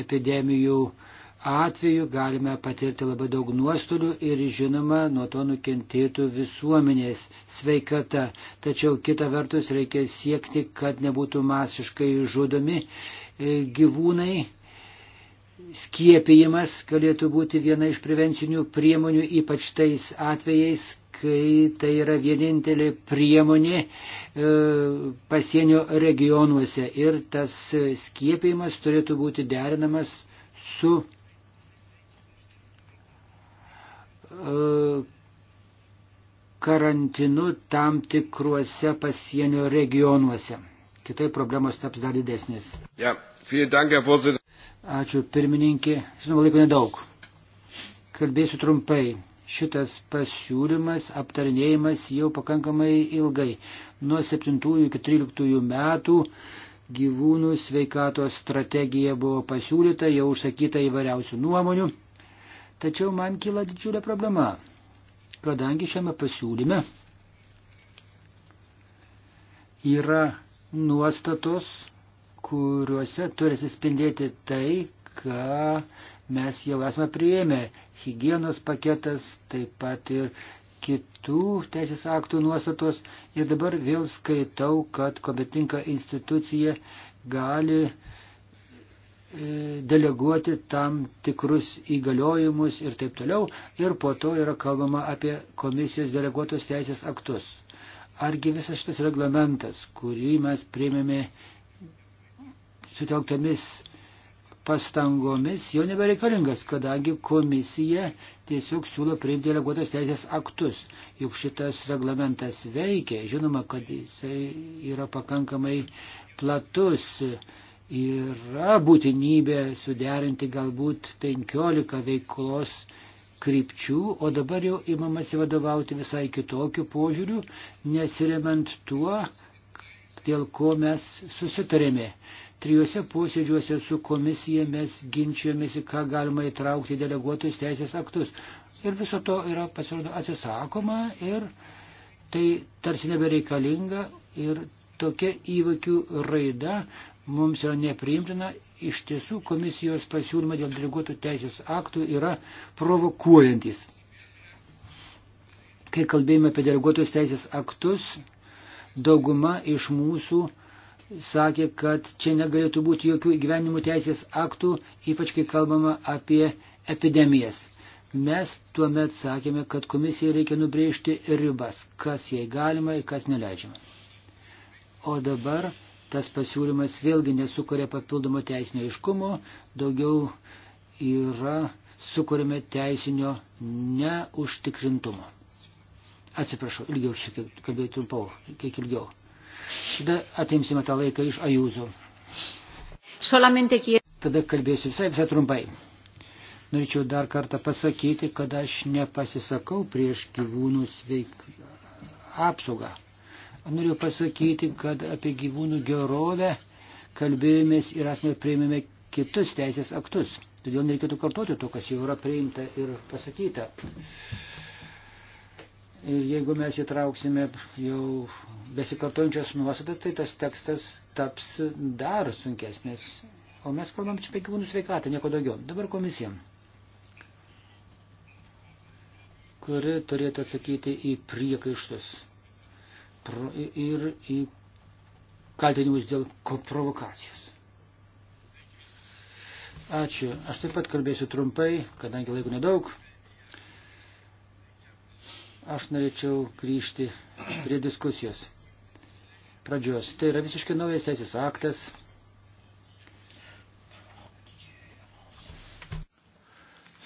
epidemijų uh, atveju galime patirti labai daug nuostolių ir žinoma, nuo to nukentėtų visuomenės sveikata. Tačiau kita vertus reikia siekti, kad nebūtų masiškai žudomi e, gyvūnai. Skiepijimas galėtų būti viena iš prevencinių priemonių, ypač tais atvejais, kai tai yra vienintelė priemonė e, pasienio regionuose ir tas skiepijimas turėtų būti derinamas su karantinu tam tikruose pasienio regionuose. Kitai problemos taps dar didesnės. Ja, dank, Ačiū pirmininkė. Žinoma, laiko nedaug. Kalbėsiu trumpai. Šitas pasiūlymas aptarinėjimas jau pakankamai ilgai. Nuo 7 iki 13 metų gyvūnų sveikatos strategija buvo pasiūlyta, jau užsakyta įvairiausių nuomonių. Tačiau man kyla didžiulė problema, kadangi šiame pasiūlyme yra nuostatos, kuriuose turi atsispindėti tai, ką mes jau esame priėmę. Hygienos paketas, taip pat ir kitų teisės aktų nuostatos. Ir dabar vėl skaitau, kad kompetinka institucija gali uh, deleguoti tam tikrus įgaliojimus ir taip toliau. Ir po to yra kalbama apie komisijos deleguotus teisės aktus. Argi visas šitas reglamentas, kurį mes priėmėme sutelktomis pastangomis, jau nebereikalingas, kadangi komisija tiesiog siūlo priimti deleguotas teisės aktus. Juk šitas reglamentas veikia, žinoma, kad jisai yra pakankamai platus yra būtinybė suderinti galbūt 15 veiklos krypčių, o dabar jau imamasi vadovauti visai kitokiu požiūriu, nesiremant tuo, dėl ko mes susitarėme. Trijuose posėdžiuose su komisija mes ginčiamės, ką galima įtraukti deleguotus teisės aktus. Ir viso to yra pasirodo atsisakoma ir tai tarsi nebereikalinga ir tokia įvykių raida mums yra nepriimtina, iš tiesų komisijos pasiūlymai dėl deleguotų teisės aktų yra provokuojantis. Kai kalbėjome apie deleguotus teisės aktus, dauguma iš mūsų sakė, kad čia negalėtų būti jokių gyvenimų teisės aktų, ypač kai kalbama apie epidemijas. Mes tuomet sakėme, kad komisijai reikia nubrėžti ribas, kas jai galima ir kas neleidžiama. O dabar tas pasiūlymas vėlgi nesukuria papildomo teisinio iškumo, daugiau yra sukūrėme teisinio neužtikrintumo. Atsiprašau, ilgiau šiek tiek kalbėjau trumpau, kiek ilgiau. Tada atimsime tą laiką iš Ajūzo. Tada kalbėsiu visai visai trumpai. Norėčiau dar kartą pasakyti, kad aš nepasisakau prieš gyvūnų sveik... apsaugą. Noriu pasakyti, kad apie gyvūnų gerovę kalbėjomės ir esame prieimėme kitus teisės aktus. Todėl nereikėtų kartoti to, kas jau yra priimta ir pasakyta. Ir jeigu mes įtrauksime jau besikartojančios nuostatas, tai tas tekstas taps dar sunkesnis. O mes kalbam čia apie gyvūnų sveikatą, nieko daugiau. Dabar komisija, kuri turėtų atsakyti į priekaištus ir į kaltinimus dėl provokacijos. Ačiū. Aš taip pat kalbėsiu trumpai, kadangi laiko nedaug. Aš norėčiau grįžti prie diskusijos pradžios. Tai yra visiškai naujas teisės aktas.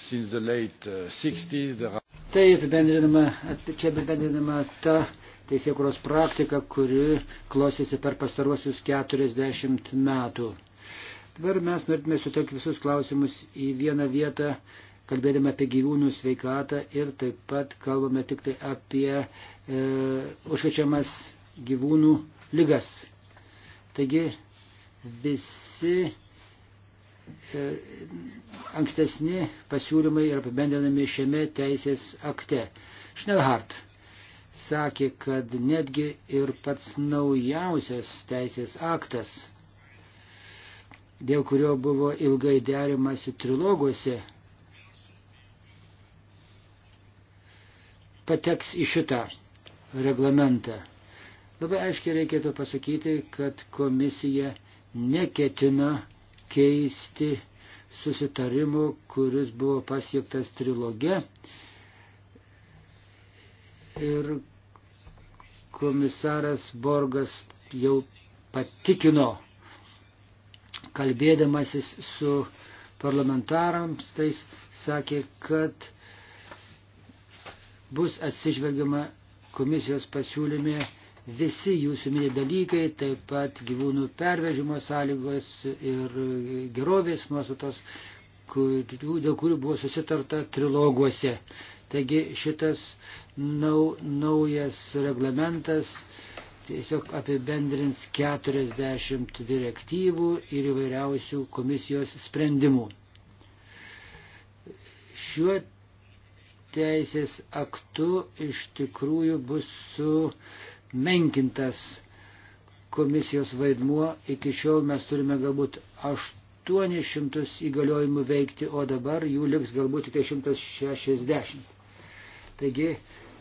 Since the late 60s, uh, there are... Tai apibendrinama, čia apibendrinama ta teisėkuros praktika, kuri klostėsi per pastaruosius 40 metų. Dabar mes norėtume sutelkti visus klausimus į vieną vietą, kalbėdami apie gyvūnų sveikatą ir taip pat kalbame tik tai apie e, užkačiamas gyvūnų lygas. Taigi visi e, ankstesni pasiūlymai yra apibendrinami šiame teisės akte. Schnellhardt sakė, kad netgi ir pats naujausias teisės aktas, dėl kurio buvo ilgai derimasi trilogose, pateks į šitą reglamentą. Labai aiškiai reikėtų pasakyti, kad komisija neketina keisti susitarimu, kuris buvo pasiektas triloge ir komisaras Borgas jau patikino, kalbėdamasis su parlamentarams, tai sakė, kad bus atsižvelgiama komisijos pasiūlymė visi jūsų minėti dalykai, taip pat gyvūnų pervežimo sąlygos ir gerovės nuostatos, kur, dėl kurių buvo susitarta triloguose. Taigi šitas nau, naujas reglamentas tiesiog apibendrins 40 direktyvų ir įvairiausių komisijos sprendimų. Šiuo teisės aktu iš tikrųjų bus sumenkintas komisijos vaidmuo. Iki šiol mes turime galbūt 800 įgaliojimų veikti, o dabar jų liks galbūt tik 160. Taigi,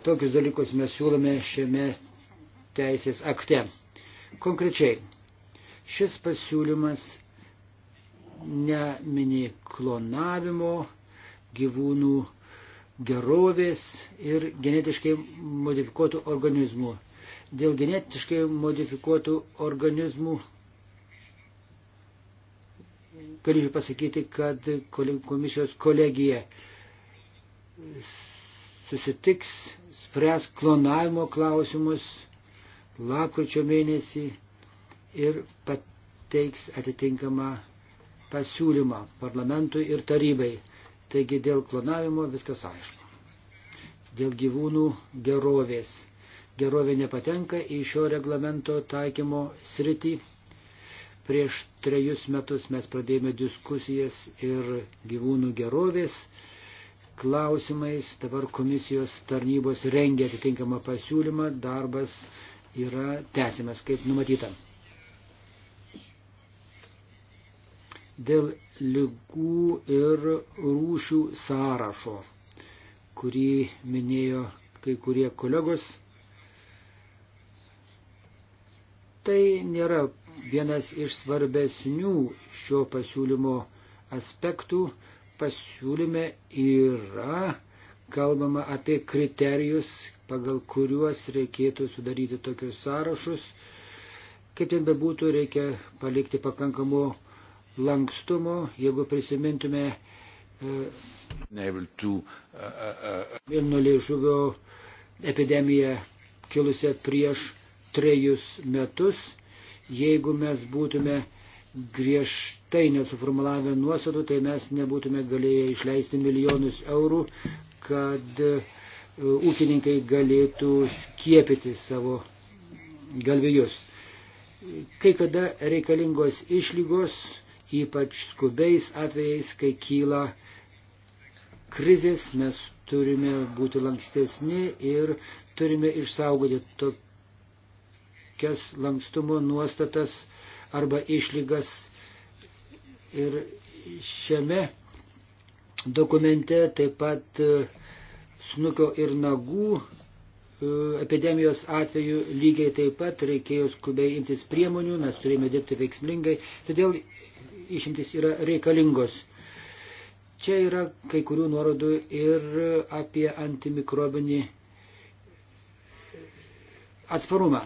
tokius dalykus mes siūlome šiame teisės akte. Konkrečiai, šis pasiūlymas nemini klonavimo, gyvūnų gerovės ir genetiškai modifikuotų organizmų. Dėl genetiškai modifikuotų organizmų galiu pasakyti, kad komisijos kolegija susitiks, spręs klonavimo klausimus lapkričio mėnesį ir pateiks atitinkamą pasiūlymą parlamentui ir tarybai. Taigi dėl klonavimo viskas aišku. Dėl gyvūnų gerovės. Gerovė nepatenka į šio reglamento taikymo sritį. Prieš trejus metus mes pradėjome diskusijas ir gyvūnų gerovės klausimais. Dabar komisijos tarnybos rengia atitinkamą pasiūlymą. Darbas yra tęsiamas kaip numatyta. Dėl lygų ir rūšių sąrašo, kurį minėjo kai kurie kolegos, tai nėra vienas iš svarbesnių šio pasiūlymo aspektų pasiūlyme yra kalbama apie kriterijus, pagal kuriuos reikėtų sudaryti tokius sąrašus. Kaip ten bebūtų, reikia palikti pakankamų lankstumo, jeigu prisimintume e, uh, uh, uh, Vilno liežuvio epidemiją kilusią prieš trejus metus, jeigu mes būtume griežti griežtai nesuformulavę nuostatų, tai mes nebūtume galėję išleisti milijonus eurų, kad e, ūkininkai galėtų skiepyti savo galvijus. Kai kada reikalingos išlygos, ypač skubiais atvejais, kai kyla krizės, mes turime būti lankstesni ir turime išsaugoti tokias lankstumo nuostatas arba išlygas Ir šiame dokumente taip pat e, snukio ir nagų e, epidemijos atveju lygiai taip pat reikėjo skubiai imtis priemonių, mes turėjome dirbti veiksmingai, todėl išimtis yra reikalingos. Čia yra kai kurių nuorodų ir apie antimikrobinį atsparumą.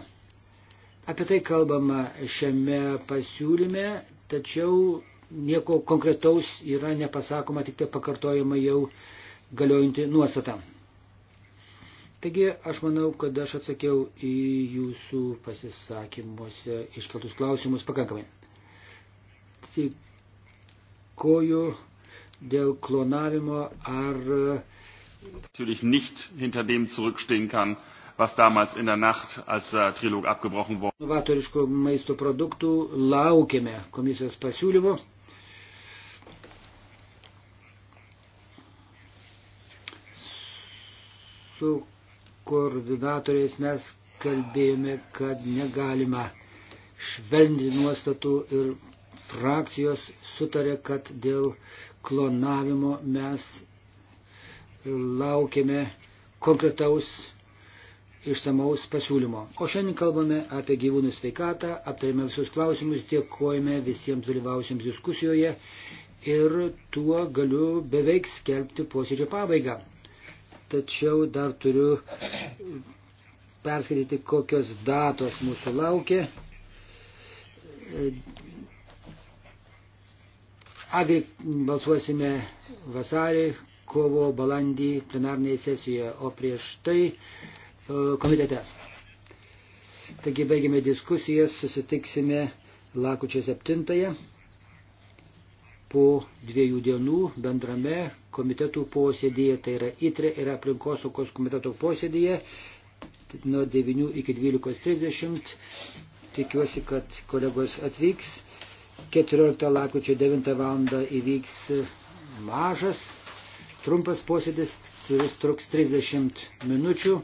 Apie tai kalbama šiame pasiūlyme, tačiau nieko konkretaus yra nepasakoma, tik tai pakartojama jau galiojanti nuostata. Taigi aš manau, kad aš atsakiau į jūsų pasisakymuose iškeltus klausimus pakankamai. Tikoju dėl klonavimo ar. Natürlich nicht hinter dem zurückstehen kann, was damals in der Nacht als äh, Trilog abgebrochen wurde. Novatoriškų maisto produktų laukiame komisijos pasiūlymo. su koordinatoriais mes kalbėjome, kad negalima švelninti nuostatų ir frakcijos sutarė, kad dėl klonavimo mes laukiame konkretaus išsamaus pasiūlymo. O šiandien kalbame apie gyvūnų sveikatą, aptarėme visus klausimus, dėkojame visiems dalyvausiems diskusijoje ir tuo galiu beveik skelbti posėdžio pabaigą tačiau dar turiu perskaityti, kokios datos mūsų laukia. Agri balsuosime vasarį, kovo, balandį plenarnėje sesijoje, o prieš tai e, komitete. Taigi baigime diskusijas, susitiksime lakučio 7 po dviejų dienų bendrame komitetų posėdėje, tai yra ITRE ir aplinkosaugos komiteto posėdėje nuo 9 iki 12.30. Tikiuosi, kad kolegos atvyks. 14 lakučio 9 val. įvyks mažas, trumpas posėdis, kuris truks 30 minučių.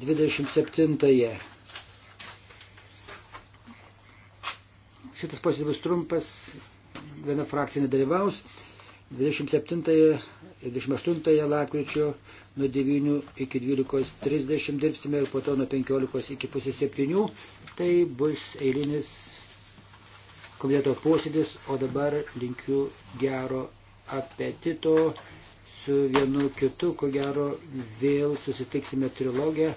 27. Šitas posėdis bus trumpas, viena frakcija nedalyvaus. 27 ir 28 lakryčio nuo 9 iki 12.30 dirbsime ir po to nuo 15 iki pusės 7. Tai bus eilinis komiteto posėdis, o dabar linkiu gero apetito su vienu kitu, ko gero vėl susitiksime trilogiją,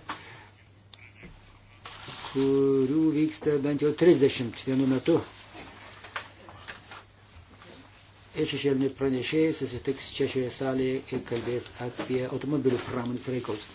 kurių vyksta bent jau 30 vienu metu ir šešėliniai pranešėjai susitiks čia šioje salėje ir kalbės apie automobilių pramonės reikalus.